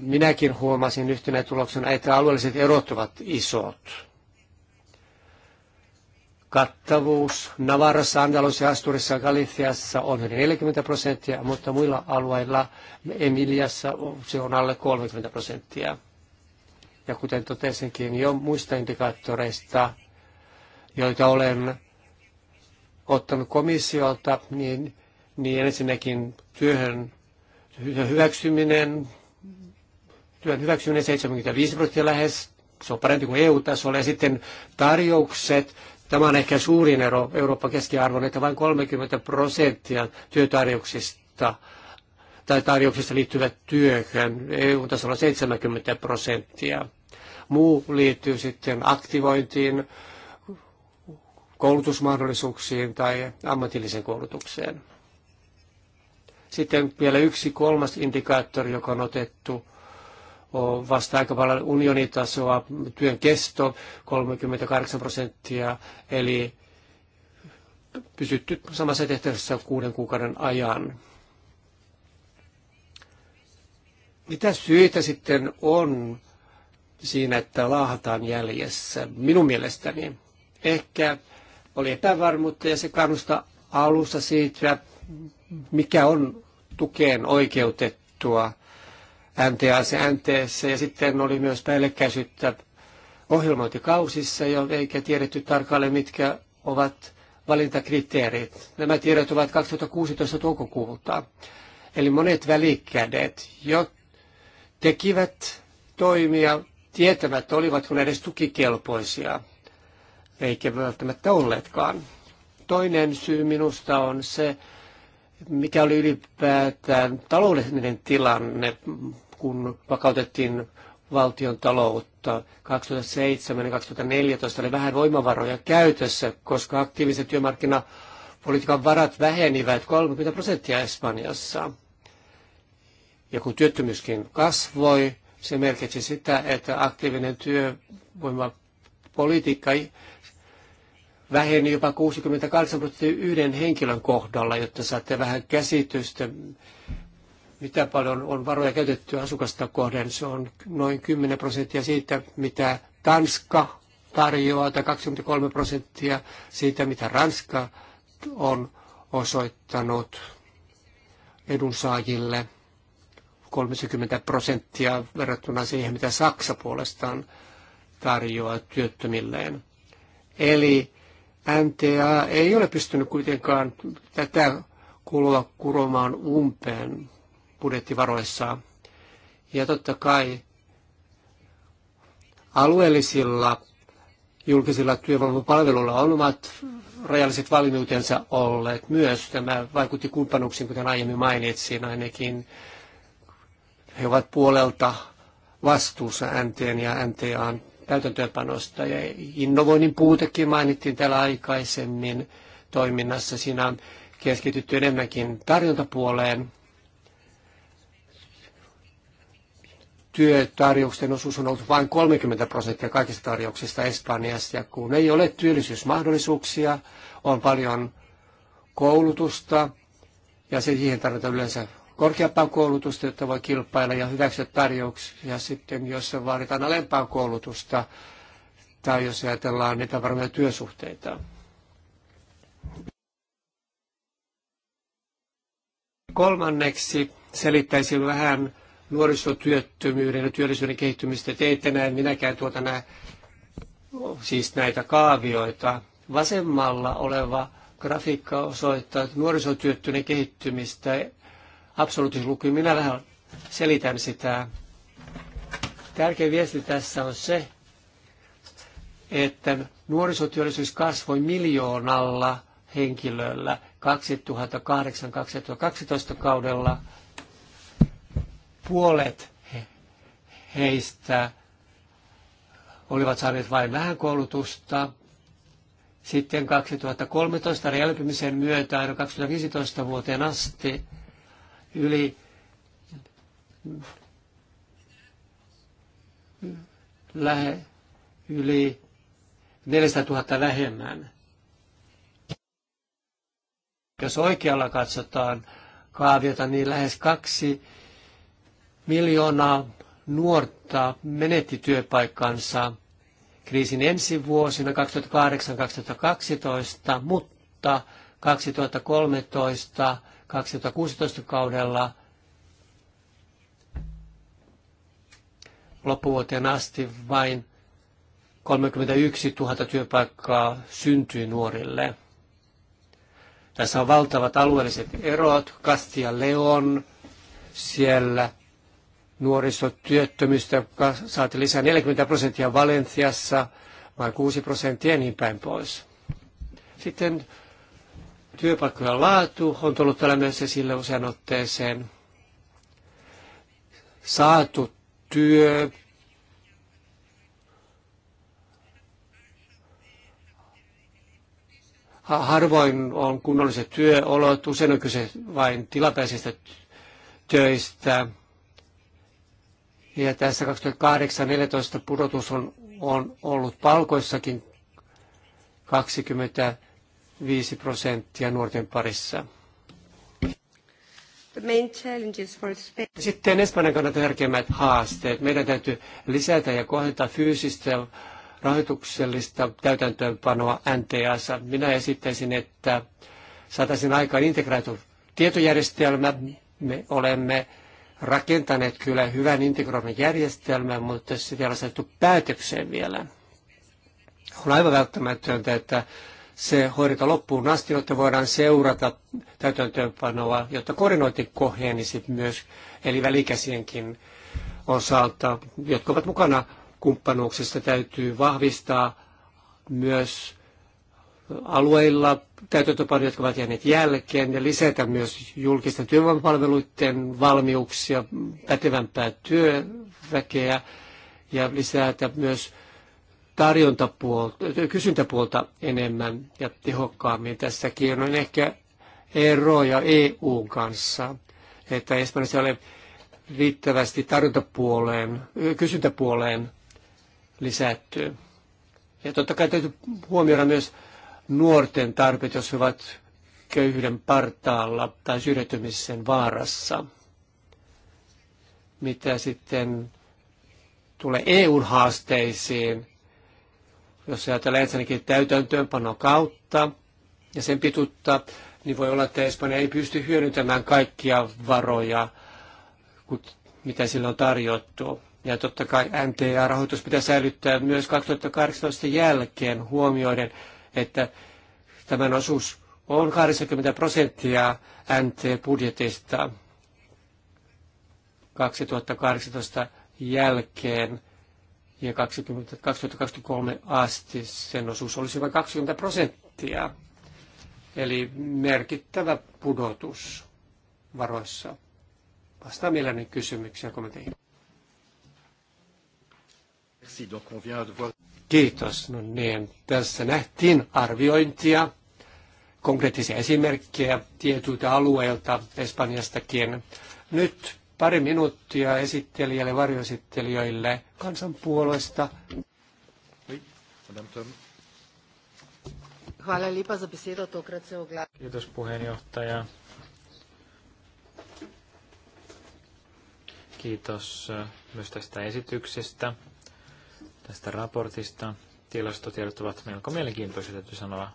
Minäkin huomasin yhtenä tuloksena, että alueelliset erot ovat isot Kattavuus Navarassa, Andalusia, Asturissa, Galiciassa on yli 40 prosenttia, mutta muilla alueilla Emiliassa se on alle 30 prosenttia. Ja kuten totesinkin jo muista indikaattoreista, joita olen ottanut komissiolta, niin, niin ensinnäkin työhön hyväksyminen, työn hyväksyminen 75 prosenttia lähes, se on parempi kuin EU-tasolla, ja sitten tarjoukset Tämä on ehkä suurin ero Euroopan keskiarvon, että vain 30 prosenttia työtarjouksista tai tarjouksista liittyvät työhön. EU-tasolla 70 prosenttia. Muu liittyy sitten aktivointiin, koulutusmahdollisuuksiin tai ammatilliseen koulutukseen. Sitten vielä yksi kolmas indikaattori, joka on otettu on vasta aika paljon unionitasoa, työn kesto 38 prosenttia, eli pysytty samassa tehtävässä kuuden kuukauden ajan. Mitä syitä sitten on siinä, että laahataan jäljessä? Minun mielestäni ehkä oli epävarmuutta ja se kannusta alussa siitä, mikä on tukeen oikeutettua. NTAC, NTS ja sitten oli myös päällekkäisyyttä ohjelmointikausissa jo, eikä tiedetty tarkalleen, mitkä ovat valintakriteerit. Nämä tiedot ovat 2016 toukokuuta. Eli monet välikädet jo tekivät toimia tietämättä, olivat kun edes tukikelpoisia, eikä välttämättä olleetkaan. Toinen syy minusta on se, mikä oli ylipäätään taloudellinen tilanne, kun vakautettiin valtion taloutta 2007 ja 2014 oli vähän voimavaroja käytössä, koska aktiiviset työmarkkinapolitiikan varat vähenivät 30 prosenttia Espanjassa. Ja kun työttömyyskin kasvoi, se merkitsi sitä, että aktiivinen työvoimapolitiikka väheni jopa 68 prosenttia yhden henkilön kohdalla, jotta saatte vähän käsitystä, mitä paljon on varoja käytetty asukasta kohden. Se on noin 10 prosenttia siitä, mitä Tanska tarjoaa, tai 23 prosenttia siitä, mitä Ranska on osoittanut edunsaajille. 30 prosenttia verrattuna siihen, mitä Saksa puolestaan tarjoaa työttömilleen. Eli NTA ei ole pystynyt kuitenkaan tätä kulua kuromaan umpeen budjettivaroissaan. Ja totta kai alueellisilla julkisilla työvoimapalveluilla on omat rajalliset valmiutensa olleet myös. Tämä vaikutti kumppanuksiin, kuten aiemmin mainitsin ainakin. He ovat puolelta vastuussa NTN ja NTAn täytäntöönpanosta. Ja innovoinnin puutekin mainittiin täällä aikaisemmin toiminnassa. Siinä on keskitytty enemmänkin tarjontapuoleen. Työtarjouksen osuus on ollut vain 30 prosenttia kaikista tarjouksista Espanjassa. Ja kun ei ole työllisyysmahdollisuuksia, on paljon koulutusta ja siihen tarvitaan yleensä korkeampaan koulutusta, jotta voi kilpailla ja hyväksyä tarjouksia sitten, jos vaaditaan alempaa koulutusta tai jos ajatellaan niitä varmoja työsuhteita. Kolmanneksi selittäisin vähän nuorisotyöttömyyden ja työllisyyden kehittymistä. Te ette näe minäkään tuota nää, siis näitä kaavioita. Vasemmalla oleva grafiikka osoittaa nuorisotyöttömyyden kehittymistä absoluuttislukuun. Minä vähän selitän sitä. Tärkeä viesti tässä on se, että nuorisotyöllisyys kasvoi miljoonalla henkilöllä 2008-2012 kaudella. Puolet heistä olivat saaneet vain vähän koulutusta. Sitten 2013 elpymisen myötä aina 2015 vuoteen asti yli lähe, yli 400 000 vähemmän. Jos oikealla katsotaan kaaviota, niin lähes kaksi miljoonaa nuorta menetti työpaikkansa kriisin ensi vuosina 2008-2012, mutta 2013 2016 kaudella loppuvuoteen asti vain 31 000 työpaikkaa syntyi nuorille. Tässä on valtavat alueelliset erot. Kastia Leon, siellä nuorisotyöttömyystä saati lisää 40 prosenttia Valentiassa, vain 6 prosenttia ja niin päin pois. Sitten Työpaikkojen laatu on tullut täällä myös esille usean otteeseen. Saatu työ, harvoin on kunnolliset työolot, usein on kyse vain tilapäisistä töistä. Ja tässä 2008-2014 pudotus on, on ollut palkoissakin 20 5 prosenttia nuorten parissa. Sitten Espanjan kannalta tärkeimmät haasteet. Meidän täytyy lisätä ja kohdentaa fyysistä rahoituksellista täytäntöönpanoa NTAssa. Minä esittäisin, että saataisiin aikaan integraatu tietojärjestelmä. Me olemme rakentaneet kyllä hyvän integroidun järjestelmän, mutta se ei ole saatu päätökseen vielä. On aivan välttämätöntä, että se hoidetaan loppuun asti, jotta voidaan seurata täytäntöönpanoa, jotta koordinointi kohenisi niin myös, eli välikäsienkin osalta, jotka ovat mukana kumppanuuksista, täytyy vahvistaa myös alueilla täytäntöönpanoja, jotka ovat jääneet jälkeen, ja lisätä myös julkisten työvoimapalveluiden valmiuksia, pätevämpää työväkeä, ja lisätä myös tarjontapuolta, kysyntäpuolta enemmän ja tehokkaammin. Tässäkin on ehkä eroja EUn kanssa, että Espanjassa ei ole riittävästi tarjontapuoleen, kysyntäpuoleen lisätty. Ja totta kai täytyy huomioida myös nuorten tarpeet, jos he ovat köyhyyden partaalla tai syrjäytymisen vaarassa. Mitä sitten tulee EUn haasteisiin, jos ajatellaan ensinnäkin täytäntöönpanon kautta ja sen pituutta, niin voi olla, että Espanja ei pysty hyödyntämään kaikkia varoja, mitä sillä on tarjottu. Ja totta kai MTA-rahoitus pitää säilyttää myös 2018 jälkeen huomioiden, että tämän osuus on 80 prosenttia mt budjetista 2018 jälkeen ja 20, 2023 asti sen osuus olisi vain 20 prosenttia, eli merkittävä pudotus varoissa. Vastaa mielelläni kysymyksiä kommentteihin. Kiitos. No niin, tässä nähtiin arviointia, konkreettisia esimerkkejä tietyiltä alueilta Espanjastakin. Nyt pari minuuttia esittelijälle, varjoesittelijöille kansanpuolueesta. Kiitos puheenjohtaja. Kiitos eh, myös tästä esityksestä, tästä raportista. Tilastotiedot ovat melko mielenkiintoisia, täytyy sanoa.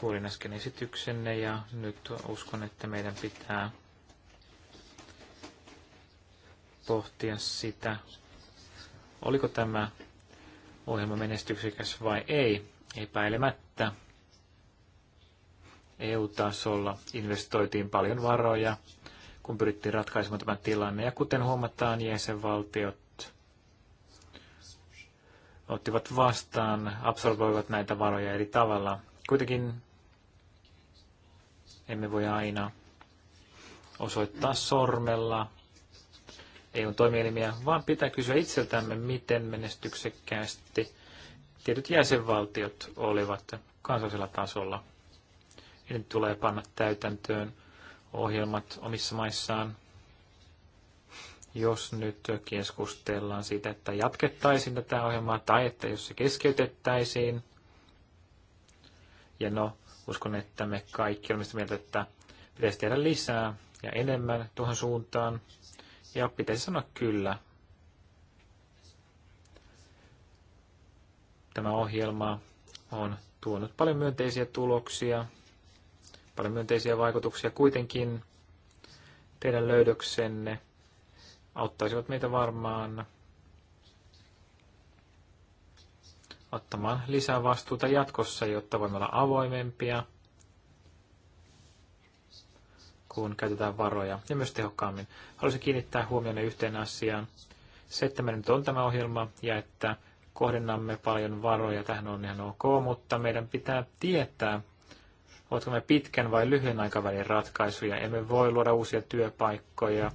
Kuulin äsken esityksenne ja nyt uskon, että meidän pitää pohtia sitä, oliko tämä ohjelma menestyksekäs vai ei, epäilemättä. EU-tasolla investoitiin paljon varoja, kun pyrittiin ratkaisemaan tämä tilanne. Ja kuten huomataan, jäsenvaltiot ottivat vastaan, absorboivat näitä varoja eri tavalla. Kuitenkin emme voi aina osoittaa sormella EUn toimielimiä, vaan pitää kysyä itseltämme, miten menestyksekkäästi tietyt jäsenvaltiot olivat kansallisella tasolla. Eli tulee panna täytäntöön ohjelmat omissa maissaan. Jos nyt keskustellaan siitä, että jatkettaisiin tätä ohjelmaa tai että jos se keskeytettäisiin. Ja no, Uskon, että me kaikki olemme sitä mieltä, että pitäisi tehdä lisää ja enemmän tuohon suuntaan. Ja pitäisi sanoa kyllä. Tämä ohjelma on tuonut paljon myönteisiä tuloksia, paljon myönteisiä vaikutuksia. Kuitenkin teidän löydöksenne auttaisivat meitä varmaan ottamaan lisää vastuuta jatkossa, jotta voimme olla avoimempia, kun käytetään varoja ja myös tehokkaammin. Haluaisin kiinnittää huomioon yhteen asiaan. Se, että meillä nyt on tämä ohjelma ja että kohdennamme paljon varoja, tähän on ihan ok, mutta meidän pitää tietää, Oletko me pitkän vai lyhyen aikavälin ratkaisuja. Emme voi luoda uusia työpaikkoja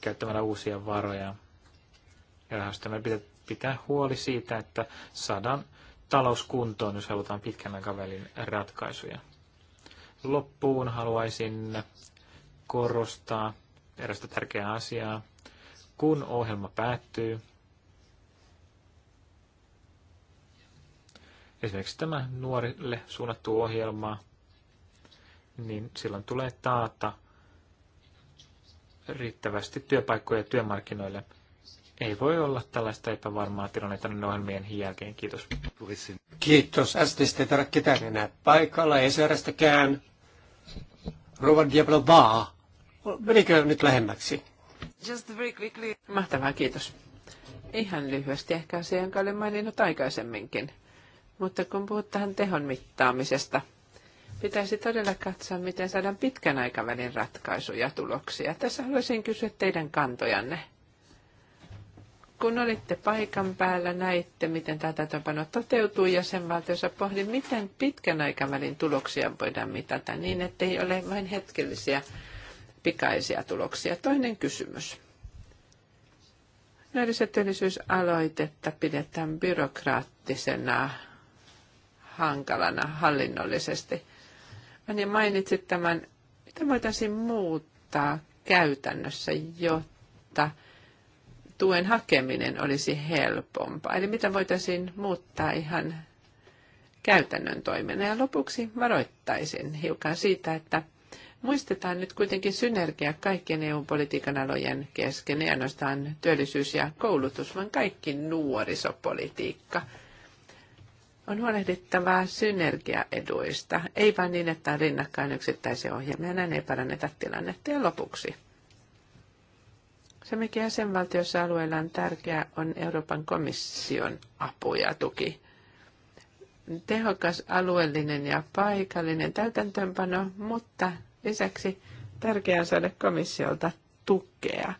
käyttämällä uusia varoja. Ja rahastoja meidän pitää pitää huoli siitä, että saadaan talouskuntoon, jos halutaan pitkän aikavälin ratkaisuja. Loppuun haluaisin korostaa erästä tärkeää asiaa. Kun ohjelma päättyy, esimerkiksi tämä nuorille suunnattu ohjelma, niin silloin tulee taata riittävästi työpaikkoja työmarkkinoille. Ei voi olla tällaista epävarmaa tilannetta ohjelmien jälkeen. Kiitos. Kiitos. STST ei tarvitse ketään enää paikalla, ei säärästäkään. Rovan Diablo Baa. Menikö nyt lähemmäksi? Just very quickly. Mahtavaa, kiitos. Ihan lyhyesti ehkä asia, jonka olen maininnut aikaisemminkin. Mutta kun puhut tähän tehon mittaamisesta, pitäisi todella katsoa, miten saadaan pitkän aikavälin ratkaisuja tuloksia. Tässä haluaisin kysyä teidän kantojanne kun olitte paikan päällä, näitte, miten tämä täytäntöpano toteutuu jäsenvaltiossa. Pohdin, miten pitkän aikavälin tuloksia voidaan mitata niin, ettei ole vain hetkellisiä pikaisia tuloksia. Toinen kysymys. Nuorisotyöllisyysaloitetta pidetään byrokraattisena, hankalana hallinnollisesti. Ja mainitsit tämän, mitä voitaisiin muuttaa käytännössä, jotta – tuen hakeminen olisi helpompaa. Eli mitä voitaisiin muuttaa ihan käytännön toimena. Ja lopuksi varoittaisin hiukan siitä, että muistetaan nyt kuitenkin synergia kaikkien EU-politiikan alojen kesken, ei ainoastaan työllisyys ja koulutus, vaan kaikki nuorisopolitiikka. On huolehdittavaa synergiaeduista, ei vain niin, että on rinnakkain yksittäisiä ohjelmia, näin ei paranneta tilannetta. Ja lopuksi se, mikä jäsenvaltiossa alueella on tärkeää, on Euroopan komission apu ja tuki. Tehokas alueellinen ja paikallinen täytäntöönpano, mutta lisäksi tärkeää on saada komissiolta tukea,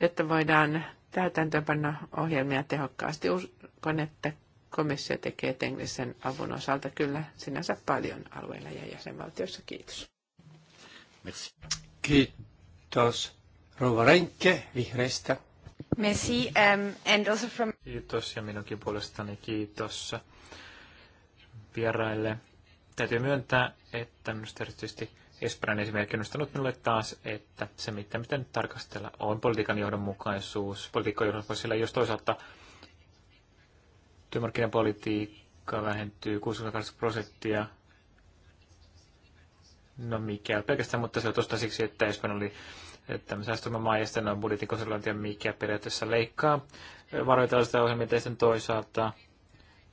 jotta voidaan täytäntöönpano ohjelmia tehokkaasti. Uskon, että komissio tekee teknisen avun osalta kyllä sinänsä paljon alueilla ja jäsenvaltioissa. Kiitos. Merci. Kiitos. Rouva Renkke vihreistä. Messi, um, and also from... Kiitos ja minunkin puolestani kiitos vieraille. Täytyy myöntää, että minusta erityisesti Espanjan esimerkki on nostanut minulle taas, että se mitä mitä nyt tarkastella on politiikan johdonmukaisuus. Politiikan johdonmukaisuus, sillä jos toisaalta työmarkkinapolitiikka vähentyy 68 prosenttia, no mikä pelkästään, mutta se on tosta siksi, että Espanja oli tämmöisen säästömämaa ja sitten on budjettikonsolointia, mikä periaatteessa leikkaa varoja tällaista ohjelmia ja sitten toisaalta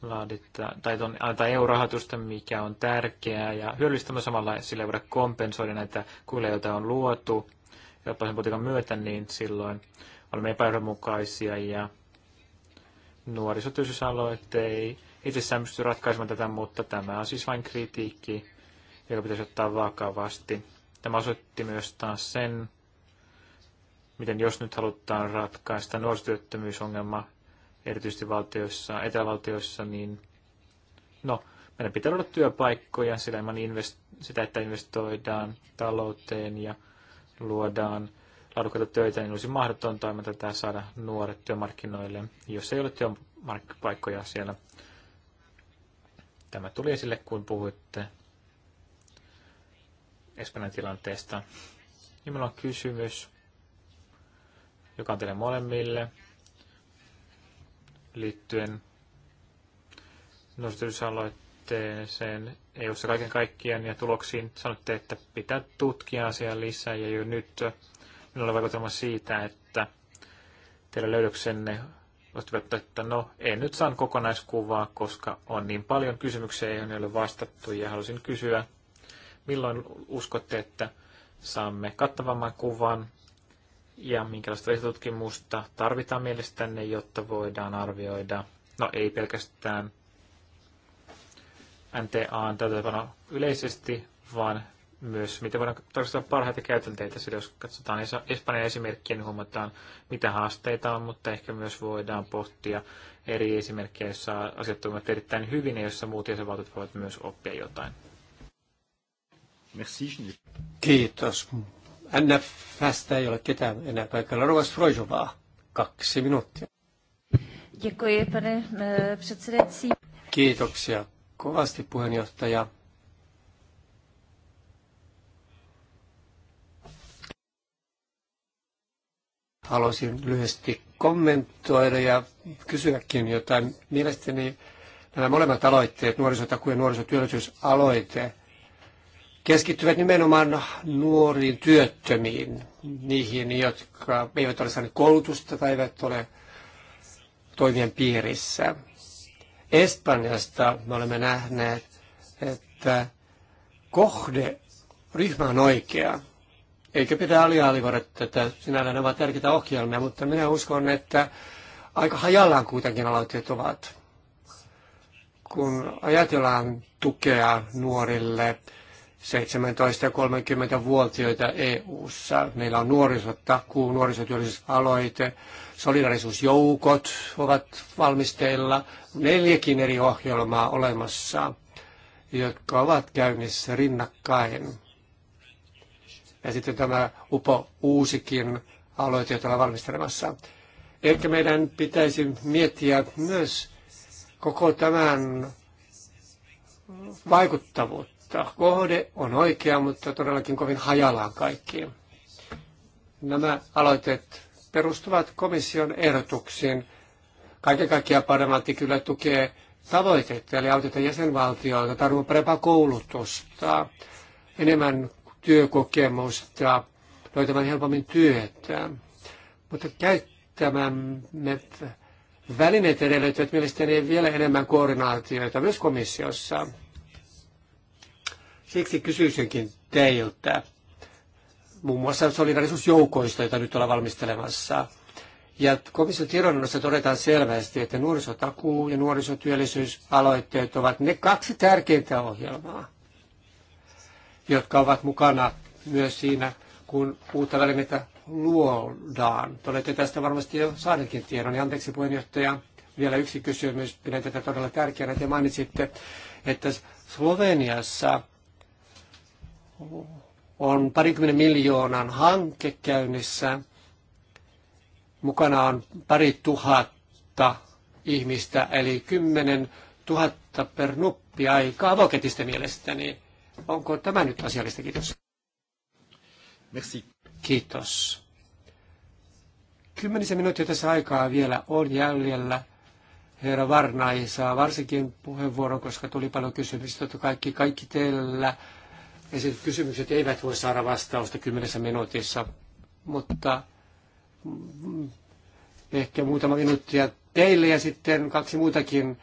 laadittaa, tai ton, antaa EU-rahoitusta, mikä on tärkeää, ja hyödyllistämme samalla sillä voida kompensoida näitä kuille, joita on luotu sen politiikan myötä, niin silloin olemme epäyhdenmukaisia, ja nuorisotyöllisyysaloite ei itsessään pysty ratkaisemaan tätä, mutta tämä on siis vain kritiikki, joka pitäisi ottaa vakavasti. Tämä osoitti myös taas sen, miten jos nyt halutaan ratkaista nuorisotyöttömyysongelma erityisesti valtioissa, etävaltioissa, niin no, meidän pitää olla työpaikkoja, sillä ilman invest- sitä, että investoidaan talouteen ja luodaan laadukkaita töitä, niin olisi mahdoton toiminta tämä saada nuoret työmarkkinoille, jos ei ole työpaikkoja siellä. Tämä tuli esille, kun puhuitte Espanjan tilanteesta. minulla on kysymys joka on teille molemmille liittyen nostamisaloitteeseen EU-ssa kaiken kaikkiaan ja tuloksiin. sanotte, että pitää tutkia asiaa lisää ja jo nyt minulla on vaikutelma siitä, että teillä löydöksenne vastivat, että no, en nyt saan kokonaiskuvaa, koska on niin paljon kysymyksiä, joihin ei ole vastattu, ja halusin kysyä, milloin uskotte, että saamme kattavamman kuvan ja minkälaista tutkimusta tarvitaan mielestänne, jotta voidaan arvioida, no ei pelkästään NTA täytäntöpano yleisesti, vaan myös miten voidaan tarkastella parhaita käytänteitä, sillä jos katsotaan Espanjan esimerkkiä, niin huomataan mitä haasteita on, mutta ehkä myös voidaan pohtia eri esimerkkejä, joissa asiat toimivat erittäin hyvin ja joissa muut jäsenvaltiot voivat myös oppia jotain. Kiitos. NFstä ei ole ketään enää paikalla. Rovas Frojovaa, kaksi minuuttia. Děkuji, pane eh, předsedající. Kiitoksia kovasti puheenjohtaja. Haluaisin lyhyesti kommentoida ja kysyäkin jotain. Mielestäni nämä molemmat aloitteet, nuorisotaku ja nuorisotyöllisyysaloite, keskittyvät nimenomaan nuoriin työttömiin, niihin, jotka eivät ole saaneet koulutusta tai eivät ole toimien piirissä. Espanjasta me olemme nähneet, että kohde ryhmä on oikea. Eikä pidä alialivoida tätä, sinällään ne ovat tärkeitä ohjelmia, mutta minä uskon, että aika hajallaan kuitenkin aloitteet ovat. Kun ajatellaan tukea nuorille, 17- 30-vuotiaita EU-ssa. Meillä on nuorisotakuu, nuorisotyöllisyysaloite, solidarisuusjoukot ovat valmisteilla, neljäkin eri ohjelmaa olemassa, jotka ovat käynnissä rinnakkain. Ja sitten tämä upo uusikin aloite, jota ollaan valmistelemassa. Ehkä meidän pitäisi miettiä myös koko tämän vaikuttavuutta mutta kohde on oikea, mutta todellakin kovin hajallaan kaikki. Nämä aloitteet perustuvat komission ehdotuksiin. Kaiken kaikkiaan parlamentti kyllä tukee tavoitetta, eli autetaan jäsenvaltioita, tarvitaan parempaa koulutusta, enemmän työkokemusta, löytämään helpommin työtä. Mutta käyttämämme välineet edellyttävät mielestäni vielä enemmän koordinaatioita myös komissiossa. Siksi kysyisinkin teiltä, muun muassa solidarisuusjoukoista, joita nyt ollaan valmistelemassa. Ja komission tiedonannossa todetaan selvästi, että nuorisotakuu ja nuorisotyöllisyysaloitteet ovat ne kaksi tärkeintä ohjelmaa, jotka ovat mukana myös siinä, kun uutta välineitä luodaan. Te olette tästä varmasti jo saaneetkin tiedon. Ja anteeksi puheenjohtaja, vielä yksi kysymys. Pidän tätä todella tärkeänä. Te mainitsitte, että Sloveniassa on parikymmenen miljoonan hanke käynnissä. Mukana on pari tuhatta ihmistä, eli kymmenen tuhatta per nuppi aika avoketista mielestäni. Niin onko tämä nyt asiallista? Kiitos. Merci. Kiitos. Kymmenisen minuuttia tässä aikaa vielä on jäljellä. Herra Varnai saa varsinkin puheenvuoron, koska tuli paljon kysymyksiä. Totta kaikki, kaikki teillä esitetyt kysymykset eivät voi saada vastausta kymmenessä minuutissa, mutta mm, ehkä muutama minuuttia teille ja sitten kaksi muutakin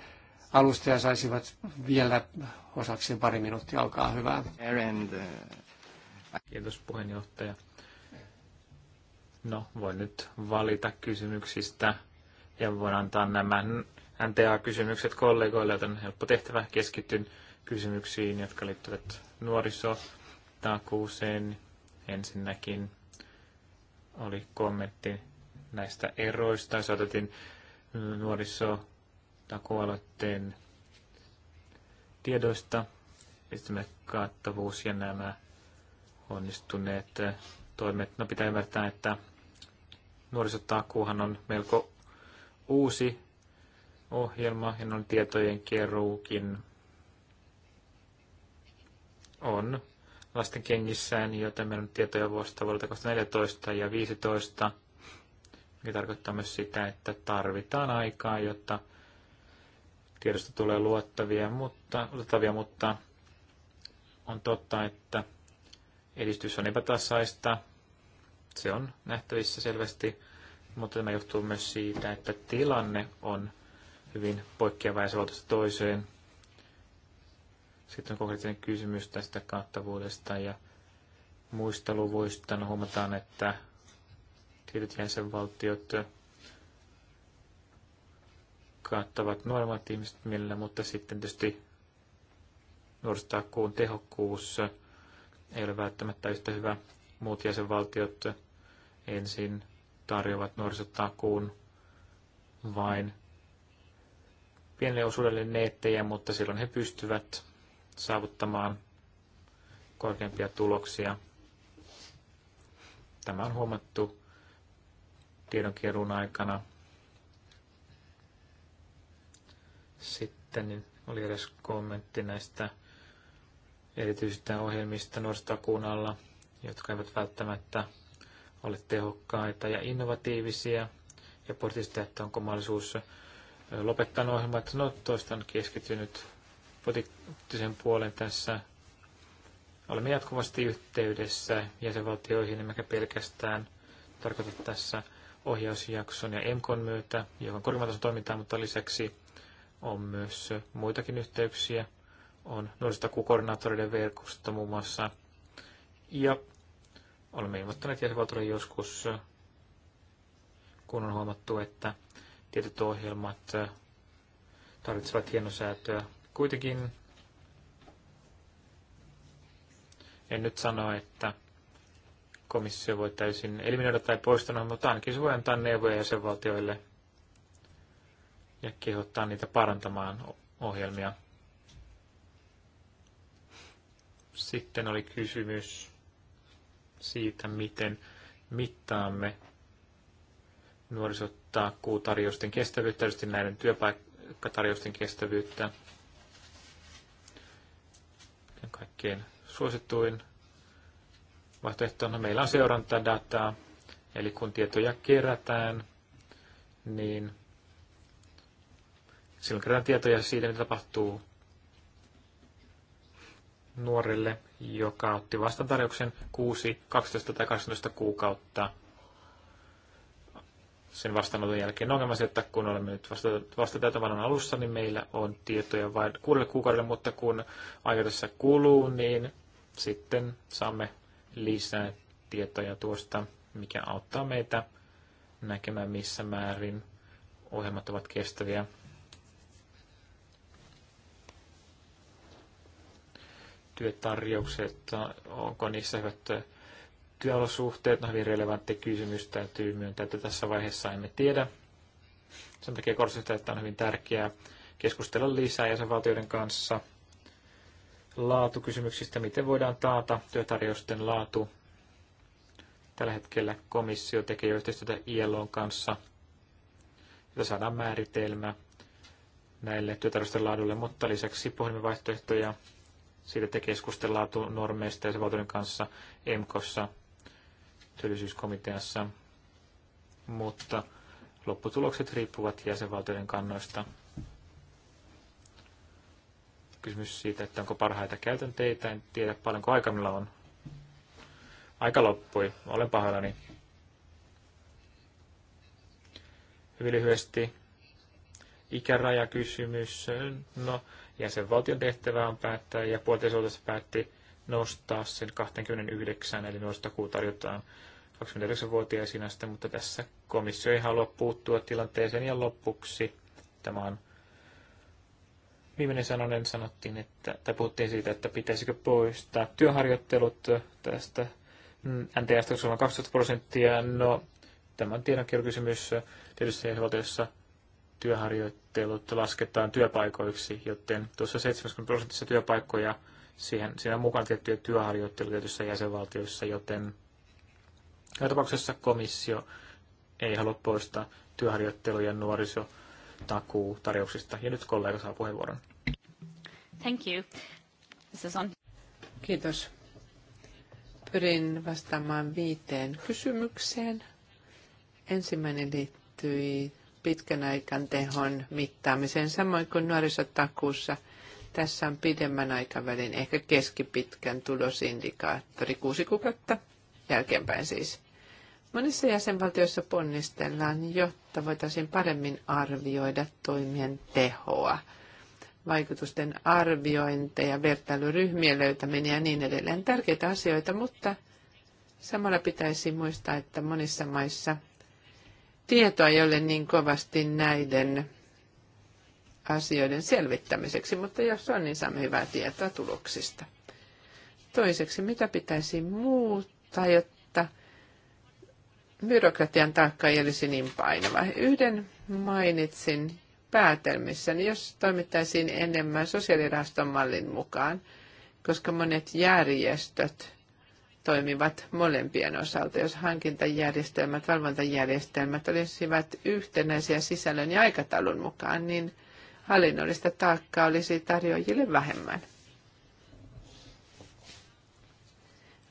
alustaja saisivat vielä osaksi pari minuuttia. Olkaa hyvä. Kiitos puheenjohtaja. No, voin nyt valita kysymyksistä ja voin antaa nämä NTA-kysymykset kollegoille, joten helppo tehtävä keskityn kysymyksiin, jotka liittyvät nuorisotakuuseen ensinnäkin oli kommentti näistä eroista. Se otettiin nuorisotakualoitteen tiedoista, sitten kattavuus ja nämä onnistuneet toimet. No pitää ymmärtää, että nuorisotakuuhan on melko uusi ohjelma ja on tietojen keruukin on lasten kengissään, joten meillä on tietoja vuosta vuodelta 2014 ja 2015, mikä tarkoittaa myös sitä, että tarvitaan aikaa, jotta tiedosta tulee luottavia, mutta, luottavia, mutta on totta, että edistys on epätasaista. Se on nähtävissä selvästi, mutta tämä johtuu myös siitä, että tilanne on hyvin poikkeava ja toiseen. Sitten on konkreettinen kysymys tästä kattavuudesta ja muista luvuista. No, huomataan, että tietyt jäsenvaltiot kattavat nuoremmat ihmiset millä, mutta sitten tietysti nuorisotakuun tehokkuus ei ole välttämättä yhtä hyvä. Muut jäsenvaltiot ensin tarjoavat nuorisotakuun vain pienelle osuudelle nettejä, mutta silloin he pystyvät saavuttamaan korkeampia tuloksia. Tämä on huomattu tiedonkierun aikana. Sitten oli edes kommentti näistä erityisistä ohjelmista nuorisotakuun alla, jotka eivät välttämättä ole tehokkaita ja innovatiivisia. Ja pohdittiin sitä, että onko mahdollisuus lopettaa ohjelmat. No, toista on keskittynyt poliittisen puolen tässä. Olemme jatkuvasti yhteydessä jäsenvaltioihin, emmekä pelkästään tarkoita tässä ohjausjakson ja EMKon myötä, joka on toimintaa, mutta lisäksi on myös muitakin yhteyksiä. On nuorisotakuukoordinaattoreiden verkosto muun muassa. Ja olemme ilmoittaneet jäsenvaltioille joskus, kun on huomattu, että tietyt ohjelmat tarvitsevat hienosäätöä Kuitenkin en nyt sano, että komissio voi täysin eliminoida tai poistaa, mutta ainakin se voi antaa neuvoja jäsenvaltioille ja kehottaa niitä parantamaan ohjelmia. Sitten oli kysymys siitä, miten mittaamme nuorisotakuutarjousten kestävyyttä, tietysti näiden työpaikkatarjousten kestävyyttä kaikkein suosituin on, meillä on seurantadataa, eli kun tietoja kerätään, niin silloin kerätään tietoja siitä, mitä tapahtuu nuorelle, joka otti vastaantarjouksen 6, 12 tai 18 kuukautta sen vastaanoton jälkeen. No, ongelma se, että kun olemme nyt vasta, vasta tätä vuoden alussa, niin meillä on tietoja vain kuudelle kuukaudelle, mutta kun aika tässä kuluu, niin sitten saamme lisää tietoja tuosta, mikä auttaa meitä näkemään missä määrin ohjelmat ovat kestäviä. Työtarjoukset, onko niissä hyvät työolosuhteet, no hyvin relevantti kysymys, täytyy myöntää, että tässä vaiheessa emme tiedä. Sen takia korostetaan, että on hyvin tärkeää keskustella lisää jäsenvaltioiden kanssa laatukysymyksistä, miten voidaan taata työtarjousten laatu. Tällä hetkellä komissio tekee yhteistyötä ILOn kanssa, jota saadaan määritelmä näille työtarjousten laadulle, mutta lisäksi pohdimme vaihtoehtoja siitä, että keskustellaan normeista ja kanssa EMKossa työllisyyskomiteassa, mutta lopputulokset riippuvat jäsenvaltioiden kannoista. Kysymys siitä, että onko parhaita käytänteitä, en tiedä paljonko aika minulla on. Aika loppui, olen pahoillani. Hyvin lyhyesti ikärajakysymys. No, jäsenvaltion tehtävä on päättää ja puolitoista päätti nostaa sen 29, eli nuorisotakuu tarjotaan 29-vuotiaisiin asti, mutta tässä komissio ei halua puuttua tilanteeseen ja lopuksi tämä on viimeinen sanonen sanottiin, että, tai puhuttiin siitä, että pitäisikö poistaa työharjoittelut tästä NTS on 12 prosenttia. No, tämä on tiedonkirjakysymys. Tietysti jäsenvaltiossa työharjoittelut lasketaan työpaikoiksi, joten tuossa 70 prosentissa työpaikkoja Siihen, siellä on mukana tiettyjä työharjoitteluja tietyissä jäsenvaltioissa, joten joka tapauksessa komissio ei halua poistaa työharjoittelujen nuorisotakuu tarjouksista. Ja nyt kollega saa puheenvuoron. Thank you. This on... Kiitos. Pyrin vastaamaan viiteen kysymykseen. Ensimmäinen liittyi pitkän aikan tehon mittaamiseen, samoin kuin nuorisotakuussa – tässä on pidemmän aikavälin, ehkä keskipitkän tulosindikaattori, kuusi kuukautta jälkeenpäin siis. Monissa jäsenvaltioissa ponnistellaan, jotta voitaisiin paremmin arvioida toimien tehoa, vaikutusten arviointeja, vertailuryhmien löytäminen ja niin edelleen. Tärkeitä asioita, mutta samalla pitäisi muistaa, että monissa maissa tietoa ei ole niin kovasti näiden asioiden selvittämiseksi, mutta jos on, niin saamme hyvää tietoa tuloksista. Toiseksi, mitä pitäisi muuttaa, jotta byrokratian taakka ei olisi niin painava. Yhden mainitsin päätelmissä, niin jos toimittaisiin enemmän sosiaaliraston mallin mukaan, koska monet järjestöt toimivat molempien osalta. Jos hankintajärjestelmät, valvontajärjestelmät olisivat yhtenäisiä sisällön ja aikataulun mukaan, niin – hallinnollista taakkaa olisi tarjoajille vähemmän.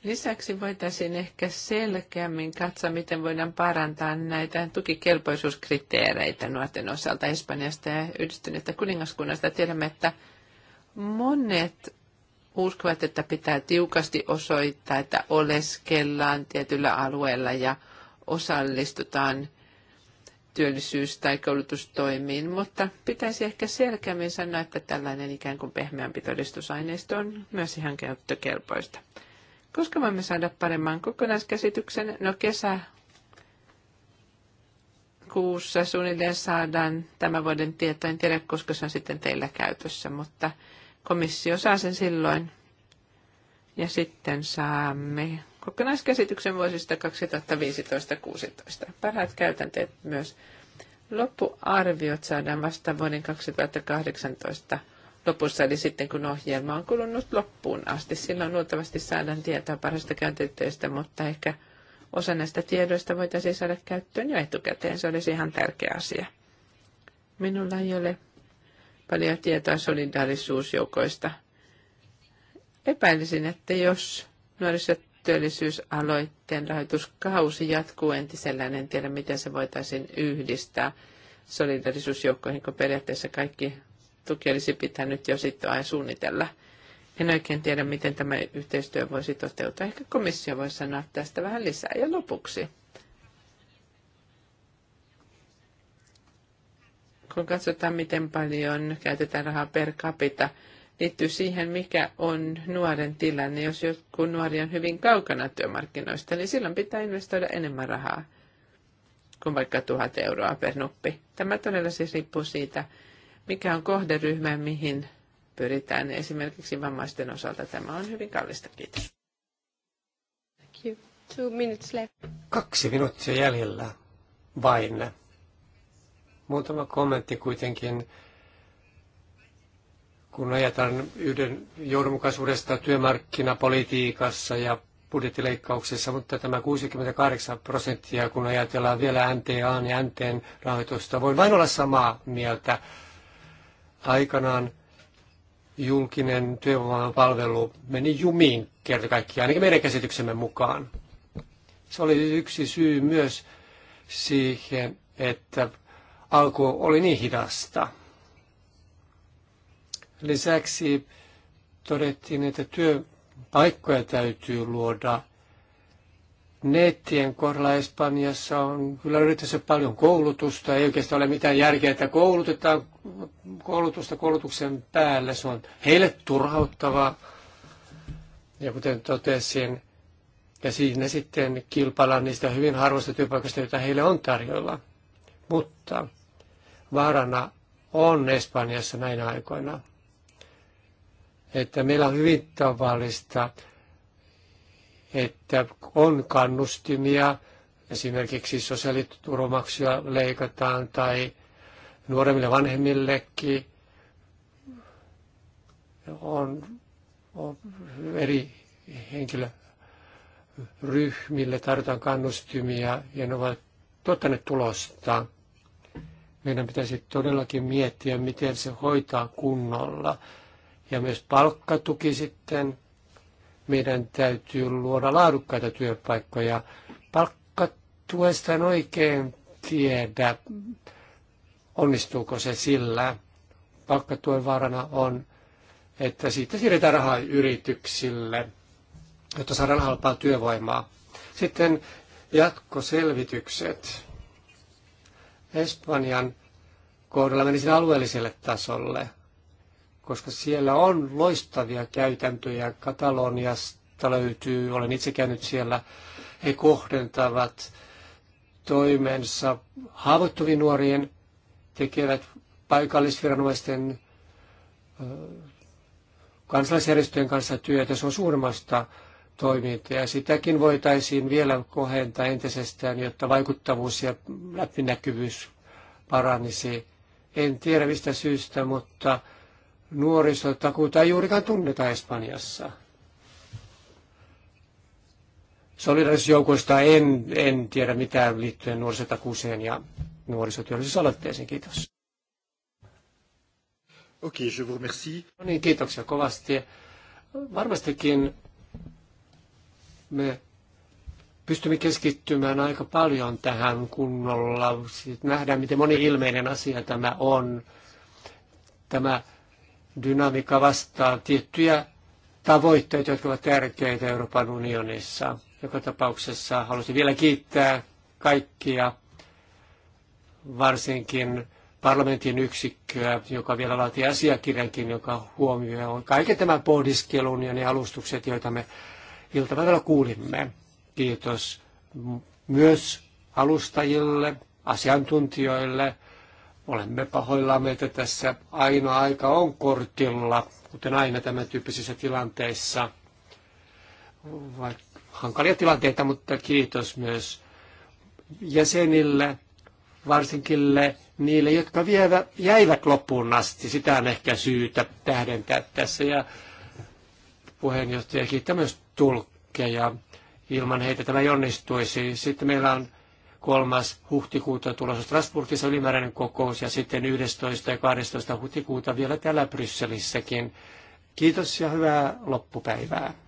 Lisäksi voitaisiin ehkä selkeämmin katsoa, miten voidaan parantaa näitä tukikelpoisuuskriteereitä nuorten osalta Espanjasta ja yhdistyneestä kuningaskunnasta. Tiedämme, että monet uskovat, että pitää tiukasti osoittaa, että oleskellaan tietyllä alueella ja osallistutaan työllisyys- tai koulutustoimiin, mutta pitäisi ehkä selkeämmin sanoa, että tällainen ikään kuin pehmeämpi todistusaineisto on myös ihan käyttökelpoista. Koska voimme saada paremman kokonaiskäsityksen? No kesä kuussa suunnilleen saadaan tämän vuoden tieto. En tiedä, koska se on sitten teillä käytössä, mutta komissio saa sen silloin. Ja sitten saamme kokonaiskäsityksen vuosista 2015-2016. Parhaat käytänteet myös. Loppuarviot saadaan vasta vuoden 2018 lopussa, eli sitten kun ohjelma on kulunut loppuun asti. Silloin luultavasti saadaan tietoa parhaista käytänteistä, mutta ehkä osa näistä tiedoista voitaisiin saada käyttöön jo etukäteen. Se olisi ihan tärkeä asia. Minulla ei ole paljon tietoa solidaarisuusjoukoista. Epäilisin, että jos nuoriset työllisyysaloitteen rahoituskausi jatkuu entisellään. En tiedä, miten se voitaisiin yhdistää solidarisuusjoukkoihin, kun periaatteessa kaikki tuki olisi pitänyt jo sitten aina suunnitella. En oikein tiedä, miten tämä yhteistyö voisi toteutua. Ehkä komissio voi sanoa tästä vähän lisää. Ja lopuksi, kun katsotaan, miten paljon käytetään rahaa per capita – liittyy siihen, mikä on nuoren tilanne. Jos joku nuori on hyvin kaukana työmarkkinoista, niin silloin pitää investoida enemmän rahaa kuin vaikka tuhat euroa per nuppi. Tämä todella siis riippuu siitä, mikä on kohderyhmä, mihin pyritään. Esimerkiksi vammaisten osalta tämä on hyvin kallista. Kiitos. Thank you. Two minutes left. Kaksi minuuttia jäljellä vain. Muutama kommentti kuitenkin kun ajataan yhden johdonmukaisuudesta työmarkkinapolitiikassa ja budjettileikkauksessa, mutta tämä 68 prosenttia, kun ajatellaan vielä NTAn ja NTn rahoitusta, voin vain olla samaa mieltä. Aikanaan julkinen työvoimapalvelu meni jumiin kerta kaikkiaan, ainakin meidän käsityksemme mukaan. Se oli yksi syy myös siihen, että alku oli niin hidasta. Lisäksi todettiin, että työpaikkoja täytyy luoda. Nettien kohdalla Espanjassa on kyllä yrityksessä paljon koulutusta. Ei oikeastaan ole mitään järkeä, että koulutetaan koulutusta koulutuksen päälle. Se on heille turhauttavaa. Ja kuten totesin, ja siinä sitten kilpaillaan niistä hyvin harvoista työpaikoista, joita heille on tarjolla. Mutta vaarana on Espanjassa näinä aikoina että meillä on hyvin tavallista, että on kannustimia, esimerkiksi sosiaaliturvamaksuja leikataan tai nuoremmille vanhemmillekin on, on eri henkilöryhmille tarjotaan kannustimia ja ne ovat tuottaneet tulosta. Meidän pitäisi todellakin miettiä, miten se hoitaa kunnolla ja myös palkkatuki sitten. Meidän täytyy luoda laadukkaita työpaikkoja. Palkkatuesta en oikein tiedä, onnistuuko se sillä. Palkkatuen vaarana on, että siitä siirretään rahaa yrityksille, jotta saadaan halpaa työvoimaa. Sitten jatkoselvitykset. Espanjan kohdalla menisin alueelliselle tasolle – koska siellä on loistavia käytäntöjä. Kataloniasta löytyy, olen itse käynyt siellä, he kohdentavat toimensa haavoittuvien nuorien, tekevät paikallisviranomaisten kansalaisjärjestöjen kanssa työtä. Se on suurimmasta toimintaa ja sitäkin voitaisiin vielä kohentaa entisestään, jotta vaikuttavuus ja läpinäkyvyys paranisi. En tiedä mistä syystä, mutta nuorisotakuuta ei juurikaan tunneta Espanjassa. Solidarisuusjoukoista en, en tiedä mitään liittyen nuorisotakuuseen ja nuorisotyöllisyysaloitteeseen. Kiitos. Okei, okay, je vous remercie. No niin, kiitoksia kovasti. Varmastikin me pystymme keskittymään aika paljon tähän kunnolla. Sitten siis nähdään, miten moni ilmeinen asia tämä on. Tämä dynamiikka vastaa tiettyjä tavoitteita, jotka ovat tärkeitä Euroopan unionissa. Joka tapauksessa haluaisin vielä kiittää kaikkia, varsinkin parlamentin yksikköä, joka vielä laatii asiakirjankin, joka huomioi on kaiken tämän pohdiskelun ja ne alustukset, joita me iltapäivällä kuulimme. Kiitos myös alustajille, asiantuntijoille, Olemme pahoillamme, että tässä ainoa aika on kortilla, kuten aina tämän tyyppisissä tilanteissa. Vaikka hankalia tilanteita, mutta kiitos myös jäsenille, varsinkin niille, jotka vievät jäivät loppuun asti. Sitä on ehkä syytä tähdentää tässä. Ja puheenjohtaja kiittää myös tulkkeja. Ilman heitä tämä ei onnistuisi. Sitten meillä on kolmas huhtikuuta tulossa Strasbourgissa ylimääräinen kokous ja sitten 11. ja 12. huhtikuuta vielä täällä Brysselissäkin. Kiitos ja hyvää loppupäivää.